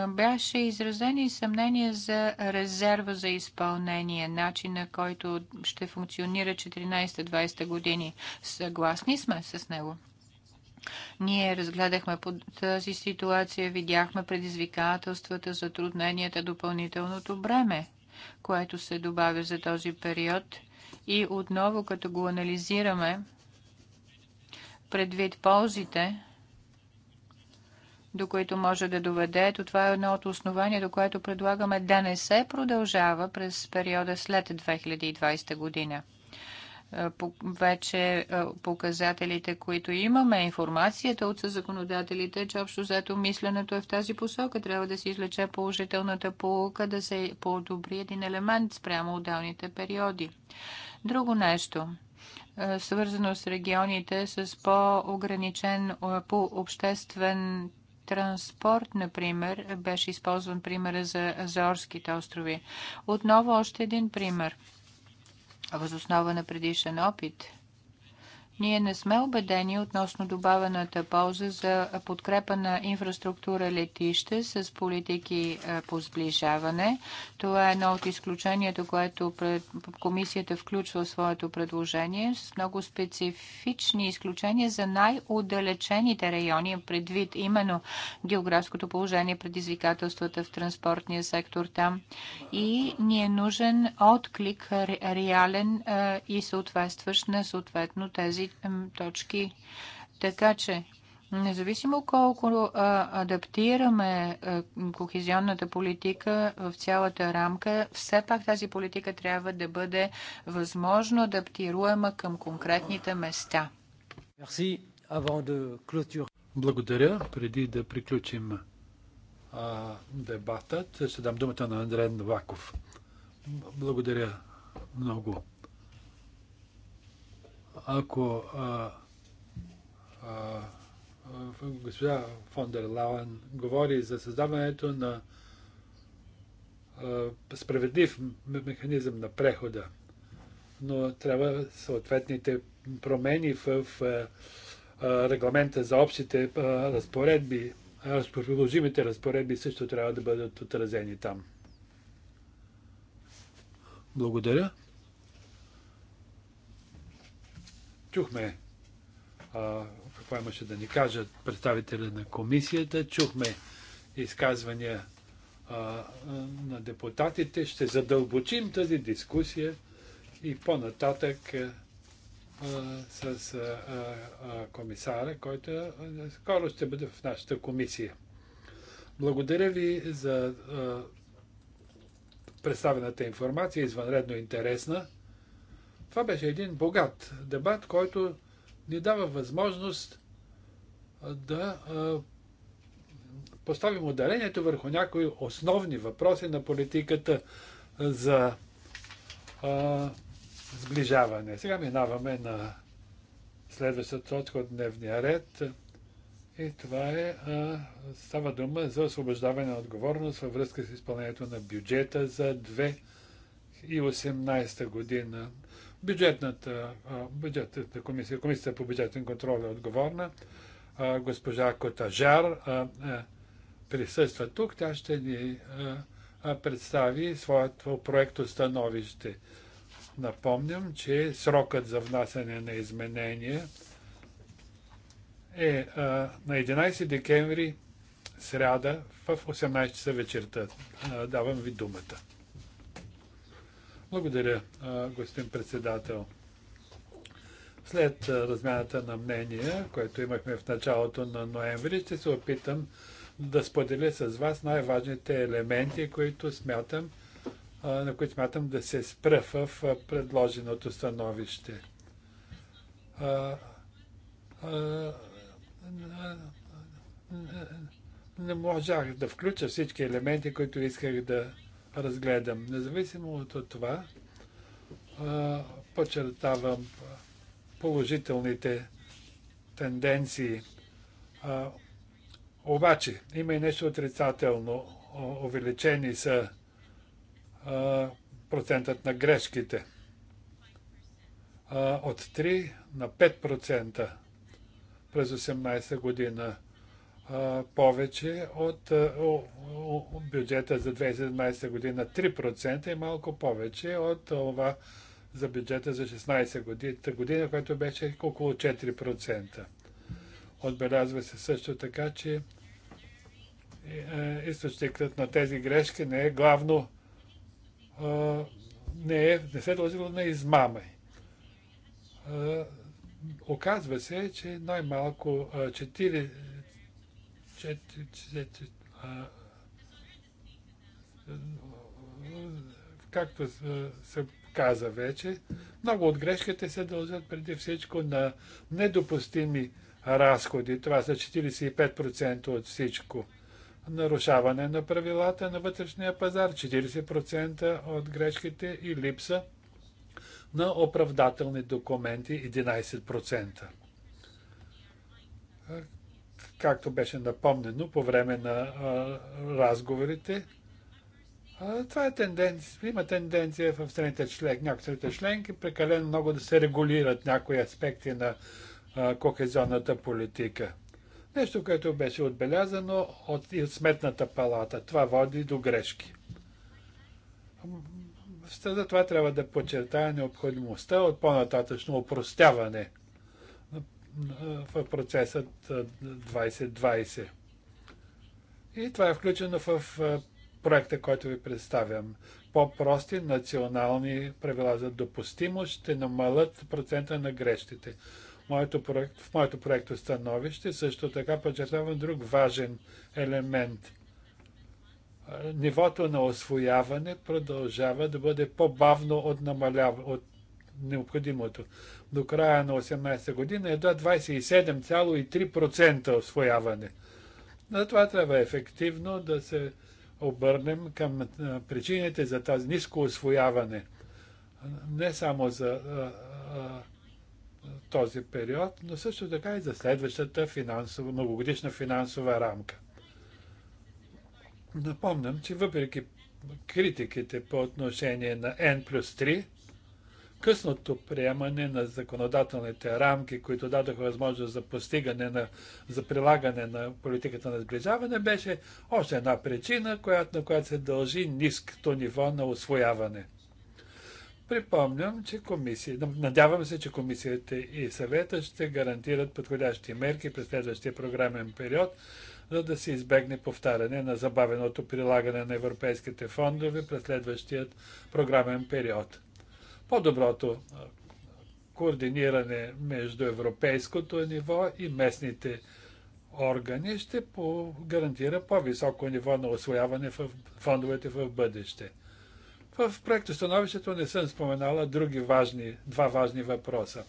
Беше изразени съмнение за резерва за изпълнение, начина който ще функционира 14-20 години. Съгласни сме с него. Ние разгледахме под тази ситуация, видяхме предизвикателствата, затрудненията, допълнителното бреме, което се добавя за този период. И отново, като го анализираме, предвид ползите, до които може да доведе. то това е едно от основания, до което предлагаме да не се продължава през периода след 2020 година. Е, вече е, показателите, които имаме, информацията от законодателите, че общо взето мисленето е в тази посока. Трябва да се излече положителната полука, да се подобри един елемент спрямо отдалните периоди. Друго нещо е, свързано с регионите с по-ограничен по обществен транспорт, например, беше използван примера за Азорските острови. Отново още един пример – основа на предишен опит – ние не сме убедени относно добавената полза за подкрепа на инфраструктура летище с политики е, по сближаване. Това е едно от изключенията, което комисията включва в своето предложение с много специфични изключения за най-удалечените райони, предвид именно географското положение, предизвикателствата в транспортния сектор там. И ни е нужен отклик реален е, и съответстващ на съответно тези точки. Така че, независимо колко адаптираме кохезионната политика в цялата рамка, все пак тази политика трябва да бъде възможно адаптируема към конкретните места. Благодаря. Преди да приключим а, дебатът, ще дам думата на Андрея Ваков. Благодаря много. Ако а, а, госпожа фон дер Лауен говори за създаването на а, справедлив механизъм на прехода, но трябва съответните промени в в а, регламента за общите а, разпоредби, разположимите разпоредби също трябва да бъдат отразени там. Благодаря. Чухме а, какво имаше да ни кажат представители на комисията, чухме изказвания а, а, на депутатите. Ще задълбочим тази дискусия и по-нататък с комисара, който скоро ще бъде в нашата комисия. Благодаря ви за представената информация, извънредно интересна. Това беше един богат дебат, който ни дава възможност да поставим ударението върху някои основни въпроси на политиката за сближаване. Сега минаваме на следващата точка от дневния ред. И това е, а, става дума за освобождаване на отговорност във връзка с изпълнението на бюджета за 2018 година. Бюджетната, бюджетната комисия, комисията по бюджетен контрол е отговорна. Госпожа Котажар е, присъства тук. Тя ще ни представи своето проекто становище. Напомням, че срокът за внасяне на изменения е на 11 декември, сряда, в 18 часа вечерта. давам ви думата. Благодаря, господин председател. След размяната на мнение, което имахме в началото на ноември, ще се опитам да споделя с вас най-важните елементи, които смятам, на които смятам да се спра в предложеното становище. не можах да включа всички елементи, които исках да разгледам. Независимо от това, подчертавам положителните тенденции. Обаче, има и нещо отрицателно. Увеличени са процентът на грешките. От 3 на 5% през 18 година повече от бюджета за 2017 година 3% и малко повече от това за бюджета за 16 година, година което беше около 4%. Отбелязва се също така, че е, е, източникът на тези грешки не е главно не, е, не се дължило на измама. Оказва се, че най-малко 4 както се каза вече, много от грешките се дължат преди всичко на недопустими разходи. Това са 45% от всичко. Нарушаване на правилата на вътрешния пазар, 40% от грешките и липса на оправдателни документи 11% както беше напомнено по време на а, разговорите, а, това е тенденция. Има тенденция в страните членки, някои страните членки прекалено много да се регулират някои аспекти на а, кохезионната политика. Нещо, което беше отбелязано от, и от сметната палата. Това води до грешки. Затова трябва да подчертая необходимостта от по-нататъчно опростяване – в процесът 2020. И това е включено в проекта, който ви представям. По-прости национални правила за допустимост ще намалят процента на грешките. Моето проект, в моето проекто становище също така подчертавам друг важен елемент. Нивото на освояване продължава да бъде по-бавно от, намалява, от необходимото е до края на 18 година е до 27,3% освояване. Затова трябва ефективно да се обърнем към причините за тази ниско освояване. Не само за този период, но също така и за следващата финансова, многогодишна финансова рамка. Напомням, че въпреки критиките по отношение на N плюс 3, късното приемане на законодателните рамки, които дадоха възможност за постигане на, за прилагане на политиката на сближаване, беше още една причина, която, на която се дължи ниското ниво на освояване. Припомням, че комисия, надявам се, че комисията и съвета ще гарантират подходящи мерки през следващия програмен период, за да се избегне повтаряне на забавеното прилагане на европейските фондове през следващия програмен период по-доброто координиране между европейското ниво и местните органи ще по гарантира по-високо ниво на освояване в фондовете в бъдеще. В проекто становището не съм споменала други важни, два важни въпроса.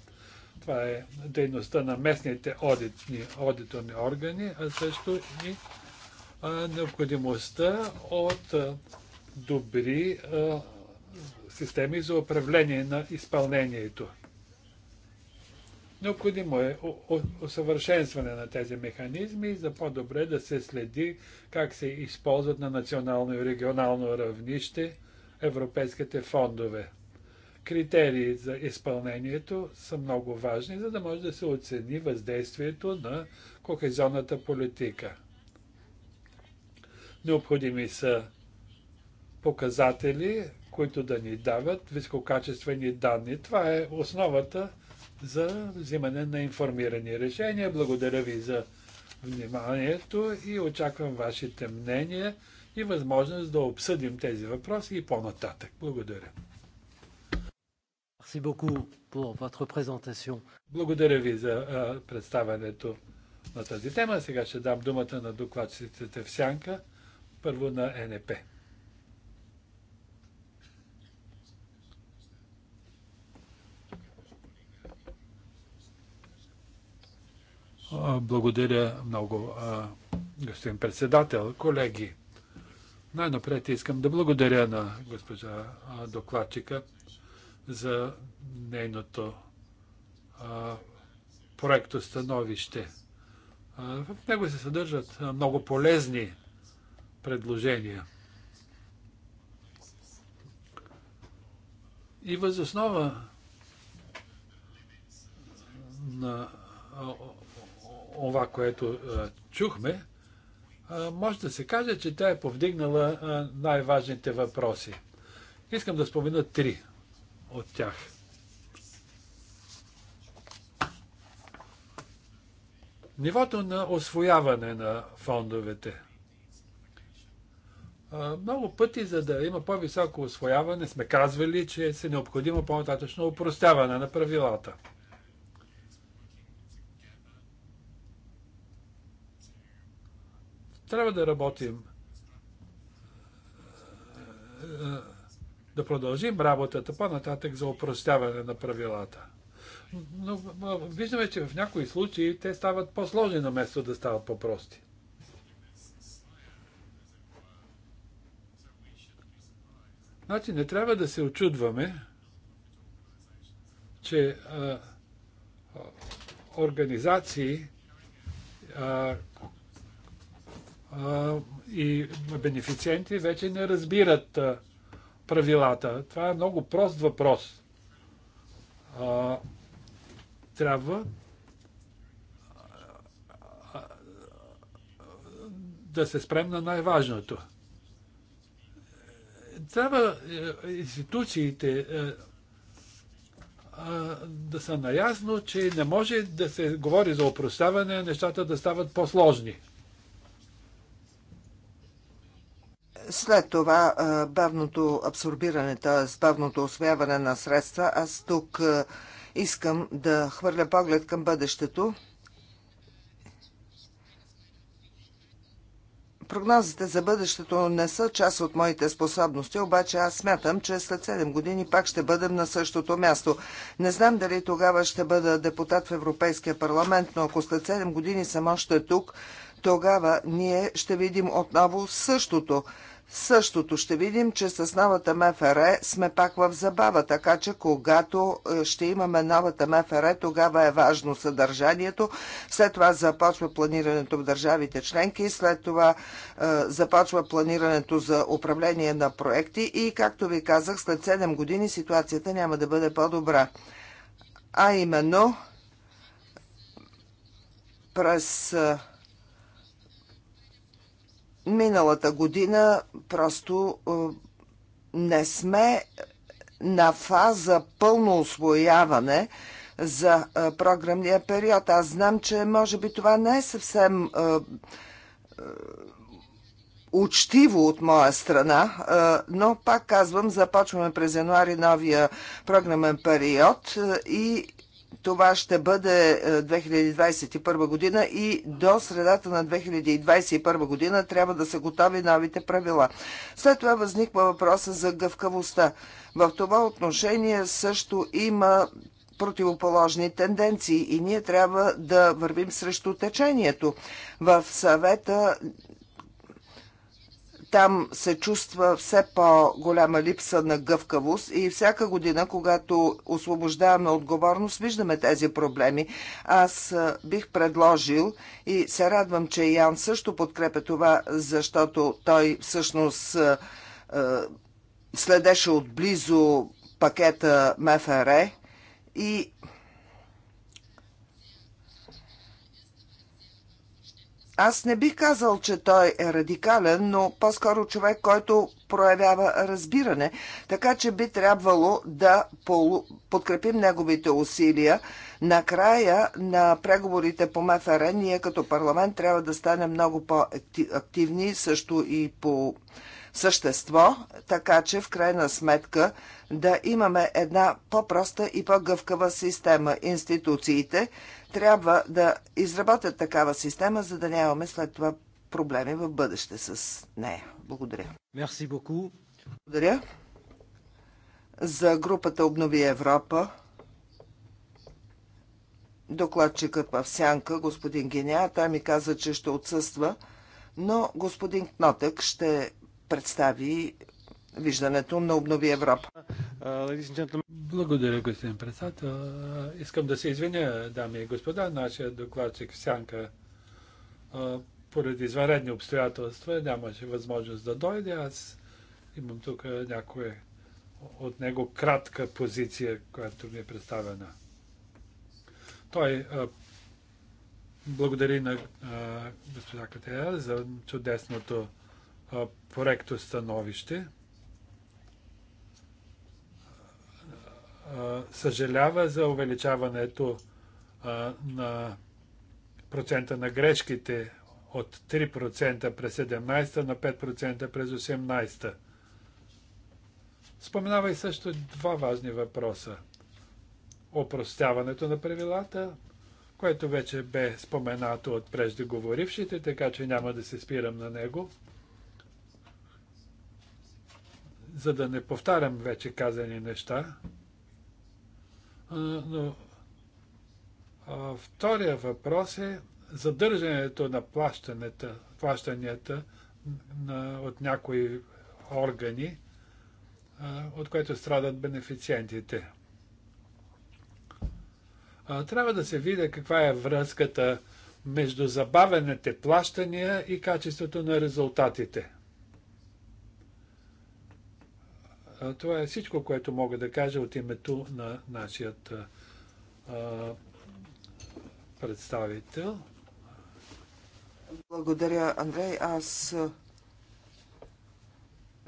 Това е дейността на местните одитни, одитни органи, а също и а, необходимостта от а, добри а, системи за управление на изпълнението. Необходимо е усъвършенстване на тези механизми, за по-добре да се следи как се използват на национално и регионално равнище европейските фондове. Критерии за изпълнението са много важни, за да може да се оцени въздействието на кохезионната политика. Необходими са показатели, които да ни дават висококачествени данни. Това е основата за взимане на информирани решения. Благодаря ви за вниманието и очаквам вашите мнения и възможност да обсъдим тези въпроси и по-нататък. Благодаря. Благодаря ви за а, представянето на тази тема. Сега ще дам думата на докладчиците в сянка, първо на НП. Благодаря много, господин председател. Колеги, най-напред искам да благодаря на госпожа докладчика за нейното проекто становище. В него се съдържат много полезни предложения. И възоснова на това, което е, чухме, е, може да се каже, че тя е повдигнала е, най-важните въпроси. Искам да спомена три от тях. Нивото на освояване на фондовете. Много пъти, за да има по-високо освояване, сме казвали, че е необходимо по-нататъчно упростяване на правилата. Трябва да работим. Да продължим работата по-нататък за упростяване на правилата. Но виждаме, че в някои случаи те стават по-сложни, на место да стават по-прости. Значи не трябва да се очудваме, че а, организации, а, и бенефициенти вече не разбират правилата. Това е много прост въпрос. Трябва да се спрем на най-важното. Трябва институциите да са наясно, че не може да се говори за опростяване, нещата да стават по-сложни. След това бавното абсорбиране, т.е. бавното освояване на средства, аз тук искам да хвърля поглед към бъдещето. Прогнозите за бъдещето не са част от моите способности, обаче аз смятам, че след 7 години пак ще бъдем на същото място. Не знам дали тогава ще бъда депутат в Европейския парламент, но ако след 7 години съм още тук, тогава ние ще видим отново същото. Същото ще видим, че с новата МФР сме пак в забава, така че когато е, ще имаме новата МФР, тогава е важно съдържанието. След това започва планирането в държавите членки, след това е, започва планирането за управление на проекти и, както ви казах, след 7 години ситуацията няма да бъде по-добра. А именно, през е, миналата година просто е, не сме на фаза пълно освояване за е, програмния период. Аз знам, че може би това не е съвсем е, учтиво от моя страна, но пак казвам, започваме през януари новия програмен период и това ще бъде 2021 е, година и до средата на 2021 година трябва да са готови новите правила. След това възниква въпроса за гъвкавостта. В това отношение също има противоположни тенденции и ние трябва да вървим срещу течението. В съвета там се чувства все по-голяма липса на гъвкавост и всяка година, когато освобождаваме отговорност, виждаме тези проблеми. Аз бих предложил и се радвам, че Ян също подкрепя това, защото той всъщност следеше отблизо пакета МФР и Аз не бих казал, че той е радикален, но по-скоро човек, който проявява разбиране, така че би трябвало да подкрепим неговите усилия. Накрая на преговорите по МФР ние като парламент трябва да станем много по-активни, също и по същество, така че в крайна сметка да имаме една по-проста и по-гъвкава система. Институциите трябва да изработят такава система, за да нямаме след това проблеми в бъдеще с нея. Благодаря. Мерси боку. Благодаря. За групата Обнови Европа докладчикът в сянка, господин Гения, той ми каза, че ще отсъства, но господин Кнотък ще представи виждането на Обнови Европа. Благодаря, господин председател. Искам да се извиня, дами и господа, нашия докладчик Сянка поради изваредни обстоятелства нямаше възможност да дойде. Аз имам тук някоя от него кратка позиция, която ми е представена. Той благодари на господа госпожа Катея за чудесното проекто становище. съжалява за увеличаването на процента на грешките от 3% през 17 на 5% през 18-та. Споменава и също два важни въпроса. Опростяването на правилата, което вече бе споменато от преждеговорившите, така че няма да се спирам на него. За да не повтарям вече казани неща, но втория въпрос е задържането на плащанията, плащанията на, от някои органи, от което страдат бенефициентите. Трябва да се види каква е връзката между забавените плащания и качеството на резултатите. Това е всичко, което мога да кажа от името на нашия представител. Благодаря, Андрей. Аз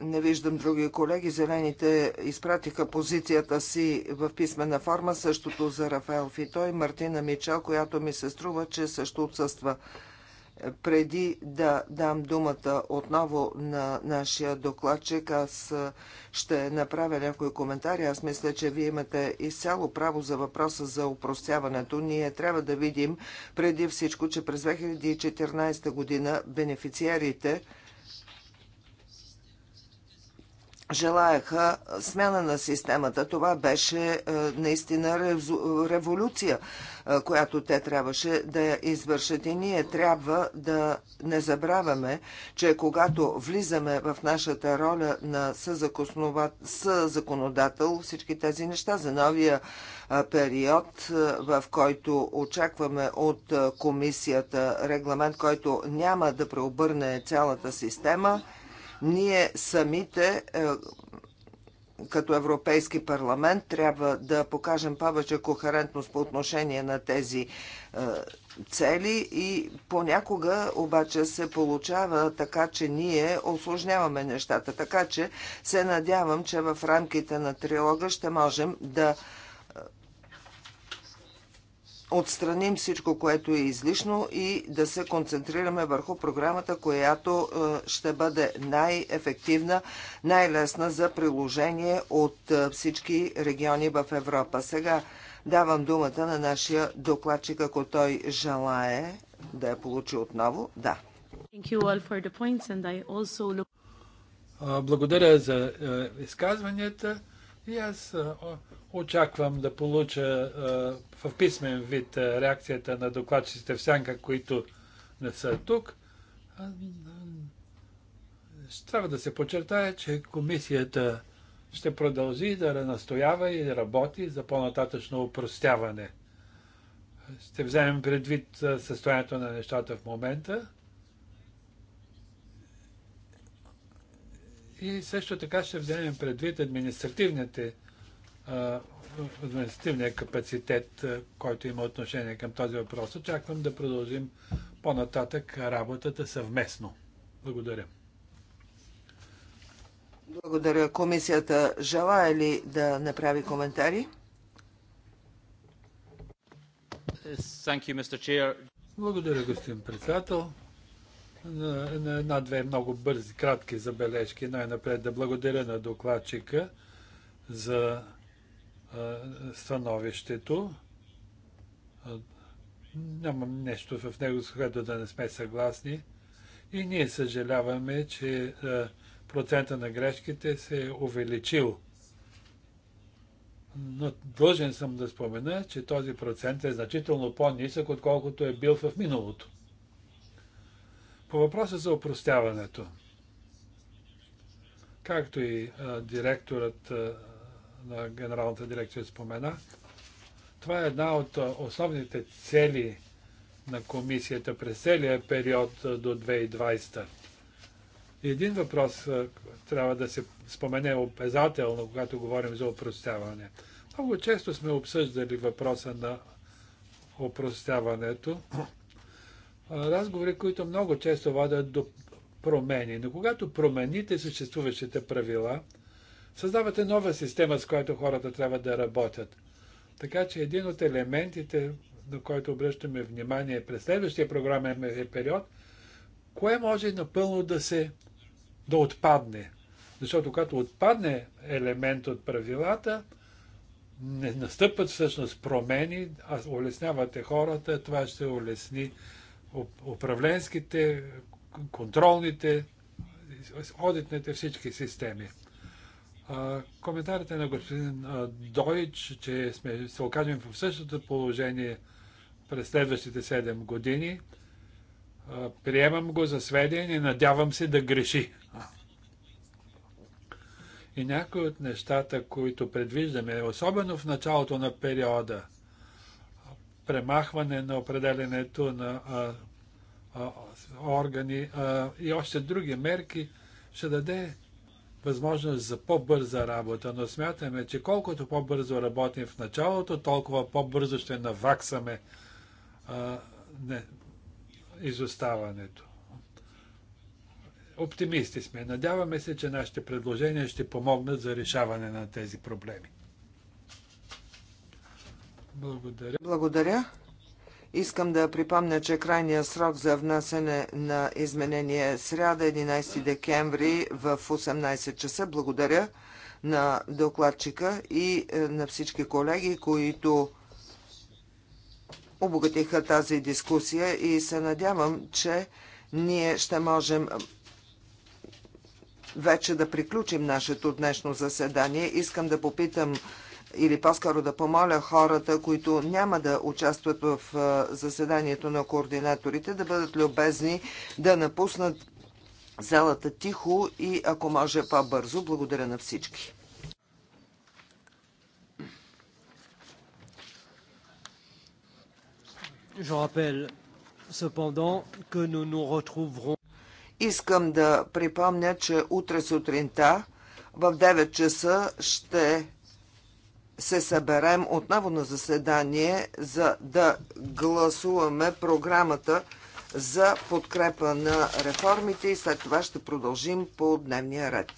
не виждам други колеги. Зелените изпратиха позицията си в писмена форма, същото за Рафаел Фитой, Мартина Мичал, която ми се струва, че също отсъства. Преди да дам думата отново на нашия докладчик, аз ще направя някои коментари. Аз мисля, че вие имате изцяло право за въпроса за упростяването. Ние трябва да видим преди всичко, че през 2014 година бенефициарите – желаяха смяна на системата. Това беше е, наистина революция, е, която те трябваше да я извършат. И ние трябва да не забравяме, че когато влизаме в нашата роля на съзаконодател, всички тези неща за новия е, период, в който очакваме от комисията регламент, който няма да преобърне цялата система – ние самите е, като Европейски парламент трябва да покажем повече кохерентност по отношение на тези е, цели и понякога обаче се получава така, че ние осложняваме нещата. Така че се надявам, че в рамките на трилога ще можем да отстраним всичко, което е излишно и да се концентрираме върху програмата, която е, ще бъде най-ефективна, най-лесна за приложение от е, всички региони в Европа. Сега давам думата на нашия докладчик, ако той желае да я получи отново. Да. Благодаря за е, изказванията. И аз очаквам да получа в писмен вид реакцията на докладчиците в сянка, които не са тук. трябва да се подчертая, че комисията ще продължи да настоява и работи за по-нататъчно упростяване. Ще вземем предвид състоянието на нещата в момента И също така ще вземем предвид административните, административния капацитет, който има отношение към този въпрос. Очаквам да продължим по-нататък работата съвместно. Благодаря. Благодаря. Комисията желая ли да направи коментари? Благодаря, господин председател на една-две много бързи, кратки забележки. Най-напред да благодаря на докладчика за становището. Нямам нещо в него, с което да не сме съгласни. И ние съжаляваме, че процента на грешките се е увеличил. Но длъжен съм да спомена, че този процент е значително по-нисък, отколкото е бил в миналото. По въпроса за опростяването, както и а, директорът а, на Генералната дирекция спомена, това е една от основните цели на комисията през целия период до 2020. Един въпрос трябва да се спомене обязателно, когато говорим за опростяване. Много често сме обсъждали въпроса на опростяването разговори, които много често водят до промени. Но когато промените съществуващите правила, създавате нова система, с която хората трябва да работят. Така че един от елементите, на който обръщаме внимание през следващия програмен е период, кое може напълно да се да отпадне. Защото когато отпадне елемент от правилата, не настъпват всъщност промени, а улеснявате хората, това ще улесни управленските, контролните, одитните всички системи. Коментарите на господин Дойч, че сме се окажем в същото положение през следващите 7 години, приемам го за сведение и надявам се да греши. И някои от нещата, които предвиждаме, особено в началото на периода, премахване на определенето на а, а, органи а, и още други мерки ще даде възможност за по-бърза работа, но смятаме, че колкото по-бързо работим в началото, толкова по-бързо ще наваксаме а, не, изоставането. Оптимисти сме. Надяваме се, че нашите предложения ще помогнат за решаване на тези проблеми. Благодаря. Благодаря. Искам да припомня, че крайния срок за внасене на изменение е сряда 11 декември в 18 часа. Благодаря на докладчика и е, на всички колеги, които обогатиха тази дискусия и се надявам, че ние ще можем вече да приключим нашето днешно заседание. Искам да попитам или по-скоро да помоля хората, които няма да участват в заседанието на координаторите, да бъдат любезни да напуснат залата тихо и ако може по-бързо. Благодаря на всички. Искам да припомня, че утре сутринта в 9 часа ще се съберем отново на заседание, за да гласуваме програмата за подкрепа на реформите и след това ще продължим по дневния ред.